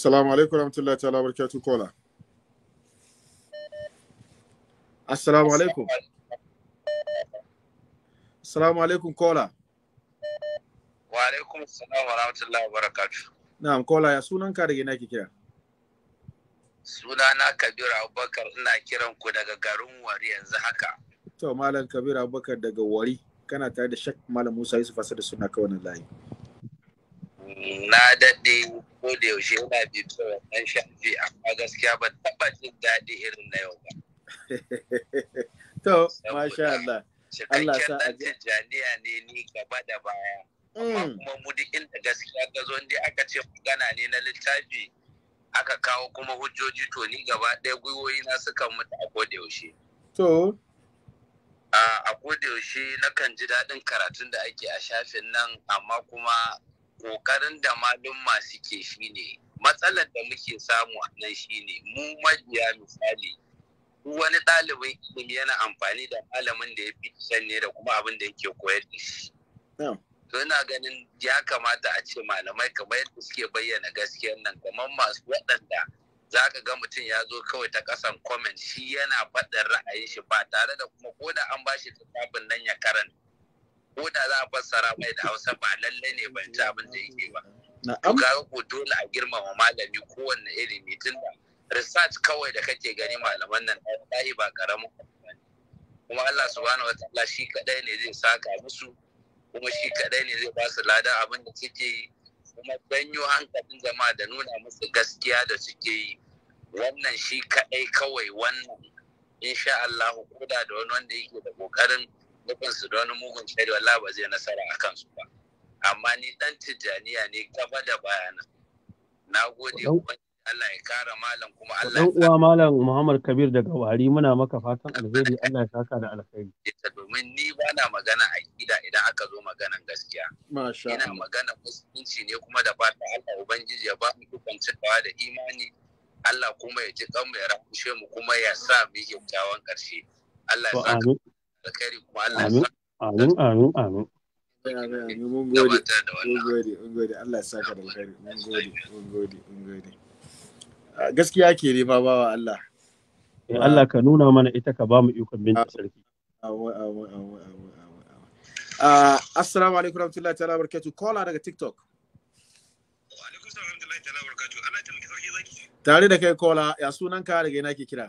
Assalamu alaikum rahmatullahi ta'ala barakatuh kola. Assalamu alaikum. Assalamu alaikum kola. Wa alaikum assalam wa rahmatullahi wa barakatuh. Na'am kola ya sunan ka da gina ki kira? na Kabir Abubakar ina kiran ku daga garin Wari yanzu haka. To Malam Kabir Abubakar daga Wari kana tare da Shek Malam Musa Yusuf Asadu suna kawai layi. na daɗe ko da yaushe yana bibiyar wannan shafi amma gaskiya ba taɓa jin daɗi irin na yau ba. To, masha Allah. Allah sa a ji. Janiya ne ni gaba da baya. Amma mm. kuma mu duk inda gaskiya ga zo ne aka ce magana ne na littafi aka kawo kuma hujjoji to ni gaba ɗaya gwiwoyi na suka mutu a ko da yaushe. To. A ko da yaushe kan ji daɗin karatun da ake a shafin nan amma kuma kokarin da ke shi ne, matsalar da muke samu a nan shi ne, mu majiya misali wani ɗalibin ilimi yana amfani da malamin da ya fi san ne da kuma abin da yake koyar da shi. To ina ganin ya kamata a ce malamai kamar yadda suke bayyana gaskiyar nan kamar masu waɗanda za ka ga mutum ya zo kawai ta ƙasan comment shi yana faɗin ra'ayin shi ba tare da kuma ko da an ba shi littafin nan ya karanta ko da za a fassara mai da hausa ba lallai ne ban ci abin da yake ba Ka ga ko dole a girmama malami kowanne ilimi tunda research kawai da kake gani malaman nan wallahi ba karamu. kuma Allah subhanahu ta'ala shi kadai ne zai saka musu kuma shi kadai ne zai basu su ladan abin da suke yi kuma janyo hankalin jama'a da nuna musu gaskiya da suke yi wannan shi kadai kawai wannan insha allahu ko da da wani wanda yake da kokarin nufinsu da wani mugun shari wallah ba zai nasara a kansu ba amma ni dan tijjaniya ne kafa da bayana na gode Allah ya kara malam kuma Allah ya uwa malam Muhammad Kabir daga Wari muna maka fatan alheri Allah ya saka da alheri domin ni ba na magana aqida idan aka zo maganan gaskiya masha ina magana musulunci ne kuma da fatan Allah ubangiji ya ba mu dukkan cikawa da imani Allah kuma ya ji kanmu ya rakushe mu kuma ya sa mu yi kyawawan karshe Allah ya saka alkhairi kuma Allah amin. amin amin amin mun gode mun gode mun gode Allah ya saka da alkhairi mun gode mun gode mun gode gaskiya ke ne ba bawa Allah eh, Allah ka nuna mana ita ka ba mu ikon binta sarki assalamu alaikum warahmatullahi ta'ala barakatuh kola daga tiktok tare da kai kola ya sunanka daga ina ke kira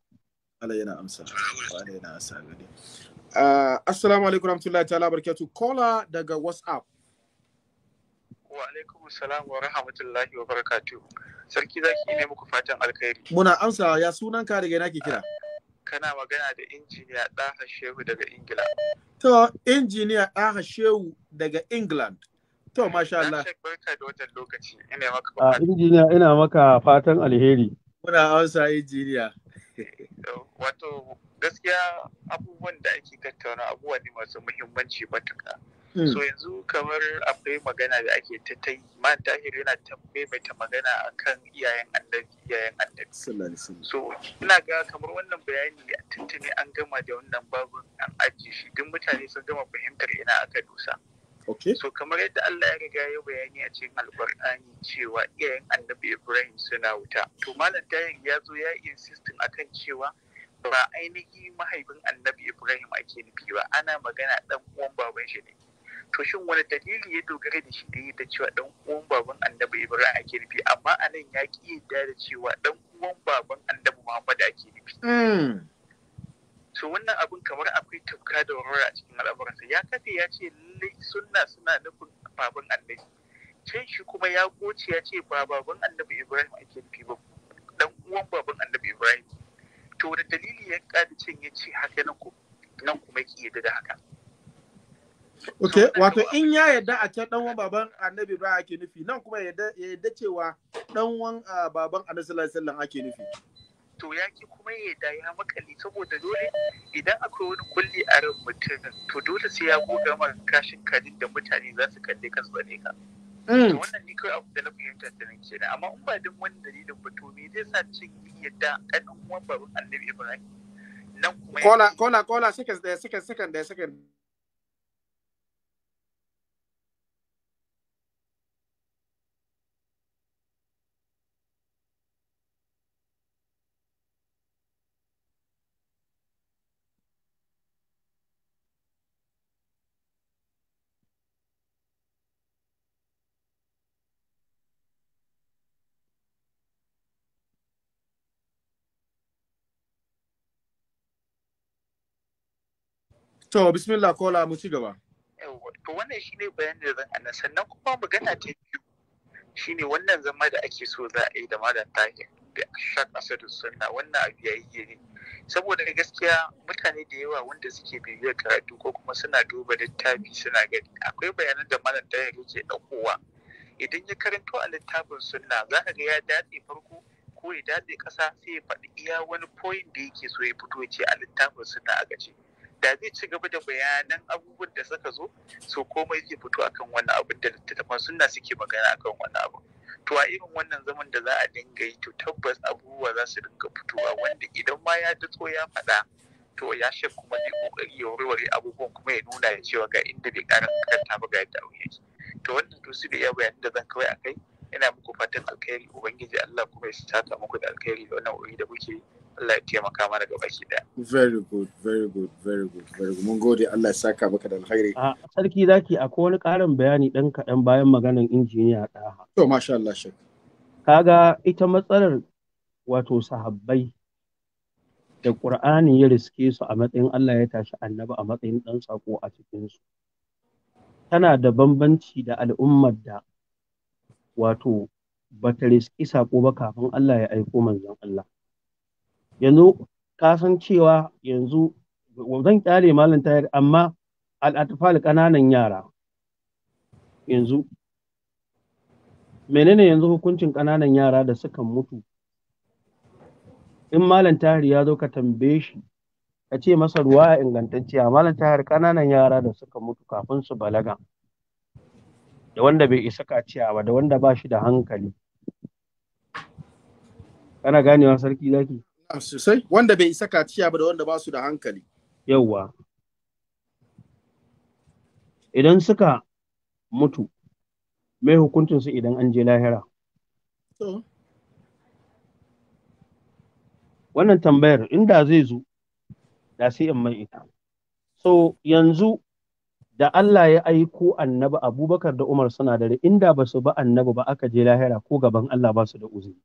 Allah yana amsa. Allah yana amsa gani. Uh, assalamu alaikum rahmatullahi ta'ala barkatu kola daga WhatsApp. Wa alaikum salam wa rahmatullahi wa barakatu. Sarki zaki ne muku fatan alkhairi. Muna amsa ya sunan ka daga nake kira. Kana magana da injiniya Daha Shehu daga Ingila. To injiniya Daha Shehu daga England. To masha Allah. da lokaci. Ah, injiniya ina maka fatan alheri. Muna amsa injiniya. wato gaskiya abubuwan da ake tattauna abubuwa ne masu muhimmanci matuka hmm. so yanzu kamar akwai magana da ake ta ta yi man tahir yana ta maimaita magana akan iyayen annabi iyayen annabi so ina ga kamar wannan bayani a tuntuni an gama da wannan babu an ajiye shi duk mutane sun gama fahimtar ina aka dusa So kamar yadda Allah ya riga ya bayani a cikin Alƙur'ani cewa iyayen Annabi Ibrahim suna wuta. To Malam Tahir ya zo ya insistin akan cewa ba ainihi mahaifin Annabi Ibrahim ake nufi ba ana magana ɗan uwan baban shi ne. To shin wani dalili ya dogara da shi da cewa dan uwan baban Annabi Ibrahim ake nufi amma anan ya ki yadda da cewa ɗan uwan baban Annabi Muhammad ake nufi. Hmm. to wannan abun kamar akwai tafka da warware a cikin al'amuransa ya kafe ya ce lai sunna suna nufin baban annabi can shi kuma ya goce ya ce ba baban annabi ibrahim ake nufi ba dan uwan baban annabi ibrahim to da dalili ya kada cin ya ce haka nan kuma nan kuma ki yadda da haka ok wato in ya yadda a can uwan baban annabi ba ake nufi nan kuma ya yadda cewa uwan ah, baban annabi sallallahu alaihi wasallam ake nufi to ya ki kuma ya da ya makali saboda dole idan akwai wani kulli a ran mutum to dole sai ya goga ma kashin kadin da mutane za su kalle kan bane ka mm. wannan ni kawai abu da na fahimta da nan kenan amma in ba duk wani dalilin ba to me zai sa cin yadda kan uwan babban annabi ibrahim nan kuma kola kola kola seconds daya seconds daya To, bismillah kola mu ci gaba. To wannan shi ne bayanin da zan sannan kuma magana ta biyu shi ne wannan zama da ake so za a yi da malam tahir da ƙasa da sunna wannan abu ya yi gini. saboda gaskiya mutane da yawa wanda suke bibiyar karatu ko kuma suna duba littafi suna gani akwai bayanan da malam tahir yake ɗaukowa idan ya karanto a littafin sunna za ka ga ya datse farko ko ya datse ƙasa sai ya faɗi iya wani point da yake so ya fito ce a littafin sunna a gaji. da zai ci gaba da bayanan abubuwan da suka zo su komai zai fito akan wannan abin da littattafan sunna suke magana akan wannan abu to a irin wannan zaman da za a dinga yi to tabbas abubuwa za su dinga fitowa wanda idan ma ya datso ya faɗa to ya shi kuma zai kokari ya warware abubuwan kuma ya nuna ya cewa ga inda bai ƙara karanta ba ga yadda abu yake to wannan to su da iya bayanan da zan kawai akai ina muku fatan alkhairi ubangiji Allah kuma ya saka muku da alkhairi da wannan wuri da kuke yi Allah ya taimaka mana gaba ki da very good very good very good very good mun gode Allah ya saka maka da alkhairi a sarki zaki akwai wani karin bayani dan kaɗan bayan maganan injiniya ɗaya. to masha Allah shek kaga ita matsalar wato sahabbai da Qur'ani ya riske su a matsayin Allah ya tashi annabi a matsayin dan sako a cikin su tana da bambanci da al'ummar da wato ba ta riski sako ba kafin Allah ya aiko manzon Allah yanzu ka san cewa yanzu zan kyale malam tayar amma al'atufal kananan yara yanzu menene yanzu hukuncin ƙananan yara da suka mutu in malam tahir ya zo ka tambaye shi ka ce masa ruwa ingantacciya malam tahir ƙananan yara da suka mutu kafin su balaga da wanda bai isa kaciya ba da wanda ba shi da hankali kana ganewa sarki zaki sosai wanda bai isa kaciya ba da wanda ba su da hankali yawwa idan suka mutu mai hukuncinsu idan an je lahira wannan tambayar inda zai zo da sai in mai ita so yanzu da Allah ya aiko annabi abubakar da umar suna da inda ba su ba annabi ba aka je lahira ko gaban Allah ba su da uzuri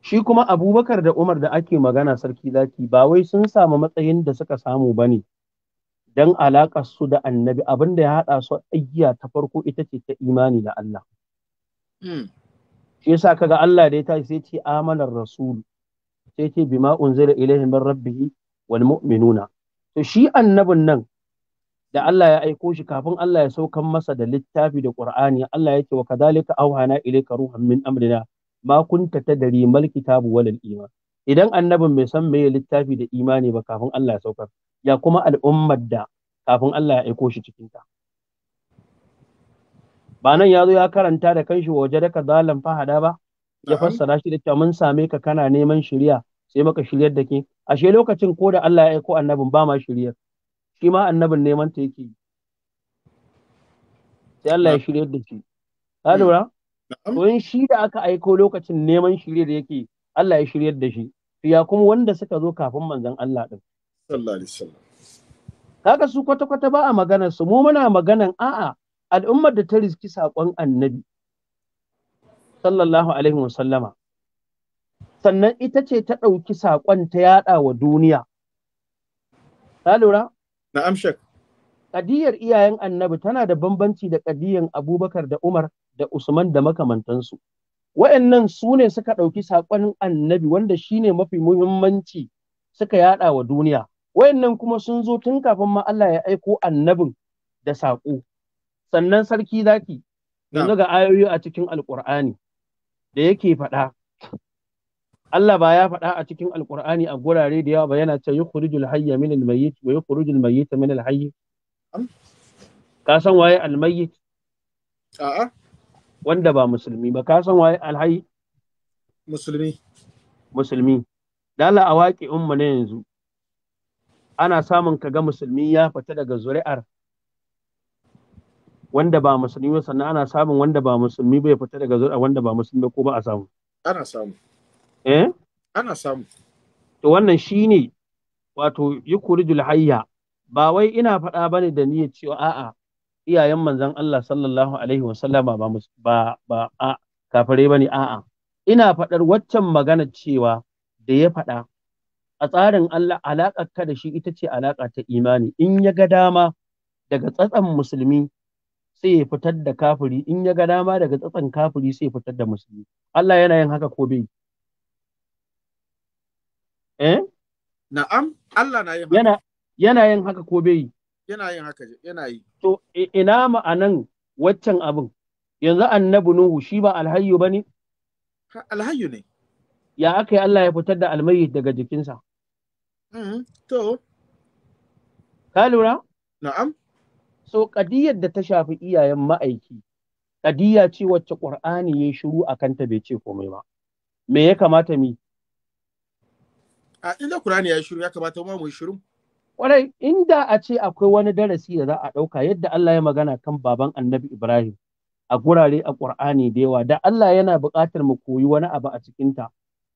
shi kuma abubakar da umar da ake magana sarki zaki ba wai sun samu matsayin da suka samu ba ne don alaƙar su da annabi abin da ya haɗa su igiya ta farko ita ce ta imani da Allah. Hmm. Shi yasa kaga Allah da ya tashi sai ce amanar rasulu sai ce bima unzila ilaihi min rabbihi wal mu'minuna. To shi annabin nan da Allah ya aiko shi kafin Allah ya saukan masa da littafi da Qur'ani Allah ya ce wa kadhalika auhana ilayka ruhan min amrina ma kunta dari mal kitabu walal iman idan annabin bai san meye littafi da imani ba kafin Allah ya saukar ya kuma al'ummar da kafin Allah ya aiko shi cikin ta ba nan ya zo ya karanta da kanshi waje da ka zalan fahada ba ya fassara shi da cewa mun same ka kana neman shirya sai maka shiryar da ke ashe lokacin ko da Allah ya aiko annabin ba ma shiryar shi ma annabin neman ta yake sai Allah ya shiryar da shi ka lura mm. Don shi da aka aiko lokacin neman shirye da yake Allah ya shiryar da shi. Ya kuma wanda suka zo kafin manzon Allah din. Sallallahu alaihi Kaga su kwata-kwata ba a magana su mu muna maganan a'a al'ummar da ta riski saƙon annabi sallallahu alaihi wasallama sannan ita ce ta ɗauki saƙon ta yaɗa wa duniya ta lura? na'am ƙadiyar iyayen annabi tana da bambanci da ƙadiyar abubakar da umar da Usman da makamantansu wayannan su ne suka ɗauki saƙon annabi wanda shi ne mafi muhimmanci suka yaɗa wa duniya wayannan kuma sun zo tun kafin ma Allah ya aiko annabin da saƙo sannan sarki zaki yanzu ga ayoyi a cikin alƙur'ani da yake faɗa Allah ba ya faɗa a cikin alƙur'ani a gurare da yawa ba yana ce yukhrijul hayya min al yi wa yukhrijul mayyita min ka san waye al a'a wanda ba musulmi ba ka san waye alhai musulmi musulmi dala a waƙi umma na yanzu ana samun kaga musulmi ya fita daga zuri'ar wanda ba musulmi ba sannan ana samun wanda ba musulmi ya fita daga zuri'ar wanda ba musulmi ko ba a samu ana samu eh ana samu to wannan shine wato yukurijul hayya ba wai ina faɗa bane da niyyar cewa a'a iyayen manzan Allah sallallahu alaihi wasallama ba ba ba a kafare ne? a'a ina faɗar waccan magana cewa da ya faɗa a tsarin Allah alaƙa ka da shi ita ce alaƙa ta imani in ya ga dama daga tsatsan musulmi sai ya fitar da kafiri in ya ga dama daga tsatsan kafiri sai ya fitar da musulmi Allah yana yin haka ko bai eh na'am Allah na yin haka yana yana yin haka ko bai yana yin haka yana yi to ina ma'anan waccan abin yanzu annabi nuhu shi ba alhayyu bane alhayyu ne ya aka yi Allah ya fitar da almayyit daga jikinsa mm-hmm. to ka lura na'am so kadiyar da ta shafi iyayen ma'aiki kadiya ce wacce qur'ani ya shiru a kanta bai ce komai ba me ya kamata mi a inda qur'ani ya shiru ya kamata mu yi shiru kwarai inda a ce akwai wani darasi da za a ɗauka yadda Allah ya magana kan baban annabi Ibrahim a gurare a Ƙur'ani da yawa, da Allah yana buƙatar mu koyi wani abu a cikinta,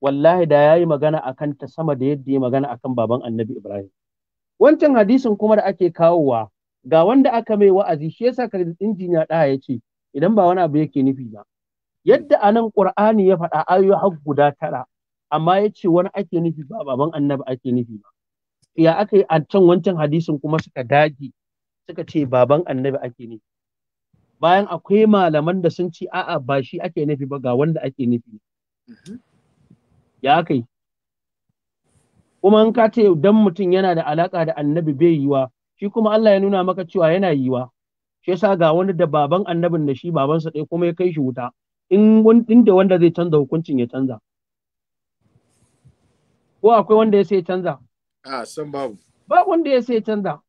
wallahi da ya yi magana a kanta sama da yadda ya magana akan baban annabi Ibrahim. Wancan hadisin kuma da ake kawowa ga wanda aka mai wa'azi shi yasa ka injiniya ɗaya ya ce idan ba wani abu yake nufi ba. Yadda a nan Ƙur'ani ya faɗa ayoyi har guda tara amma ya ce wani ake nufi ba baban annabi ake nufi ba. ya aka yi a can wancan hadisin kuma suka dage suka ce baban annabi ake ne bayan akwai malaman da sun ce a'a ba shi ake nufi ba ga wanda ake nufi mhm. ya kai kuma in ka ce dan mutum yana da alaka da annabi bai yiwa shi kuma Allah ya nuna maka cewa yana yiwa shi yasa ga wani da baban annabin da shi baban sa ɗaya kuma ya kai shi wuta in inda wanda zai canza hukuncin ya canza ko akwai wanda ya sai canza a ah, san babu ba wanda ya sai canza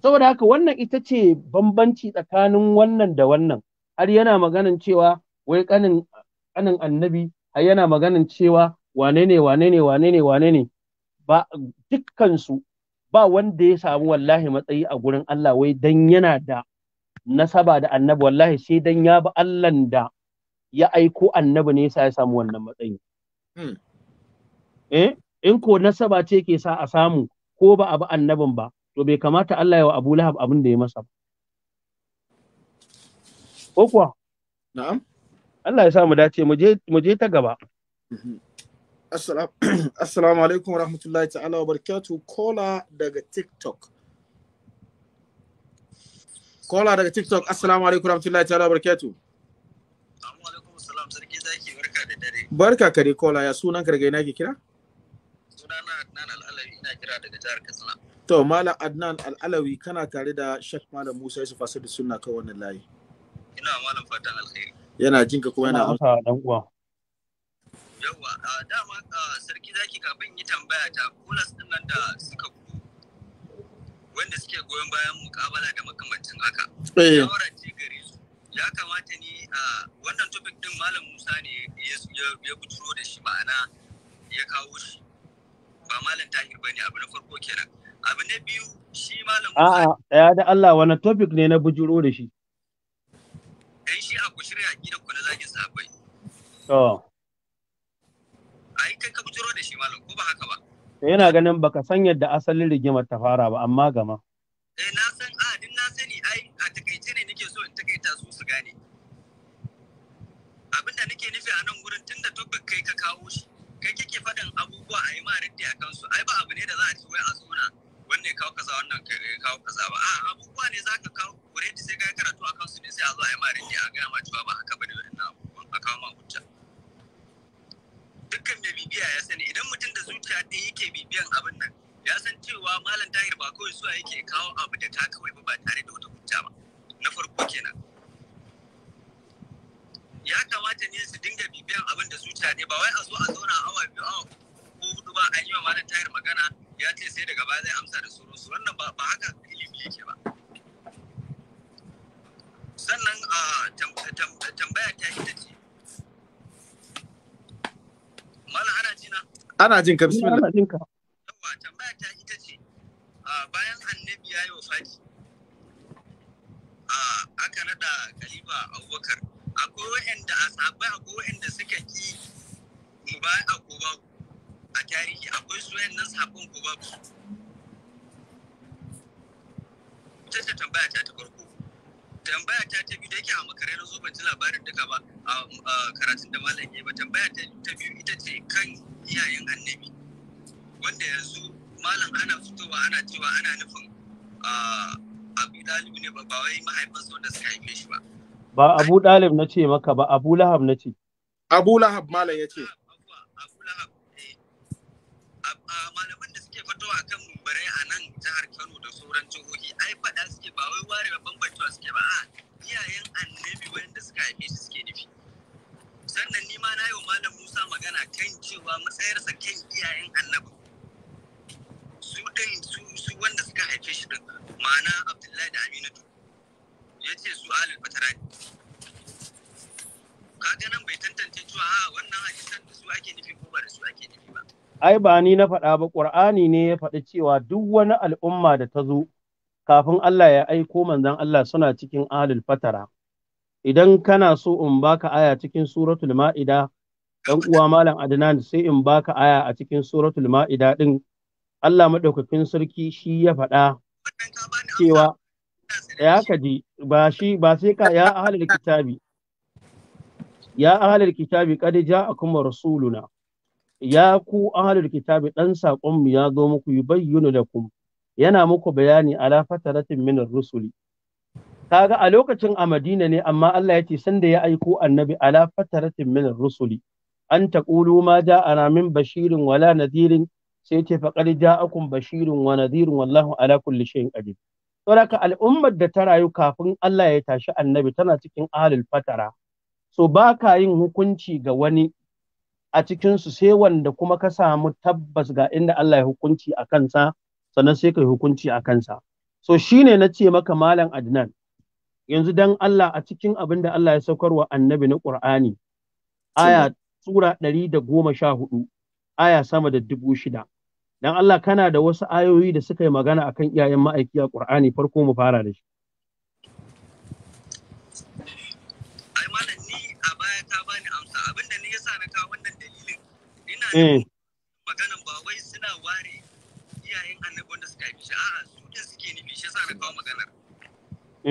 saboda haka wannan ita ce bambanci tsakanin wannan da wannan har yana maganin cewa wai kanin kanin annabi har yana maganin cewa wane ne wane ne wane ne wane ne ba dukkan su ba wanda ya samu wallahi matsayi a gurin Allah wai dan yana da nasaba da annabi wallahi sai dan ya bi Allahn da ya aiko annabi ne yasa ya samu wannan matsayi hmm. eh in ko nasaba ce ke sa a samu ko ba a bi annabin ba to bai kamata Allah ya wa Abu Lahab abin da ya masa ba ko kuwa na'am Allah ya sa mu dace mu je ta gaba mhm. assalamu alaikum rahmatullahi ta'ala wa barakatuh kola daga tiktok kola daga tiktok assalamu alaikum rahmatullahi ta'ala wa barakatuh barka kare kola ya sunan ka daga ina ke kira daga jihar Katsina. To Malam Adnan Al'alawi kana tare da Sheikh Malam Musa Yusuf Asadu Sunna kan wannan layi. Ina malam fatan alkhairi. Yana jinka kuma yana amsa dan uwa. Yawwa, dama sarki zaki kafin yi tambaya ta kulas din nan da suka ku wanda suke goyon bayan mukabala da makamancin haka. Eh. Shawara gare su. Ya kamata ni wannan topic din Malam Musa ne ya buturo da shi ma'ana ya kawo shi. ba malam tahir bane abu na farko kenan abu na biyu shi malam a'a ya da Allah wani topic ne na bujuro da shi kai shi a kushiri a gidan ku na zagin sabai to ai kai ka bujuro da shi malam ko ba haka ba yana ganin baka san yadda asalin rigimar ta fara ba amma gama eh na san a din na sani ai a takaice ne nake so in takaita su su gane abinda nake Ana jin ka bismillah. Abu Dalib na ce maka ba, Abu Lahab na ce. Abu Lahab malam ya ce. ai ba ni na faɗa ba ƙur'ani ne ya faɗi cewa duk wani al'umma da ta zo kafin Allah ya aiko manzon Allah suna cikin ahlul fatara idan kana so in baka aya cikin suratul ma'ida dan uwa malam Adnan sai in baka aya a cikin suratul ma'ida din Allah madaukakin sarki shi ya faɗa cewa ya kaji ba shi ba sai ka ya ahlul kitabi ya ahlul kitabi kad ja'akum rasuluna ya ku ahlul kitabi dan sakon mu ya zo muku yubayyinu lakum yana muku bayani ala fataratin min rusuli kaga a lokacin a Madina ne amma Allah ya ce sanda ya aiko annabi ala fataratin min rusuli an taqulu ma ja'ana min bashirin wala nadirin sai ce faqad ja'akum bashirin wa nadhirun wallahu ala kulli shay'in qadir saboda al'ummar da ta rayu kafin Allah ya tashi annabi tana cikin ahalul fatara so baka yin hukunci ga wani a cikinsu sai wanda kuma ka samu tabbas ga inda Allah ya hukunci a kansa sannan sai ka yi hukunci a kansa so ne na ce maka malam Adnan yanzu dan Allah a cikin abin da Allah ya saukar wa annabi na Qur'ani aya sura ɗari da goma sha hudu aya sama da dubu shida dan Allah kana da wasu ayoyi da suka yi magana akan iyayen ma'aiki a ƙur'ani, farko mu fara da shi Eh. maganan ba wai suna ware iyayen annabi wanda suka yi shi a'a su din suke nufi shi yasa na kawo maganar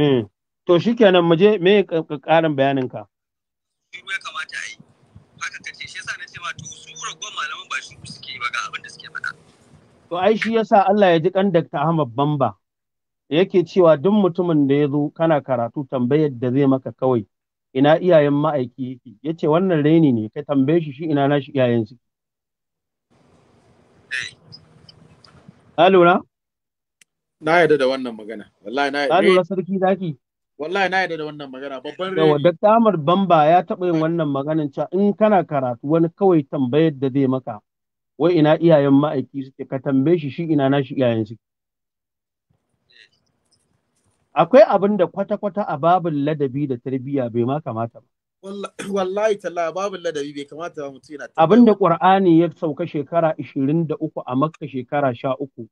eh. to shikenan mu je me karin bayanin ka shiru ya kamata a yi haka ce shi yasa na ce ma to su ragon malaman ba shi suke ba ga abin da suke faɗa to ai shi yasa Allah ya ji kan Dr. Ahmad Bamba yake cewa duk mutumin da ya zo kana karatu tambayar da zai maka kawai ina iyayen ma'aiki yake yace wannan raini ne kai tambaye shi shi ina nashi iyayen suke Na Na yadda da wannan magana. Wallahi na yarda. lura eh. sarki zaki. Wallahi na yadda da wannan magana. Babban rai. Yawa Dr. Ahmad Bamba ya taɓa yin wannan maganan cewa in kana karatu wani kawai tambayar da zai maka. Wai ina iyayen ma'aiki suke ka tambaye shi shi ina nashi iyayen suke. Akwai abin da kwata-kwata a babin ladabi da tarbiyya bai ma kamata ba. wallahi talla babu ladabi bai kamata ba mutum ya sauka shekara 23 a makka shekara 13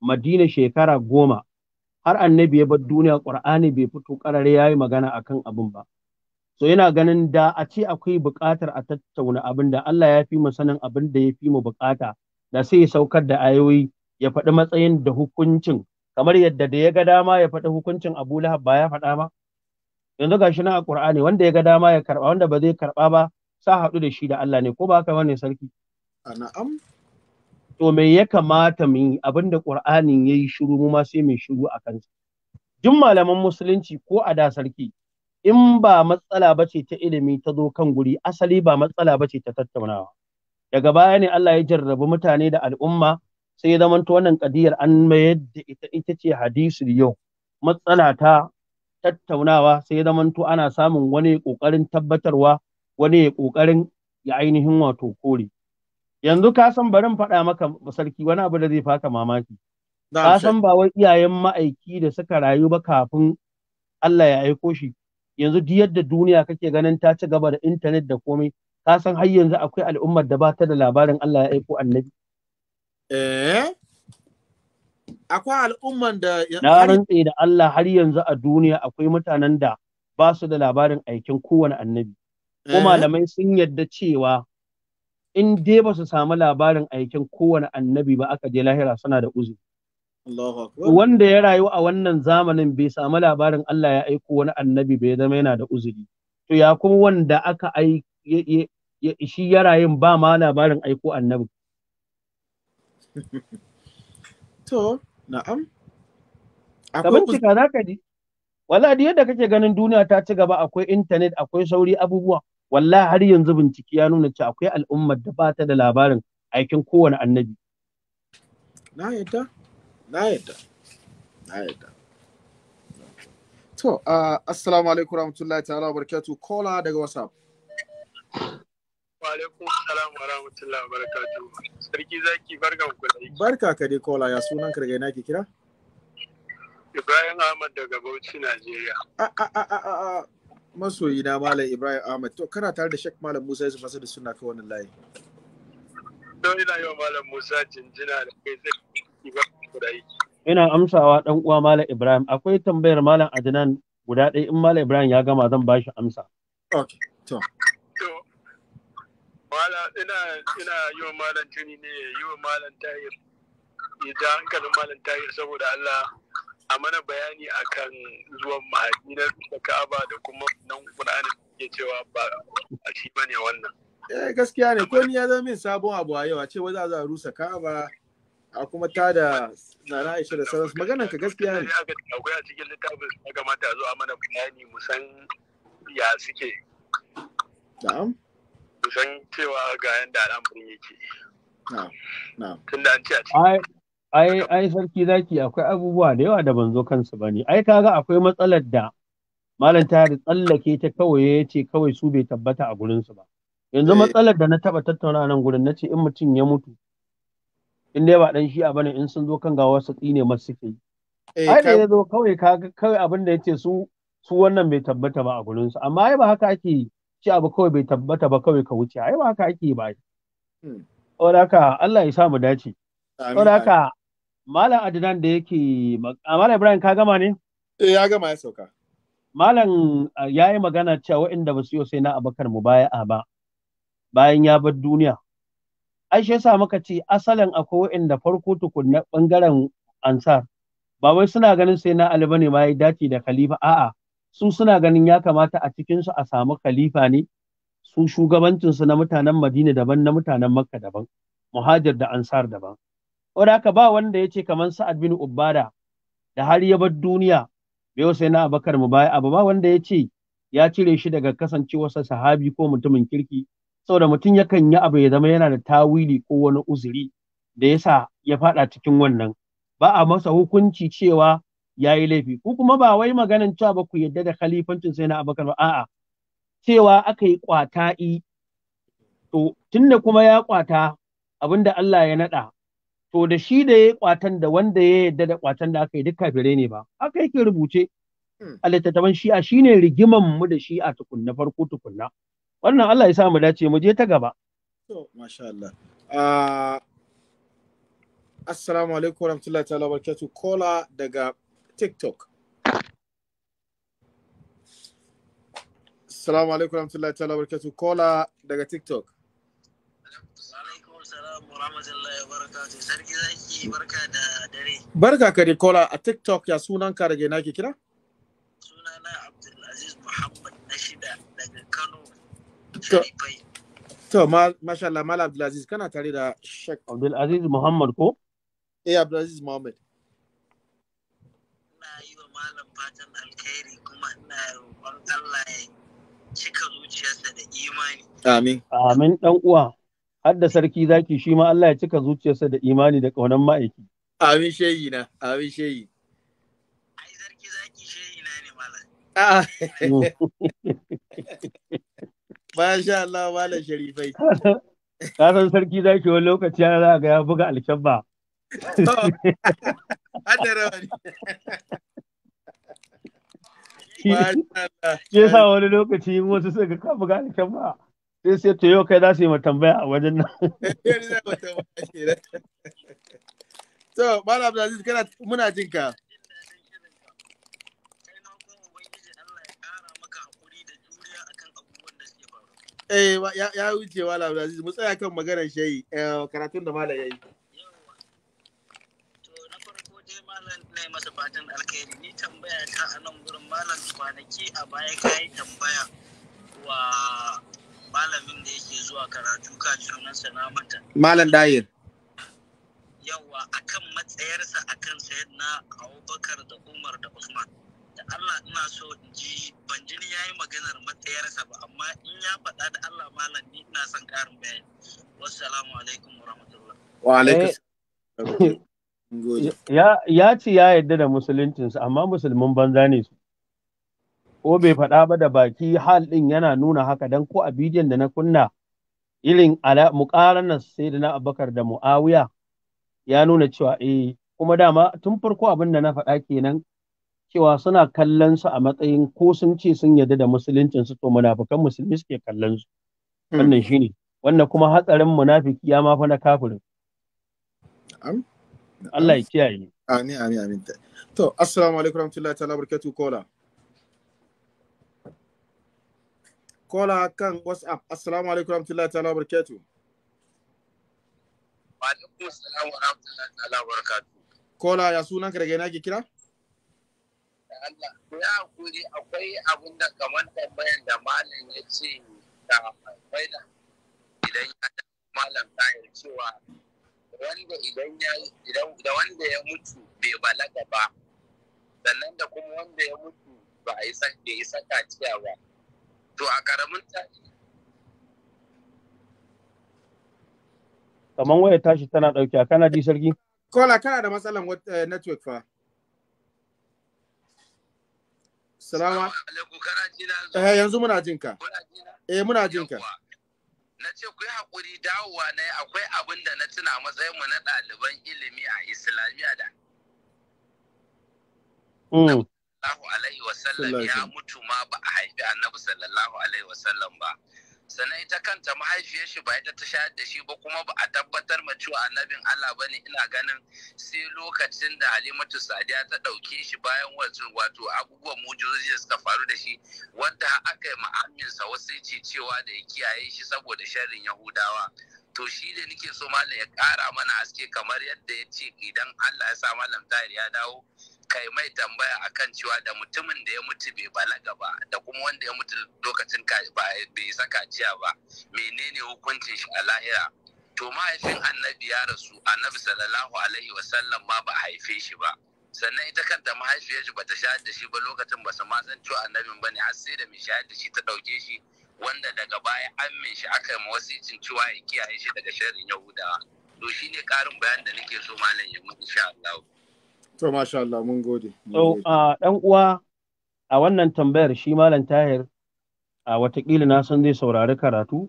madina shekara 10 har annabi ya bar duniya qur'ani bai fito karare yayi magana akan abin ba so yana ganin da a ce akwai buƙatar a tattauna abin da Allah ya fi mu sanin abin da ya fi mu buƙata da sai ya saukar da ayoyi ya faɗi matsayin da hukuncin kamar yadda da ya ga dama ya faɗi hukuncin Abu Lahab ba ya faɗa ma yanzu gashi na a wanda ya ga dama ya karba wanda ba zai karba ba sa haɗu da shi da Allah ne ko ba haka bane sarki na'am to me ya kamata mu yi abinda Qur'anin yayi shiru mu ma sai mu shiru a kansa duk malaman musulunci ko a da sarki in ba matsala bace ta ilimi ta zo kan guri asali ba matsala bace ta tattaunawa daga baya ne Allah ya jarrabu mutane da al'umma sai ya zamanta wannan kadiyar an mayar da ita ita ce hadisul yau matsala ta tattaunawa sai ya zamanto ana samun wani ƙoƙarin tabbatarwa wani ya ƙoƙarin ya ainihin wato kore yanzu ka san barin faɗa maka sarki wani abu da zai faka mamaki ka san ba wai iyayen ma'aiki da suka rayu ba kafin Allah ya aiko shi yanzu duk yadda duniya kake ganin ta ci gaba da intanet da komai ka san har yanzu akwai al'ummar da ba ta da labarin Allah ya aiko annabi eh akwai al'umman da na rantse da Allah har yanzu a duniya akwai mutanen da ba su da labarin aikin kowane annabi ko eh. malamai sun yadda cewa in dai ba su samu labarin aikin kowane annabi ba aka je lahira suna da uzuri wanda ya rayu a wannan zamanin bai samu labarin Allah ya aiko wani annabi bai zama yana da uzuri to ya kuma wanda aka ai shi ya rayu ba ma labarin aiko annabi to Na'am. Ka bincika za ka ji. Wala da yadda kake ganin duniya ta ci gaba akwai intanet akwai sauri abubuwa. wala har yanzu binciki ya nuna cewa akwai al'ummar da ba ta da labarin aikin kowane annabi. Na yadda. Na yadda. Na yadda. To, uh, assalamu alaikum warahmatullahi ta'ala wa barakatuh. Kola daga WhatsApp. Wa alaikum salam wa rahmatullahi wa barakatuhu. Sarki zaki barkan ku da Barka ka dai kola ya sunan ka daga ina ke kira? Ibrahim Ahmad daga Bauchi, Najeriya. A a masoyi na Malam Ibrahim Ahmad. To kana tare da Sheikh Malam Musa Yusuf Asadu suna ka wannan layi. Don ina yi Malam Musa jinjina da kai zai yi barkan ku da aiki. Ina amsawa dan uwa Malam Ibrahim. Akwai tambayar Malam Adnan guda ɗaya in Malam Ibrahim ya gama zan ba shi amsa. Okay, to. Mala ina ina yi wa malam tuni ne yi wa malam tayir idan hankalin malam tayir saboda Allah a mana bayani akan zuwan mahadi na Ka'aba da kuma nan Qur'ani ke cewa ba a shi bane wannan. Eh gaskiya ne ko ni ya zama min sabon abu a yau a ce wai za a rusa Ka'aba a kuma ta da Nana Aisha da sauransu maganan ka gaskiya ne. Akwai a cikin littafin ya kamata a zo a mana bayani musan ya suke. Na'am. san cewa ga yanda al'amarin yake tun da an ce a ai sarki zaki akwai abubuwa da yawa da ban zo kansu ba ne. ai kaga akwai matsalar da malam da tsallake ta kawai ya ce kawai su bai tabbata a gurinsu ba yanzu eh. matsalar da na taba tattauna nan gurin na ce in mutum ya mutu in dai ba dan shi bane in sun zo kan ga su tsine masu suke yi eh, ai da ya zo kawai kaga kawai abin da ya su su wannan bai tabbata ba a gurinsu amma ai ba haka ake yi shi abu kawai bai tabbata ba kawai ka wuce ai ba haka ake ba hmm. saboda haka Allah ya sa mu dace saboda haka malam Adnan da yake malam Ibrahim ka gama ne eh ya gama ya sauka malam ya yi magana cewa waɗanda ba su yi sai na abakar mu baya a ba bayan ya bar duniya ai shi yasa muka ce asalin akwai waɗanda farko tukunna bangaren ansar ba wai suna ganin sai na ali bane ma ya dace da khalifa a'a su suna ganin ya kamata a cikinsu a samu khalifa ne su shugabancinsu na mutanen madina daban na mutanen makka daban muhajir da ansar daban wadda haka ba wanda ya ce kamar sa'ad bin ubada da har ya bar duniya bai sai na abakar mu baya abu ba wanda ya ce ya cire shi daga kasancewarsa sahabi ko mutumin kirki saboda mutum yakan yi abu ya zama yana da tawili ko wani uzuri da yasa ya fada cikin wannan ba a masa hukunci cewa ya yi laifi ku kuma ba wai maganin cewa ba ku yadda da khalifancin sai na abakar ba a'a cewa aka yi kwata'i to tunda kuma ya kwata abinda Allah ya naɗa, to da shi da ya kwatan da wanda ya yadda da kwatan da aka yi duk kafire ne ba aka yake rubuce hmm. a littattafan shi'a shine rigiman mu da shi'a tukunna farko tukunna wannan Allah ya sa mu dace mu je ta gaba to masha Allah ah, assalamu alaikum warahmatullahi ta'ala kola daga TikTok. Salamu alaikum rahmatullahi ta'ala barkatu kola daga TikTok. Barka ka dai kola a TikTok ya sunan ka daga ina ke kira? Sunana Abdulaziz Muhammad na shida daga Kano. Sharifai. To, masha Allah, Mala Abdulaziz, kana tare da Sheikh. Abdulaziz Muhammad ko? Eh, Abdulaziz Muhammad. imani. Amin. Amin ɗan uwa. Har da sarki zaki shi ma Allah ya cika zuciyarsa da imani da ƙaunar ma'aiki. Amin shehi na, amin shehi. Ai sarki zaki shehi na ne malam. Ah. Masha Allah malam sharifai. Ka san sarki zaki wani lokaci ya za ga ya buga alkyabba. Hada rawani. shi yasa wani lokaci wasu suka ga kafa gani kan ba sai sai to yau kai za su yi ma tambaya a wajen nan bala malam abdulaziz kana muna jin ka Eh ya wuce malam Abdulaziz mu tsaya kan maganar shayi eh, karatun da malam masa fatan alkhairi ni tambaya ta a nan gurin malam kwanaki a baya ka yi tambaya wa malamin da yake zuwa karatu ka sunansa na mata malam dayir yawa akan matsayarsa akan na abubakar da umar da usman da Allah ina so in ji ban ji ni yayi maganar matsayarsa ba amma in ya faɗa da Allah malam ni ina son ƙarin bayani wassalamu alaikum wa rahmatullah wa alaikum Ya ce ya yarda da musuluncinsu amma musulmin banza ne su. Ko bai faɗa ba da baki hal ɗin yana nuna haka don ko a bidiyon da na kunna irin muƙaranar sai da na abakar da mu'awiya ya nuna cewa e kuma dama tun farko abin da na faɗa kenan cewa suna kallon a matsayin ko sun ce sun yarda da musuluncinsu to munafikan musulmi suke kallon su hmm. wannan shine wannan kuma hatsarin munafiki ya mafi na kafirin Allah ya kiyaye amin amin amin to assalamu alaikum warahmatullahi ta'ala barkatu kola kola kan whatsapp assalamu alaikum warahmatullahi ta'ala barkatu. wa alaikum assalam rahmatullahi ta'ala barakatuh kola ya sunan ka daga ina ke kira Allah ya kuri akwai abin da kamar tambayar da malam ya ce da faida idan ya malam ta cewa wanda idan ya da wanda ya mutu bai balaga ba sannan da kuma wanda ya mutu ba a yi bai isa saka ciya ba to a karamin tashi kamar waya tashi tana dauke kana ji sarki kola kana da matsalan eh, network fa Salama. alaikum kana ji na eh yanzu muna jinka eh muna jinka na ce ku yi haƙuri dawowa na akwai abin da na tuna matsayin mu na ɗaliban ilimi a islamiyya da mm. sallallahu alaihi wasallam ya mutu ma ba a haifi annabi sallallahu alaihi wasallam ba sannan ita kanta mahaifiyar shi ba ita ta shayar da shi ba kuma ba a tabbatar ma cewa annabin Allah bane ina ganin sai lokacin da Halimatu Sadiya ta ɗauke shi bayan wato wato abubuwan mujizoji da suka faru da shi wanda aka yi ma'aminsa wasu ce cewa da ya kiyaye shi saboda sharrin Yahudawa to shi da nake so malam ya kara mana haske kamar yadda ya ce idan Allah ya sa malam tayar ya dawo kai mai tambaya akan cewa da mutumin da ya mutu bai balaga ba da kuma wanda ya mutu lokacin bai isa kaciya ba menene hukuncin shi a lahira to mahaifin annabi ya rasu annabi sallallahu alaihi wasallam ma ba haife shi ba sannan ita kanta mahaifiyar shi bata shayar da shi ba lokacin ba su ma san cewa annabin bane har sai da mai shayar da shi ta dauke shi wanda daga baya an shi aka yi wasicin cewa ya kiyaye shi daga sharrin yahudawa to shine karin bayan da nake so malam ya mun insha Allah To masha Allah mun gode. So ah, ɗan uwa a wannan tambayar shi Malam Tahir a watakila na san zai saurari karatu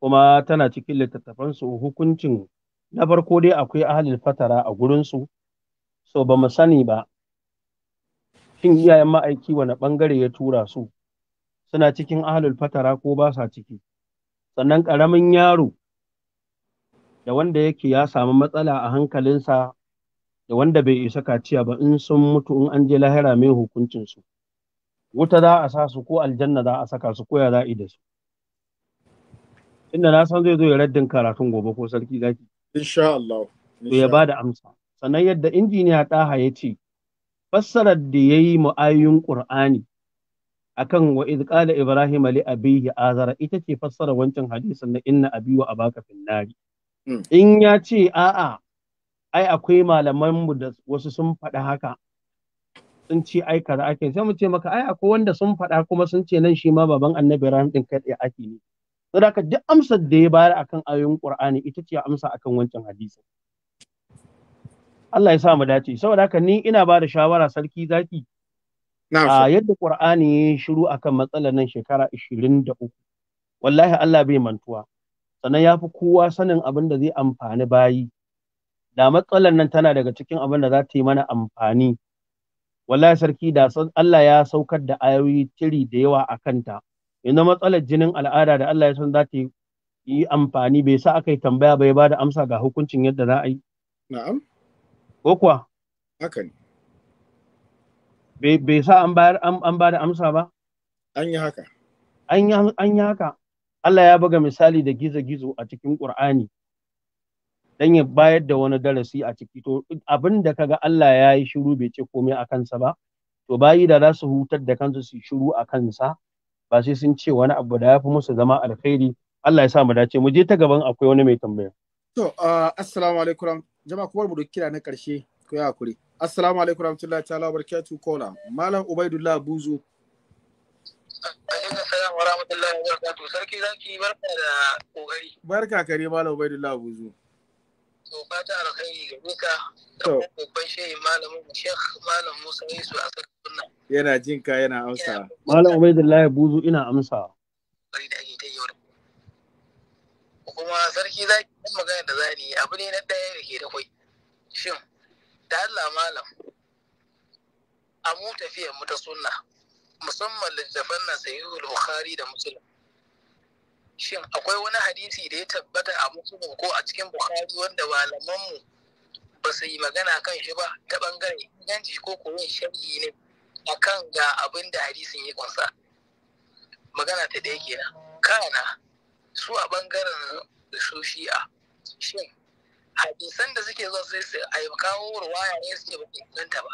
kuma tana cikin littattafansu hukuncin na farko dai akwai ahalin fatara a gurinsu so ba mu sani ba shin iyayen ma'aiki wani ɓangare ya tura su suna cikin ahalin fatara ko ba sa ciki sannan ƙaramin yaro da wanda yake ya samu matsala a hankalinsa da wanda bai isa kaciya ba in sun mutu in an je lahira mai hukuncin su wuta za a sa su ko aljanna za a saka su ko ya za da su inda na san zai zo ya raddin karatun gobe ko sarki zaki insha Allah to ya bada amsa sannan yadda injiniya ɗaha ya ce fassarar da yayi yi mu'ayyun ƙur'ani akan wa iz qala ibrahim li abihi azara ita ce fassara wancan hadisin na inna abi wa abaka nari hmm. in ya ce a'a ai akwai malaman mu da wasu sun faɗa haka sun ce ai kaza ake sai mu ce maka ai akwai wanda sun faɗa kuma sun ce nan shi ma baban annabi Ibrahim din kai tsaye ake ne saboda duk amsar da ya bayar akan ayoyin Qur'ani ita ce amsa akan wancan hadisi Allah ya sa mu dace saboda haka ni ina ba da shawara sarki zaki a yadda Qur'ani ya shiru akan matsalar nan shekara 23 wallahi Allah bai mantuwa sannan ya fi kowa sanin abin da zai amfani bayi da matsalar nan tana daga cikin abin da za ta yi mana amfani wallahi sarki da Allah ya saukar da ayoyi tiri da yawa a kanta inda matsalar jinin al'ada da Allah ya san za ta yi amfani bai sa aka yi tambaya bai ba da amsa ga hukuncin yadda za a yi na'am ko kuwa haka ne bai sa an bayar an ba da amsa ba an yi haka an yi haka Allah ya buga misali da gizo-gizo a cikin Ƙur'ani. dan ya bayar da wani darasi a ciki to abin da kaga Allah ya yi shiru bai ce komai a kansa ba to bayi da za su hutar da kansu su shiru a kansa ba sai sun ce wani abu da ya fi musu zama alkhairi Allah ya sa mu dace mu je ta gaban akwai wani mai tambaya to assalamu alaikum jama'a kuma mu kira na karshe ko ya kure. assalamu alaikum warahmatullahi ta'ala barakatuh kola malam ubaidullah buzu Barka kare Malam Ubaidullah Buzu. to fata alkhairi gare ka da babban shehi malamin shekh malam Musa Yesu a sunna yana jin ka yana amsa malam Ubaidullahi Buzu ina amsa bari da ake ta kuma sarki za ki yi magana da zani abu ne na ɗaya da ke da kwai shin da Allah malam a mu tafiyar mu ta sunna musamman littafan na sayyidul Bukhari da Muslim shin akwai wani hadisi da ya tabbata a musulun ko a cikin bukari wanda malamanmu ba su yi magana kan shi ba ta bangare inganci ko kuma sharhi ne kan ga abin da hadisin ya kunsa magana ta ɗaya kenan kana su a bangaren su shi'a shin hadisan da suke zuwa sai su kawo ruwaya ne suke ba inganta ba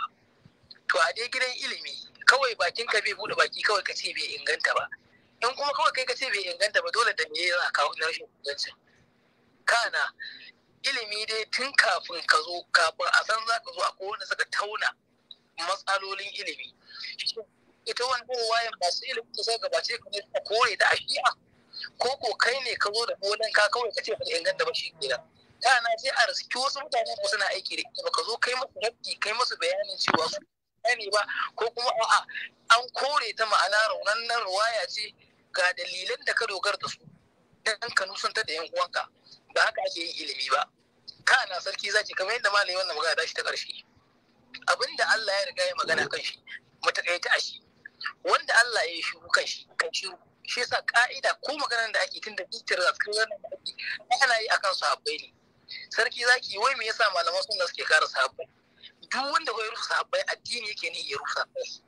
to a dai gidan ilimi kawai bakin ka bai bude baki kawai ka ce bai inganta ba in kuma kawai kai ka ce bai inganta ba dole da me za ka na rashin ingancin kana ilimi dai tun kafin ka zo kafin a san za ka zo a kowane suka tauna matsalolin ilimi ita wani wayan masu ilimi ta sai gabace ka ne ka kore da ashiya ko ko kai ne ka zo da bolan ka kawai ka ce ba inganta ba shi kenan kana sai a riski wasu mutane ko suna aiki da ita ka zo kai musu rabbi kai musu bayanin cewa su ne ba ko kuma a'a an kore ta ma'ana raunan ruwaya ce ga dalilan da ka dogara da su dan ka nusantar da yan uwanka ba haka ake yin ilimi ba kana sarki zaki kamar yadda malami wannan magana da shi ta karshe abinda Allah ya riga ya magana kan shi mu a shi wanda Allah ya yi shiru kan shi kan shiru shi yasa ka'ida ko maganar da ake tunda bitir da cikin wannan da ake ana yi akan sahabbai ne sarki zaki wai me yasa malaman sunna suke kare sahabbai duk wanda ya rusa sahabbai addini yake ne ya rusa. sahabbai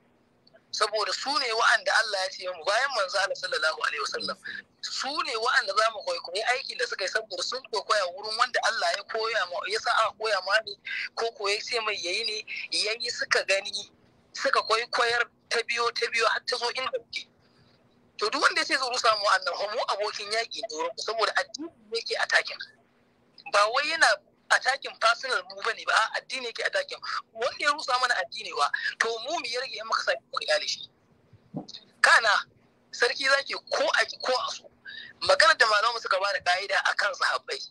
saboda su ne wa'anda Allah ya ce mu bayan manzo Allah sallallahu alaihi wasallam su ne wa'anda za mu kwaikwayi aikin da suka yi saboda sun koya wurin wanda Allah ya koya ma ya sa a koya ma ne ko koyi sai mai yayi ne yayi suka gani suka kwaikwayar ta biyo ta biyo har ta zo inda muke to duk wanda ya ce zuru samu wannan mu abokin yaki ne saboda addini yake a takin ba wai yana attacking personal mu bane ba addini yake attacking wanda ya rusa mana addini ba to mu mu ya rage in muka sake mu iyali shi kana sarki zaki ko a ko a so magana da malamu suka ba da ka'ida akan sahabbai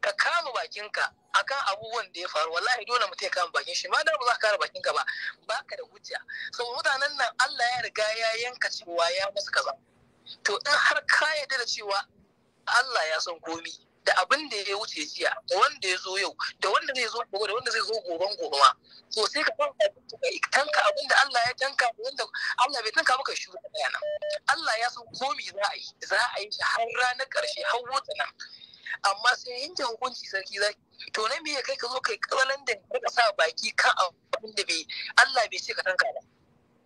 ka kama bakinka akan abubuwan da ya faru wallahi dole mutum ya kama bakin shi ma da ba za ka kare bakinka ba baka da hujja saboda mutanen nan Allah ya riga ya yanka cewa ya musu kaza to in har ka yarda da cewa Allah ya san komai da abin da ya wuce jiya da wanda ya zo yau da wanda zai zo gobe da wanda zai zo goben gobe ma to sai ka tanka abin da Allah ya tanka wanda Allah bai tanka maka shi ba nan Allah ya san komi za a yi za a yi shi har ranar karshe har wata nan amma sai yanke hukunci sarki zaki to na me kai ka zo kai kazalan da ka sa baki kan abin da bai Allah bai ce ka tanka ba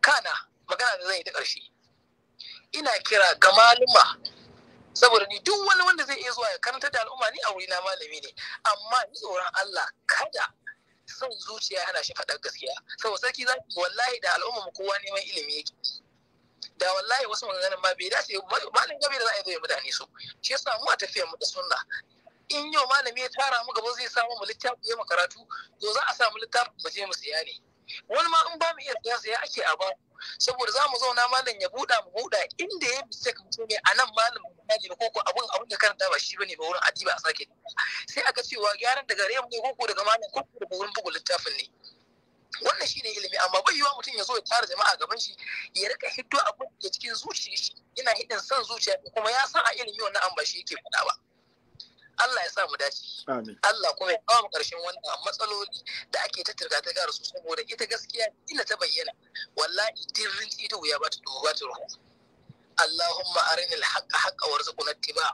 kana magana da zan yi ta karshe ina kira ga maluma saboda ni duk wani wanda zai iya zuwa ya karanta da al'umma ni a na malami ne amma ni tsoron Allah kada son zuciya yana shi faɗar gaskiya saboda sarki za wallahi da al'umma mu kowa neman ilimi yake da wallahi wasu maganganun ma bai dace malin gabe da za a yi zai mutane su shi yasa mu a tafiyar mu da sunna in yau malami ya tara mu gaba zai samu mu littafi ya karatu to za a samu littafi mu je mu siya ne wani ma in ba mu iya siya siya ake a ba saboda za mu zauna malam ya buɗa mu buɗa inda ya bi sai kan ne a nan malam daji ba koko abun abun da karanta ba shi bane ba wurin adiba a sake sai aka cewa gyaran daga rem ne koko daga malam koko daga wurin bugun littafin ne wannan shine ilimi amma bai yiwa mutum ya zo ya tara jama'a gaban shi ya rika hiddo abun da cikin zuciyar shi yana hidin san zuciya kuma ya san a ilimi wannan an ba shi yake faɗa ba Allah ya sa mu dace. Allah kuma ya kawo mu ƙarshen wannan matsaloli da ake ta turga ta gara su saboda ita gaskiya ina ta bayyana wallahi tirrin ita wuya ba ta dubu ta ruhu. Allahumma arinal haqqa haqqa warzuqna ittiba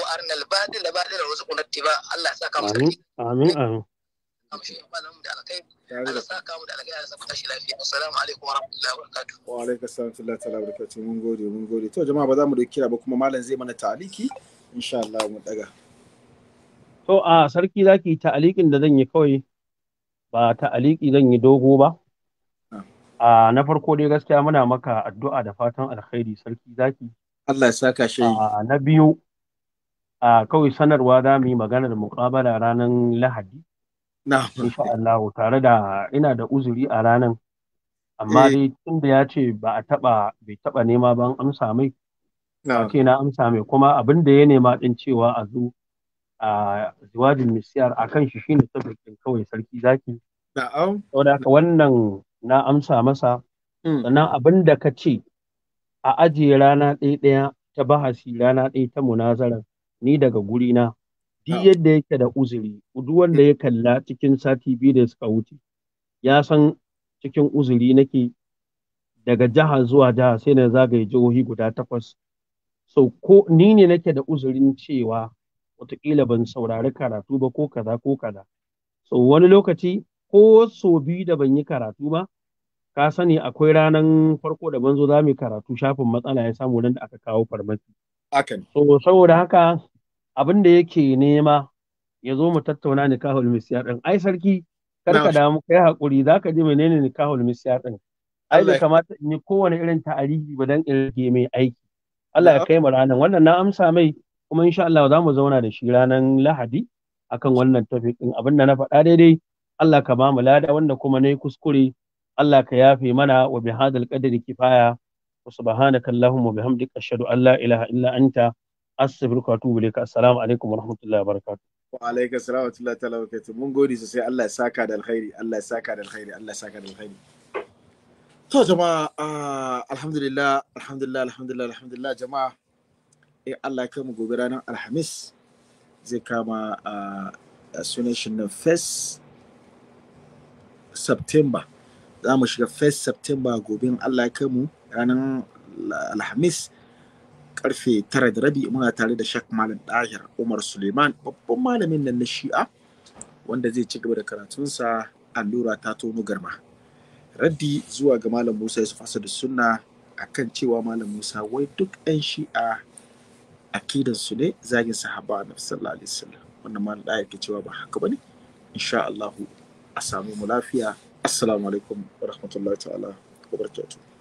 wa badila badila Allah ya saka amin amin wa alaikum wa rahmatullahi wa barakatuh mun gode mun gode to jama'a ba za mu da kira ba kuma malam zai mana ta'aliki insha Allah mu daga to a sarki zaki ta'alikin da zan yi kawai ba ta'aliki zan yi dogo ba a na farko dai gaskiya muna maka addu'a da fatan alkhairi sarki zaki Allah ya saka shi na biyu a kawai sanarwa za mu yi maganar muƙabala ranar lahadi insha Allah tare da ina da uzuri a ranar amma eh. dai tun ya ce ba a taba bai taba nema ban amsa mai ke na amsa mai kuma abin da ya nema din cewa a zo a ziwajin misiyar a kan shi shine sabbin kawai sarki zaki na'am saboda wannan na amsa masa hmm. sannan abin da ka ce a ajiye rana ɗaya ɗaya ta bahasi rana ɗaya ta munazara ni daga guri na duk yadda yake da uzuri duk wanda ya kalla cikin sati biyu da suka wuce ya san cikin uzuri nake daga jiha zuwa jiha sai na zagaye jihohi guda takwas so ko ni ne nake da uzurin cewa wataƙila ban saurari karatu ba ko kaza ko kaza so wani lokaci ko so biyu da ban yi karatu ba ka sani akwai ranar farko da ban zo za mu yi karatu shafin matsala ya samu nan da aka kawo farmaki akan so saboda haka abin da yake nema ya zo mu tattauna ni nikahul misyar ɗin ai sarki karka ka damu kai hakuri zaka ji menene nikahul misyar ɗin ai bai kamata in yi kowane irin tarihi ba dan in rage mai aiki Allah ya kai mu ranar wannan na amsa mai kuma insha Allah za mu zauna da shi ranar Lahadi akan wannan tafi. abin da na faɗa daidai Allah ka ba mu lada wanda kuma nayi kuskure Allah ka yafe mana wa bihadal qadri kifaya wa subhanaka allahumma bihamdika ashhadu an la ilaha illa anta astaghfiruka wa atubu ilayka assalamu alaikum wa rahmatullahi wa barakatuh wa alaika salam wa rahmatullahi wa barakatuh mun gode sosai Allah ya saka da alkhairi Allah ya saka da alkhairi Allah ya saka da alkhairi to jama'a ah, alhamdulillah alhamdulillah alhamdulillah alhamdulillah jama'a in eh, Allah ya mu gobe ranar alhamis zai kama ah, sunan shi first september za mu shiga 1st september gobe allah ya mu ranar alhamis karfe tara da rabi muna tare da shak malam dahir umar suleiman babban malamin nan na shi'a wanda zai ci gaba da karatunsa allura ta tono garma raddi zuwa ga malam musa ya fasa da sunna akan cewa malam musa wai duk 'yan shi'a akidansu ne zagin sahaba na sallallahu alaihi wasallam wannan malam dahir ke cewa ba haka bane insha Allahu a samu mu lafiya assalamu alaikum wa rahmatullahi ta'ala wa barakatuh